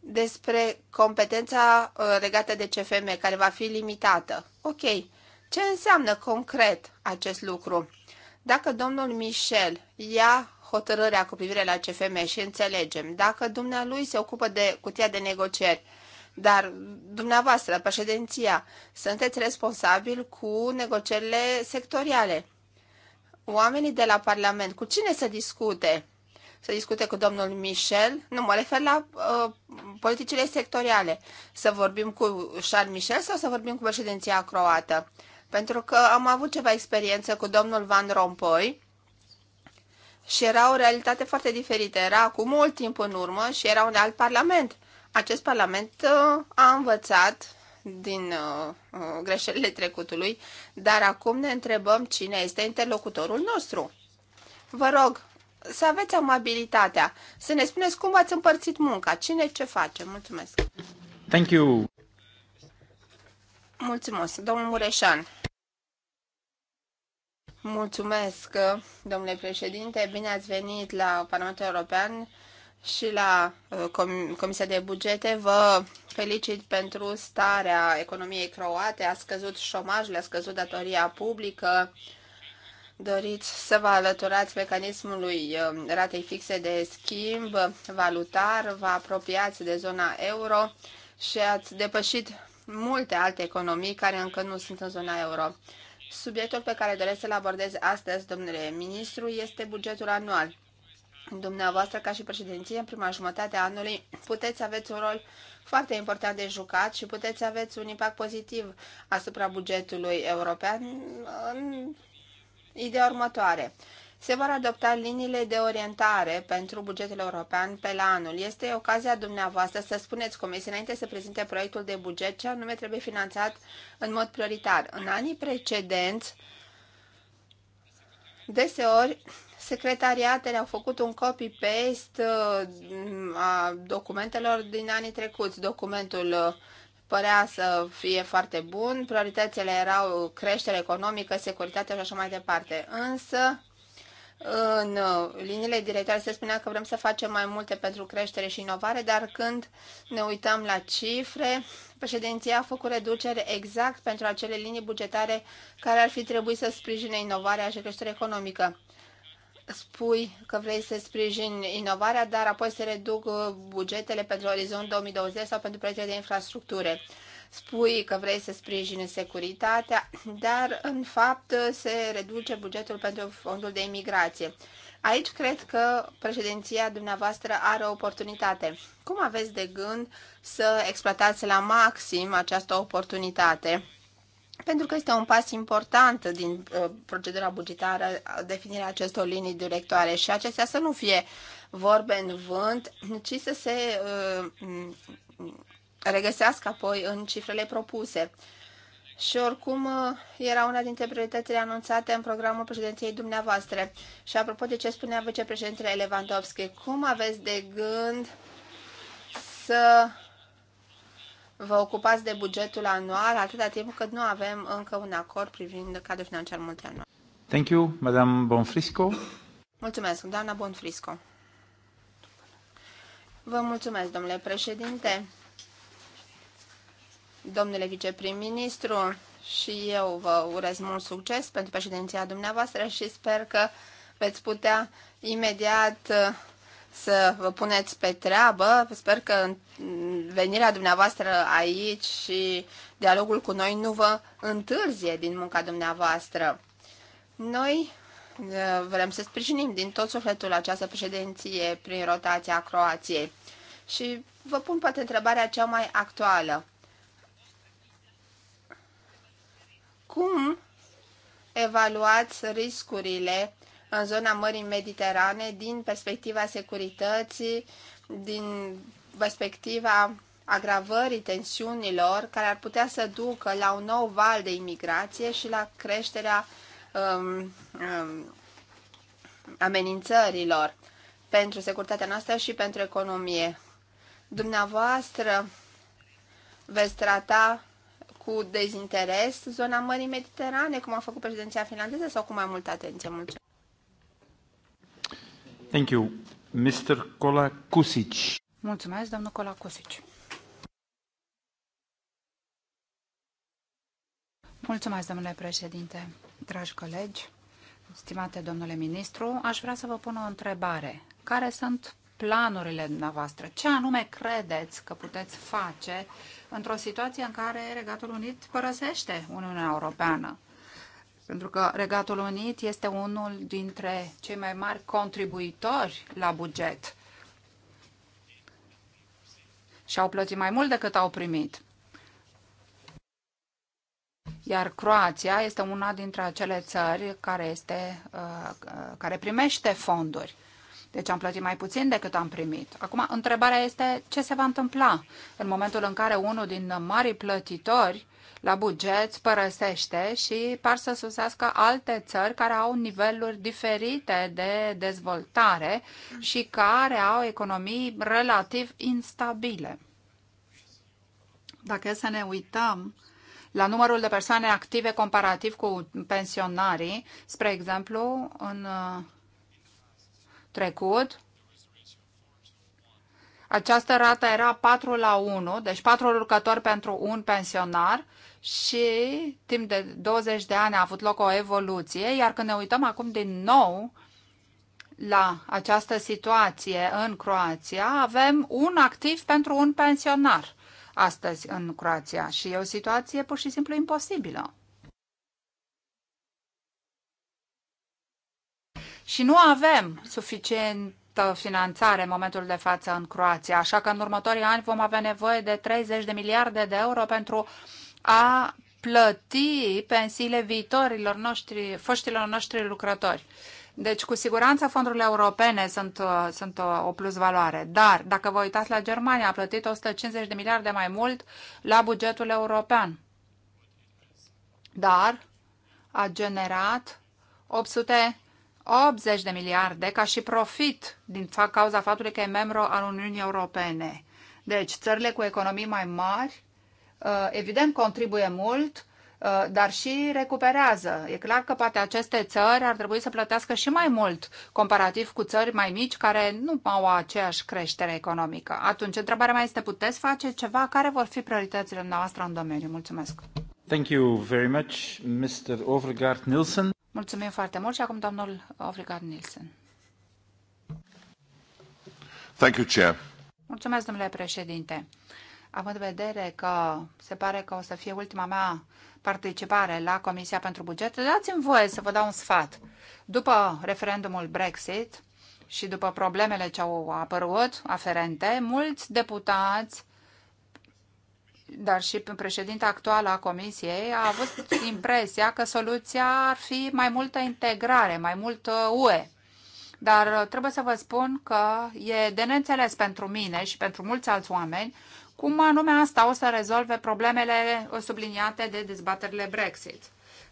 despre competența uh, legată de CFM, care va fi limitată. Ok, ce înseamnă concret acest lucru? Dacă domnul Michel ia hotărârea cu privire la CFM și înțelegem, dacă dumnealui se ocupă de cutia de negocieri, dar dumneavoastră, președinția, sunteți responsabil cu negocierile sectoriale. Oamenii de la Parlament, cu cine să discute? Să discute cu domnul Michel, nu mă refer la uh, politicile sectoriale, să vorbim cu Charles Michel sau să vorbim cu președinția croată? pentru că am avut ceva experiență cu domnul Van Rompuy și era o realitate foarte diferită. Era cu mult timp în urmă și era un alt parlament. Acest parlament uh, a învățat din uh, uh, greșelile trecutului, dar acum ne întrebăm cine este interlocutorul nostru. Vă rog, să aveți amabilitatea, să ne spuneți cum v-ați împărțit munca, cine ce face. Mulțumesc! Thank you! Mulțumesc, domnul Mureșan! Mulțumesc, domnule președinte. Bine ați venit la Parlamentul European și la uh, Comisia de Bugete. Vă felicit pentru starea economiei croate. A scăzut șomajul, a scăzut datoria publică. Doriți să vă alăturați mecanismului uh, ratei fixe de schimb valutar, vă apropiați de zona euro și ați depășit multe alte economii care încă nu sunt în zona euro. Subiectul pe care doresc să-l abordez astăzi, domnule ministru, este bugetul anual. Dumneavoastră, ca și președinție, în prima jumătate a anului, puteți aveți un rol foarte important de jucat și puteți aveți un impact pozitiv asupra bugetului european în ideea următoare se vor adopta liniile de orientare pentru bugetul european pe la anul. Este ocazia dumneavoastră să spuneți comisie înainte să prezinte proiectul de buget ce anume trebuie finanțat în mod prioritar. În anii precedenți, deseori, secretariatele au făcut un copy-paste uh, a documentelor din anii trecuți. Documentul uh, părea să fie foarte bun, prioritățile erau creștere economică, securitate și așa mai departe. Însă, în uh, liniile directoare se spunea că vrem să facem mai multe pentru creștere și inovare, dar când ne uităm la cifre, președinția a făcut reducere exact pentru acele linii bugetare care ar fi trebuit să sprijine inovarea și creșterea economică. Spui că vrei să sprijini inovarea, dar apoi se reduc uh, bugetele pentru Orizont 2020 sau pentru proiecte de infrastructură spui că vrei să sprijine securitatea, dar în fapt se reduce bugetul pentru fondul de imigrație. Aici cred că președinția dumneavoastră are o oportunitate. Cum aveți de gând să exploatați la maxim această oportunitate? Pentru că este un pas important din uh, procedura bugetară definirea acestor linii directoare și acestea să nu fie vorbe în vânt, ci să se uh, regăsească apoi în cifrele propuse. Și oricum uh, era una dintre prioritățile anunțate în programul președinției dumneavoastră. Și apropo de ce spunea vicepreședintele Lewandowski, cum aveți de gând să vă ocupați de bugetul anual atâta timp cât nu avem încă un acord privind cadrul financiar multianual? Thank you, Madame Bonfrisco. Mulțumesc, doamna Bonfrisco. Vă mulțumesc, domnule președinte. Domnule viceprim-ministru, și eu vă urez mult succes pentru președinția dumneavoastră și sper că veți putea imediat uh, să vă puneți pe treabă. Sper că mm, venirea dumneavoastră aici și dialogul cu noi nu vă întârzie din munca dumneavoastră. Noi uh, vrem să sprijinim din tot sufletul această președinție prin rotația Croației. Și vă pun poate întrebarea cea mai actuală. Cum evaluați riscurile în zona Mării Mediterane din perspectiva securității, din perspectiva agravării tensiunilor care ar putea să ducă la un nou val de imigrație și la creșterea um, um, amenințărilor pentru securitatea noastră și pentru economie. Dumneavoastră veți trata cu dezinteres zona Mării Mediterane, cum a făcut președinția finlandeză sau cu mai multă atenție? Mulțumesc. Thank you. Mr. Kola Kusic. Mulțumesc, domnul Kola Kusic. Mulțumesc, domnule președinte, dragi colegi, stimate domnule ministru. Aș vrea să vă pun o întrebare. Care sunt planurile dumneavoastră? Ce anume credeți că puteți face într-o situație în care Regatul Unit părăsește Uniunea Europeană. Pentru că Regatul Unit este unul dintre cei mai mari contribuitori la buget. Și au plătit mai mult decât au primit. Iar Croația este una dintre acele țări care, este, uh, uh, care primește fonduri. Deci am plătit mai puțin decât am primit. Acum, întrebarea este ce se va întâmpla în momentul în care unul din mari plătitori la buget părăsește și par să susească alte țări care au niveluri diferite de dezvoltare și care au economii relativ instabile. Dacă să ne uităm la numărul de persoane active comparativ cu pensionarii, spre exemplu, în trecut, această rată era 4 la 1, deci 4 lucrători pentru un pensionar și timp de 20 de ani a avut loc o evoluție, iar când ne uităm acum din nou la această situație în Croația, avem un activ pentru un pensionar astăzi în Croația și e o situație pur și simplu imposibilă. Și nu avem suficientă finanțare în momentul de față în Croația, așa că în următorii ani vom avea nevoie de 30 de miliarde de euro pentru a plăti pensiile viitorilor noștri, foștilor noștri lucrători. Deci, cu siguranță, fondurile europene sunt, uh, sunt uh, o plus valoare. Dar, dacă vă uitați la Germania, a plătit 150 de miliarde mai mult la bugetul european. Dar a generat 800 80 de miliarde ca și profit din cauza faptului că e membru al Uniunii Europene. Deci, țările cu economii mai mari, uh, evident, contribuie mult, uh, dar și recuperează. E clar că poate aceste țări ar trebui să plătească și mai mult comparativ cu țări mai mici care nu au aceeași creștere economică. Atunci, întrebarea mai este, puteți face ceva? Care vor fi prioritățile noastre în domeniu? Mulțumesc! Thank you very much, Mr. Overgaard Nielsen. Mulțumim foarte mult și acum domnul Ofricar Nielsen. Thank you, Chair. Mulțumesc, domnule președinte. Având în vedere că se pare că o să fie ultima mea participare la Comisia pentru Buget, dați-mi voie să vă dau un sfat. După referendumul Brexit și după problemele ce au apărut aferente, mulți deputați dar și președinta actuală a Comisiei a avut impresia că soluția ar fi mai multă integrare, mai mult uh, UE. Dar uh, trebuie să vă spun că e de neînțeles pentru mine și pentru mulți alți oameni cum anume asta o să rezolve problemele uh, subliniate de dezbaterile Brexit.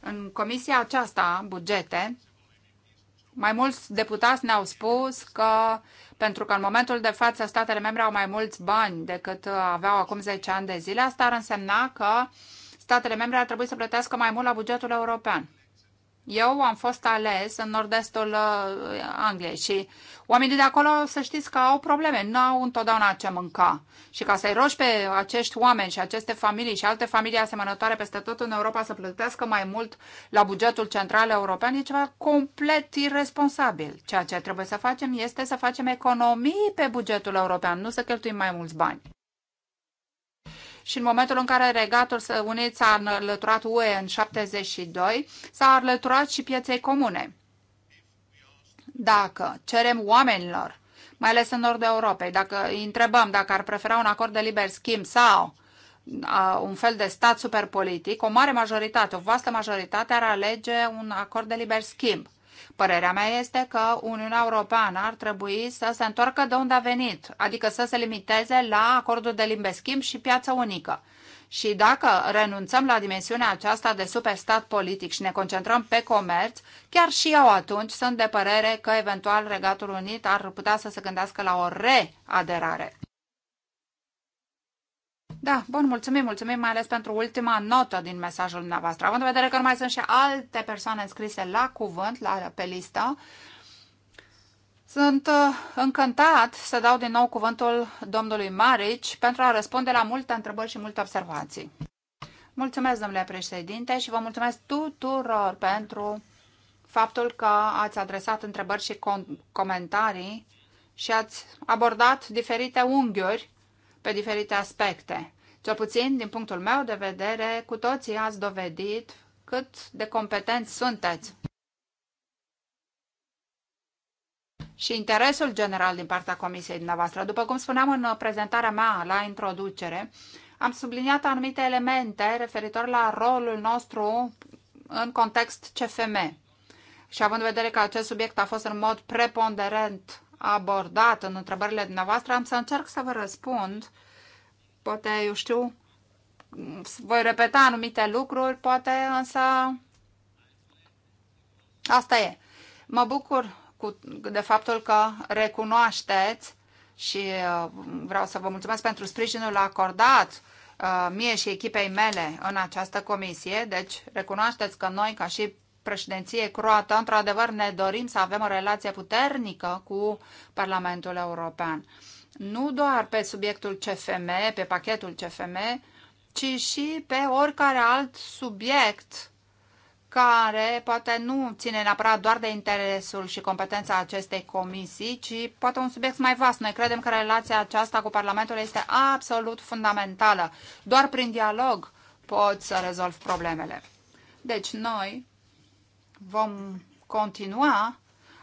În comisia aceasta, bugete, mai mulți deputați ne-au spus că pentru că în momentul de față statele membre au mai mulți bani decât uh, aveau acum 10 ani de zile, asta ar însemna că statele membre ar trebui să plătească mai mult la bugetul european. Eu am fost ales în nord-estul uh, Angliei și oamenii de acolo, să știți că au probleme, nu au întotdeauna ce mânca. Și ca să-i rogi pe acești oameni și aceste familii și alte familii asemănătoare peste tot în Europa să plătească mai mult la bugetul central european, e ceva complet irresponsabil. Ceea ce trebuie să facem este să facem economii pe bugetul european, nu să cheltuim mai mulți bani și în momentul în care Regatul Unit s-a înlăturat UE în 72, s-a înlăturat și pieței comune. Dacă cerem oamenilor, mai ales în nordul Europei, dacă îi întrebăm dacă ar prefera un acord de liber schimb sau un fel de stat superpolitic, o mare majoritate, o vastă majoritate ar alege un acord de liber schimb. Părerea mea este că Uniunea Europeană ar trebui să se întoarcă de unde a venit, adică să se limiteze la acordul de limbe schimb și piața unică. Și dacă renunțăm la dimensiunea aceasta de superstat politic și ne concentrăm pe comerț, chiar și eu atunci sunt de părere că eventual Regatul Unit ar putea să se gândească la o readerare. Da, bun, mulțumim, mulțumim mai ales pentru ultima notă din mesajul dumneavoastră. Având în vedere că nu mai sunt și alte persoane înscrise la cuvânt, la, pe listă, sunt uh, încântat să dau din nou cuvântul domnului Marici pentru a răspunde la multe întrebări și multe observații. Mulțumesc, domnule președinte, și vă mulțumesc tuturor pentru faptul că ați adresat întrebări și comentarii și ați abordat diferite unghiuri pe diferite aspecte. Cel puțin, din punctul meu de vedere, cu toții ați dovedit cât de competenți sunteți. Și interesul general din partea comisiei dumneavoastră, după cum spuneam în prezentarea mea la introducere, am subliniat anumite elemente referitor la rolul nostru în context CFM. Și având în vedere că acest subiect a fost în mod preponderent abordat în întrebările dumneavoastră, am să încerc să vă răspund. Poate, eu știu, voi repeta anumite lucruri, poate, însă asta e. Mă bucur cu, de faptul că recunoașteți și uh, vreau să vă mulțumesc pentru sprijinul acordat uh, mie și echipei mele în această comisie. Deci, recunoașteți că noi, ca și președinției croată, într-adevăr ne dorim să avem o relație puternică cu Parlamentul European. Nu doar pe subiectul CFM, pe pachetul CFM, ci și pe oricare alt subiect care poate nu ține neapărat doar de interesul și competența acestei comisii, ci poate un subiect mai vast. Noi credem că relația aceasta cu Parlamentul este absolut fundamentală. Doar prin dialog poți să rezolvi problemele. Deci noi vom continua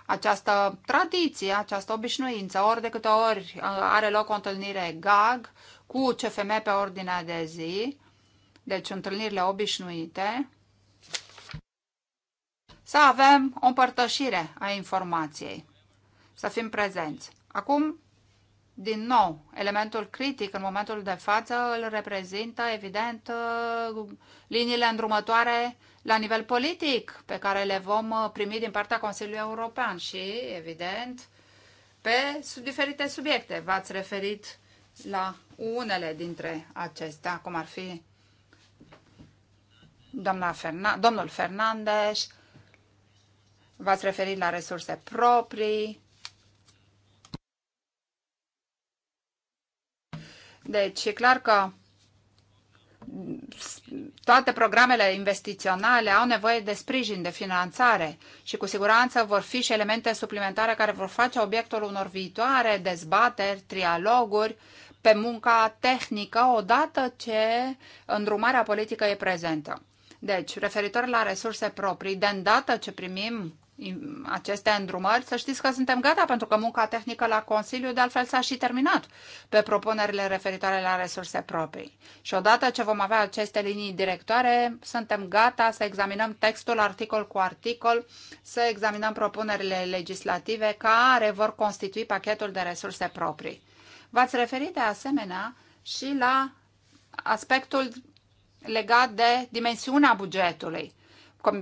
această tradiție, această obișnuință. Ori de câte ori uh, are loc o întâlnire GAG cu CFM pe ordinea de zi, deci întâlnirile obișnuite, să avem o împărtășire a informației, să fim prezenți. Acum din nou, elementul critic în momentul de față îl reprezintă, evident, uh, liniile îndrumătoare la nivel politic pe care le vom uh, primi din partea Consiliului European și, evident, pe diferite subiecte. V-ați referit la unele dintre acestea, cum ar fi doamna Ferna- domnul Fernandez, v-ați referit la resurse proprii, Deci e clar că toate programele investiționale au nevoie de sprijin, de finanțare și cu siguranță vor fi și elemente suplimentare care vor face obiectul unor viitoare dezbateri, trialoguri pe munca tehnică odată ce îndrumarea politică e prezentă. Deci, referitor la resurse proprii, de îndată ce primim aceste îndrumări, să știți că suntem gata, pentru că munca tehnică la Consiliu de altfel s-a și terminat pe propunerile referitoare la resurse proprii. Și odată ce vom avea aceste linii directoare, suntem gata să examinăm textul articol cu articol, să examinăm propunerile legislative care vor constitui pachetul de resurse proprii. V-ați referit de asemenea și la aspectul legat de dimensiunea bugetului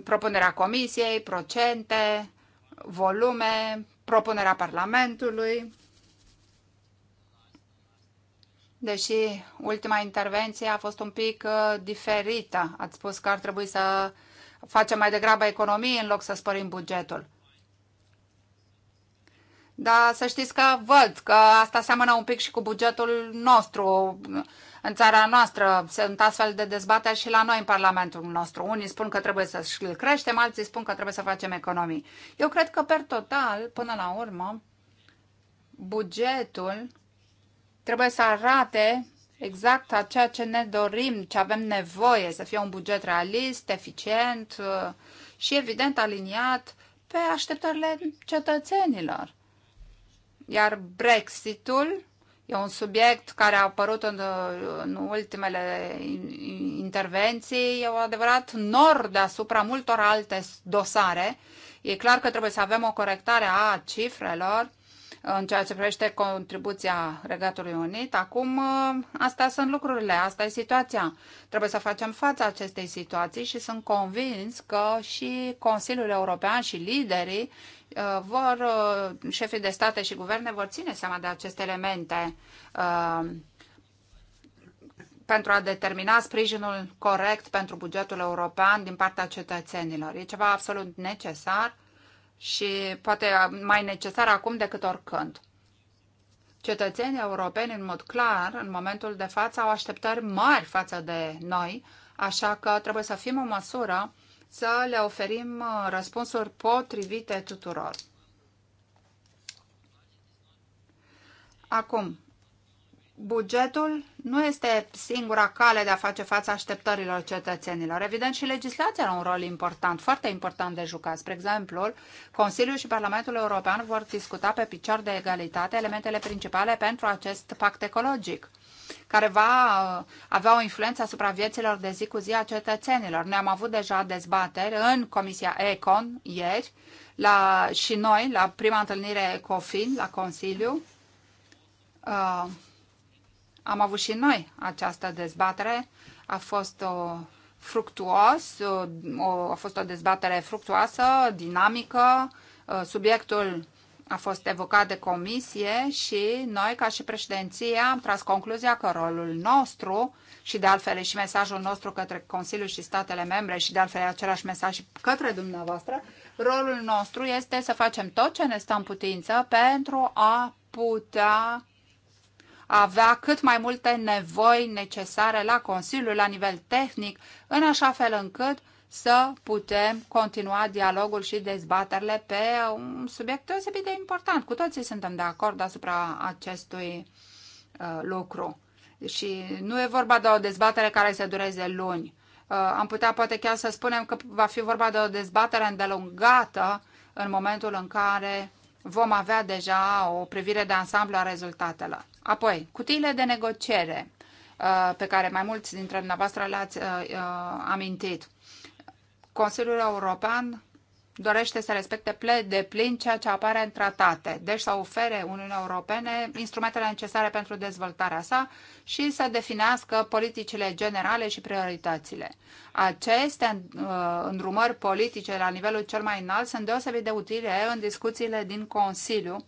propunerea comisiei, procente, volume, propunerea Parlamentului. Deși ultima intervenție a fost un pic uh, diferită, ați spus că ar trebui să facem mai degrabă economii în loc să sporim bugetul. Dar să știți că văd că asta seamănă un pic și cu bugetul nostru în țara noastră sunt astfel de dezbateri și la noi în Parlamentul nostru. Unii spun că trebuie să îl creștem, alții spun că trebuie să facem economii. Eu cred că, per total, până la urmă, bugetul trebuie să arate exact a ceea ce ne dorim, ce avem nevoie, să fie un buget realist, eficient uh, și, evident, aliniat pe așteptările cetățenilor. Iar Brexitul E un subiect care a apărut în, în ultimele intervenții, e un adevărat nor deasupra multor alte dosare. E clar că trebuie să avem o corectare a cifrelor în ceea ce privește contribuția Regatului Unit. Acum, astea sunt lucrurile, asta e situația. Trebuie să facem față acestei situații și sunt convins că și Consiliul European și liderii Uh, vor, uh, șefii de state și guverne vor ține seama de aceste elemente uh, pentru a determina sprijinul corect pentru bugetul european din partea cetățenilor. E ceva absolut necesar și poate mai necesar acum decât oricând. Cetățenii europeni, în mod clar, în momentul de față, au așteptări mari față de noi, așa că trebuie să fim o măsură să le oferim uh, răspunsuri potrivite tuturor. Acum, bugetul nu este singura cale de a face față așteptărilor cetățenilor. Evident, și legislația are un rol important, foarte important de jucat. Spre exemplu, Consiliul și Parlamentul European vor discuta pe picior de egalitate elementele principale pentru acest pact ecologic care va uh, avea o influență asupra vieților de zi cu zi a cetățenilor. ne am avut deja dezbateri în Comisia Econ ieri la, și noi la prima întâlnire CoFin la Consiliu. Uh, am avut și noi această dezbatere. A fost o uh, fructuos, uh, o, a fost o dezbatere fructuoasă, dinamică. Subiectul a fost evocat de comisie și noi, ca și președinția, am tras concluzia că rolul nostru și de altfel și mesajul nostru către Consiliul și statele membre și de altfel același mesaj și către dumneavoastră, rolul nostru este să facem tot ce ne stă în putință pentru a putea avea cât mai multe nevoi necesare la Consiliu, la nivel tehnic, în așa fel încât să putem continua dialogul și dezbaterile pe un subiect deosebit de important. Cu toții suntem de acord asupra acestui uh, lucru. Și nu e vorba de o dezbatere care să dureze luni. Uh, am putea poate chiar să spunem că va fi vorba de o dezbatere îndelungată în momentul în care vom avea deja o privire de ansamblu a rezultatelor. Apoi, cutiile de negociere uh, pe care mai mulți dintre dumneavoastră le-ați amintit. Consiliul European dorește să respecte ple de plin ceea ce apare în tratate, deci să ofere Uniunii Europene instrumentele necesare pentru dezvoltarea sa și să definească politicile generale și prioritățile. Aceste uh, îndrumări politice la nivelul cel mai înalt sunt deosebit de utile în discuțiile din Consiliu,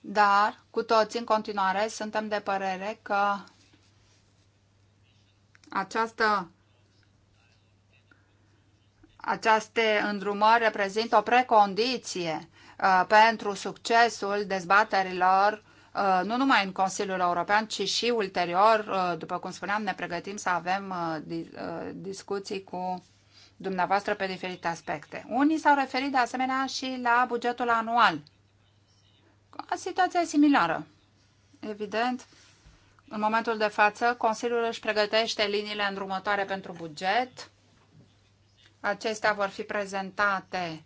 dar cu toții în continuare suntem de părere că această aceste îndrumări reprezintă o precondiție uh, pentru succesul dezbaterilor uh, nu numai în Consiliul European, ci și ulterior, uh, după cum spuneam, ne pregătim să avem discuții cu dumneavoastră pe diferite aspecte. Unii s-au referit de asemenea și la bugetul anual. Situația e similară. Evident, în momentul de față, Consiliul își pregătește liniile îndrumătoare pentru buget Acestea vor fi prezentate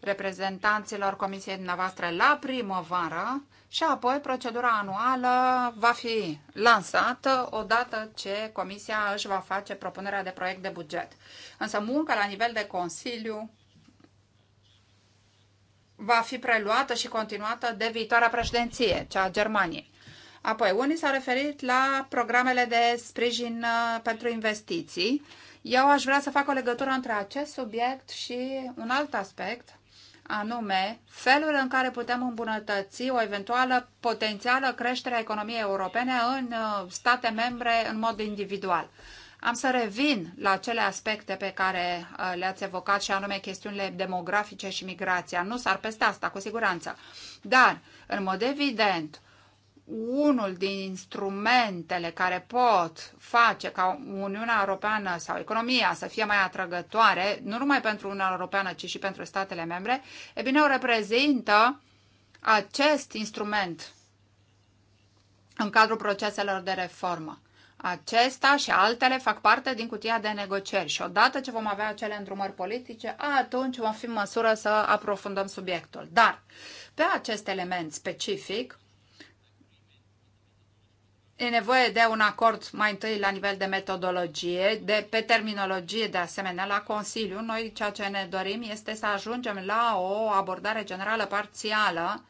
reprezentanților comisiei dumneavoastră la primăvară și apoi procedura anuală va fi lansată odată ce comisia își va face propunerea de proiect de buget. Însă munca la nivel de Consiliu va fi preluată și continuată de viitoarea președinție, cea a Germaniei. Apoi, unii s-au referit la programele de sprijin uh, pentru investiții eu aș vrea să fac o legătură între acest subiect și un alt aspect, anume felul în care putem îmbunătăți o eventuală potențială creștere a economiei europene în uh, state membre în mod individual. Am să revin la cele aspecte pe care uh, le-ați evocat și anume chestiunile demografice și migrația. Nu s-ar peste asta, cu siguranță. Dar, în mod evident, unul din instrumentele care pot face ca Uniunea Europeană sau economia să fie mai atrăgătoare, nu numai pentru Uniunea Europeană, ci și pentru statele membre, e bine, o reprezintă acest instrument în cadrul proceselor de reformă. Acesta și altele fac parte din cutia de negocieri și odată ce vom avea acele îndrumări politice, atunci vom fi în măsură să aprofundăm subiectul. Dar pe acest element specific, E nevoie de un acord mai întâi la nivel de metodologie, de, pe terminologie de asemenea, la Consiliu. Noi ceea ce ne dorim este să ajungem la o abordare generală parțială,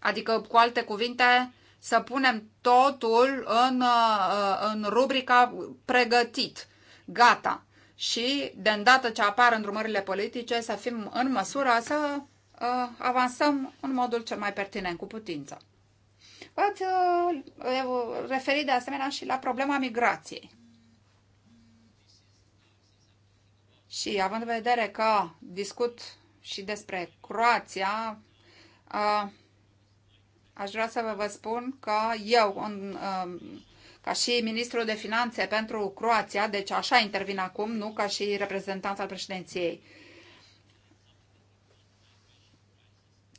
adică cu alte cuvinte, să punem totul în, uh, în rubrica pregătit, gata. Și de îndată ce apar îndrumările politice să fim în măsură să uh, avansăm în modul cel mai pertinent cu putință. V-ați uh, referit de asemenea și la problema migrației. Și având în vedere că discut și despre Croația, uh, aș vrea să vă spun că eu, în, uh, ca și ministrul de finanțe pentru Croația, deci așa intervin acum, nu ca și reprezentant al președinției,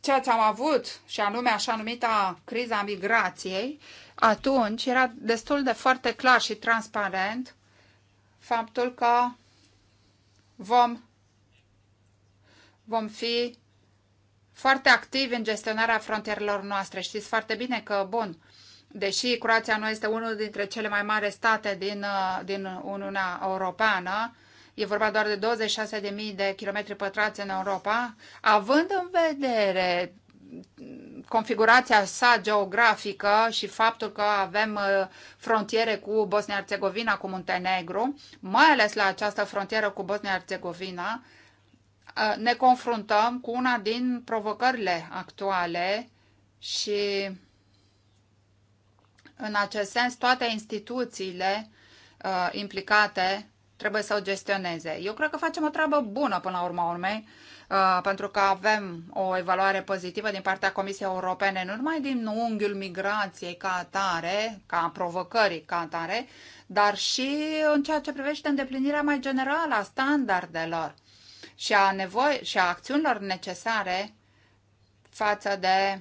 ceea ce am avut, și anume așa numita criza migrației, atunci era destul de foarte clar și transparent faptul că vom, vom fi foarte activi în gestionarea frontierelor noastre. Știți foarte bine că, bun, deși Croația nu este unul dintre cele mai mari state din, uh, din Uniunea Europeană, e vorba doar de 26.000 de kilometri pătrați în Europa, având în vedere configurația sa geografică și faptul că avem uh, frontiere cu Bosnia-Herzegovina, cu Muntenegru, mai ales la această frontieră cu Bosnia-Herzegovina, uh, ne confruntăm cu una din provocările actuale și în acest sens toate instituțiile uh, implicate trebuie să o gestioneze. Eu cred că facem o treabă bună până la urma urmei, uh, pentru că avem o evaluare pozitivă din partea Comisiei Europene, nu numai din unghiul migrației ca atare, ca provocării ca atare, dar și în ceea ce privește îndeplinirea mai generală a standardelor și a, nevoi- și a acțiunilor necesare față de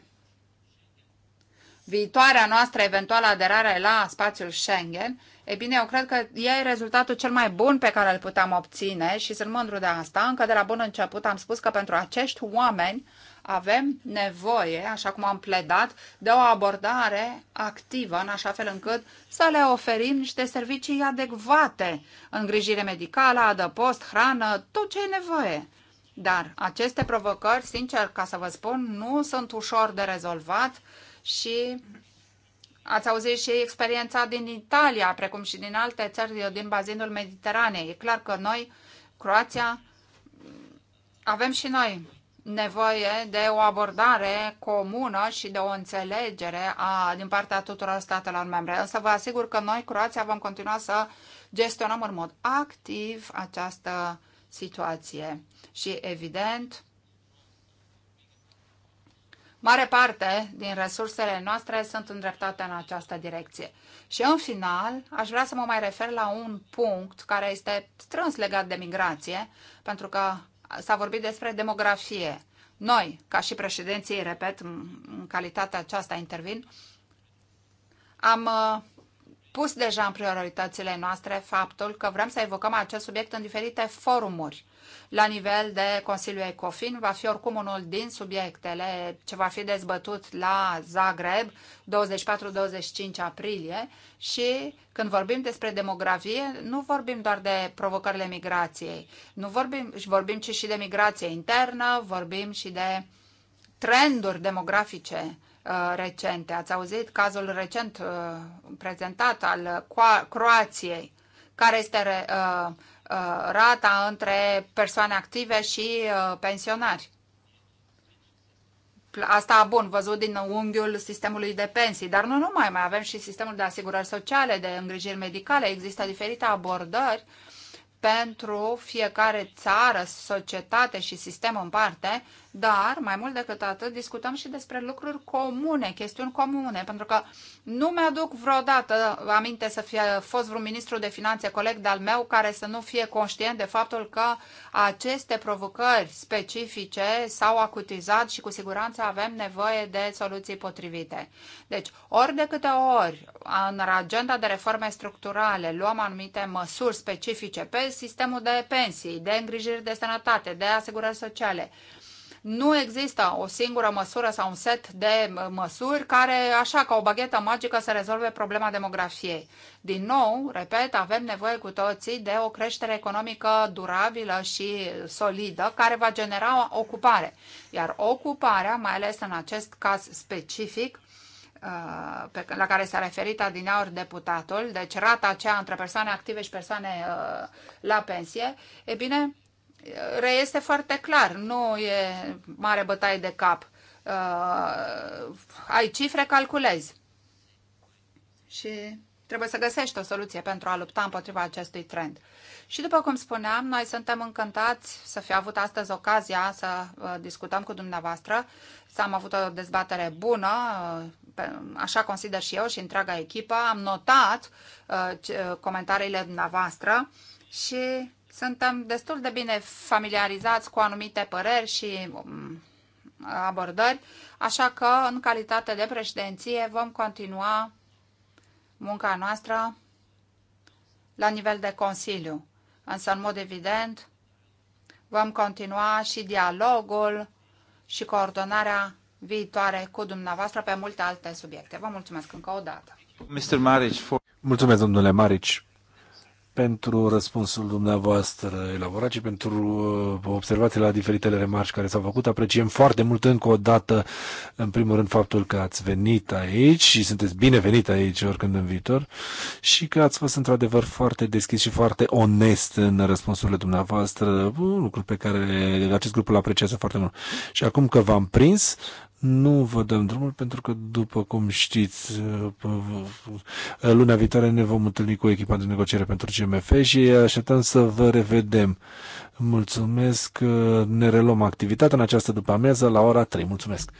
viitoarea noastră eventuală aderare la spațiul Schengen, E bine, eu cred că e rezultatul cel mai bun pe care îl puteam obține și sunt mândru de asta. Încă de la bun început am spus că pentru acești oameni avem nevoie, așa cum am pledat, de o abordare activă, în așa fel încât să le oferim niște servicii adecvate, îngrijire medicală, adăpost, hrană, tot ce e nevoie. Dar aceste provocări, sincer, ca să vă spun, nu sunt ușor de rezolvat și Ați auzit și experiența din Italia, precum și din alte țări din bazinul Mediteranei. E clar că noi, Croația, avem și noi nevoie de o abordare comună și de o înțelegere a, din partea tuturor statelor membre. Însă vă asigur că noi, Croația, vom continua să gestionăm în mod activ această situație. Și, evident, Mare parte din resursele noastre sunt îndreptate în această direcție. Și în final, aș vrea să mă mai refer la un punct care este strâns legat de migrație, pentru că s-a vorbit despre demografie. Noi, ca și președinții, repet, în calitatea aceasta intervin, am uh, pus deja în prioritățile noastre faptul că vrem să evocăm acest subiect în diferite forumuri. La nivel de Consiliu Ecofin va fi oricum unul din subiectele ce va fi dezbătut la Zagreb 24-25 aprilie și când vorbim despre demografie, nu vorbim doar de provocările migrației, nu vorbim, vorbim ci și de migrație internă, vorbim și de trenduri demografice Uh, recente. Ați auzit cazul recent uh, prezentat al Croației, care este uh, rata între persoane active și pensionari. Asta, bun, văzut din unghiul sistemului de pensii, dar nu numai, mai avem și sistemul de asigurări sociale, de îngrijiri medicale, există diferite abordări pentru fiecare țară, societate și sistem în parte dar mai mult decât atât discutăm și despre lucruri comune, chestiuni comune, pentru că nu mi-aduc vreodată aminte să fie fost vreun ministru de finanțe coleg de-al meu care să nu fie conștient de faptul că aceste provocări specifice s-au acutizat și cu siguranță avem nevoie de soluții potrivite. Deci, ori de câte ori în agenda de reforme structurale luăm anumite măsuri specifice pe sistemul de pensii, de îngrijiri de sănătate, de asigurări sociale, nu există o singură măsură sau un set de măsuri care, așa ca o baghetă magică, să rezolve problema demografiei. Din nou, repet, avem nevoie cu toții de o creștere economică durabilă și solidă care va genera ocupare. Iar ocuparea, mai ales în acest caz specific, uh, pe, la care s-a referit adineaori deputatul, deci rata aceea între persoane active și persoane uh, la pensie, e bine, reiese foarte clar, nu e mare bătaie de cap. Uh, ai cifre, calculezi. Și trebuie să găsești o soluție pentru a lupta împotriva acestui trend. Și după cum spuneam, noi suntem încântați să fi avut astăzi ocazia să uh, discutăm cu dumneavoastră, să am avut o dezbatere bună, uh, așa consider și eu și întreaga echipă. Am notat uh, comentariile dumneavoastră și suntem destul de bine familiarizați cu anumite păreri și um, abordări, așa că, în calitate de președinție, vom continua munca noastră la nivel de Consiliu. Însă, în mod evident, vom continua și dialogul și coordonarea viitoare cu dumneavoastră pe multe alte subiecte. Vă mulțumesc încă o dată. Mr. Maric, for... Mulțumesc, domnule Marici, pentru răspunsul dumneavoastră elaborat și pentru uh, observațiile la diferitele remarci care s-au făcut. Apreciem foarte mult încă o dată, în primul rând, faptul că ați venit aici și sunteți binevenit aici oricând în viitor și că ați fost într-adevăr foarte deschis și foarte onest în răspunsurile dumneavoastră, un lucru pe care acest grup îl apreciază foarte mult. Și acum că v-am prins, nu vă dăm drumul pentru că, după cum știți, uh, luna viitoare ne vom întâlni cu echipa de negociere pentru CMF și așteptăm să vă revedem. Mulțumesc, uh, ne reluăm activitatea în această după amiază la ora 3. Mulțumesc!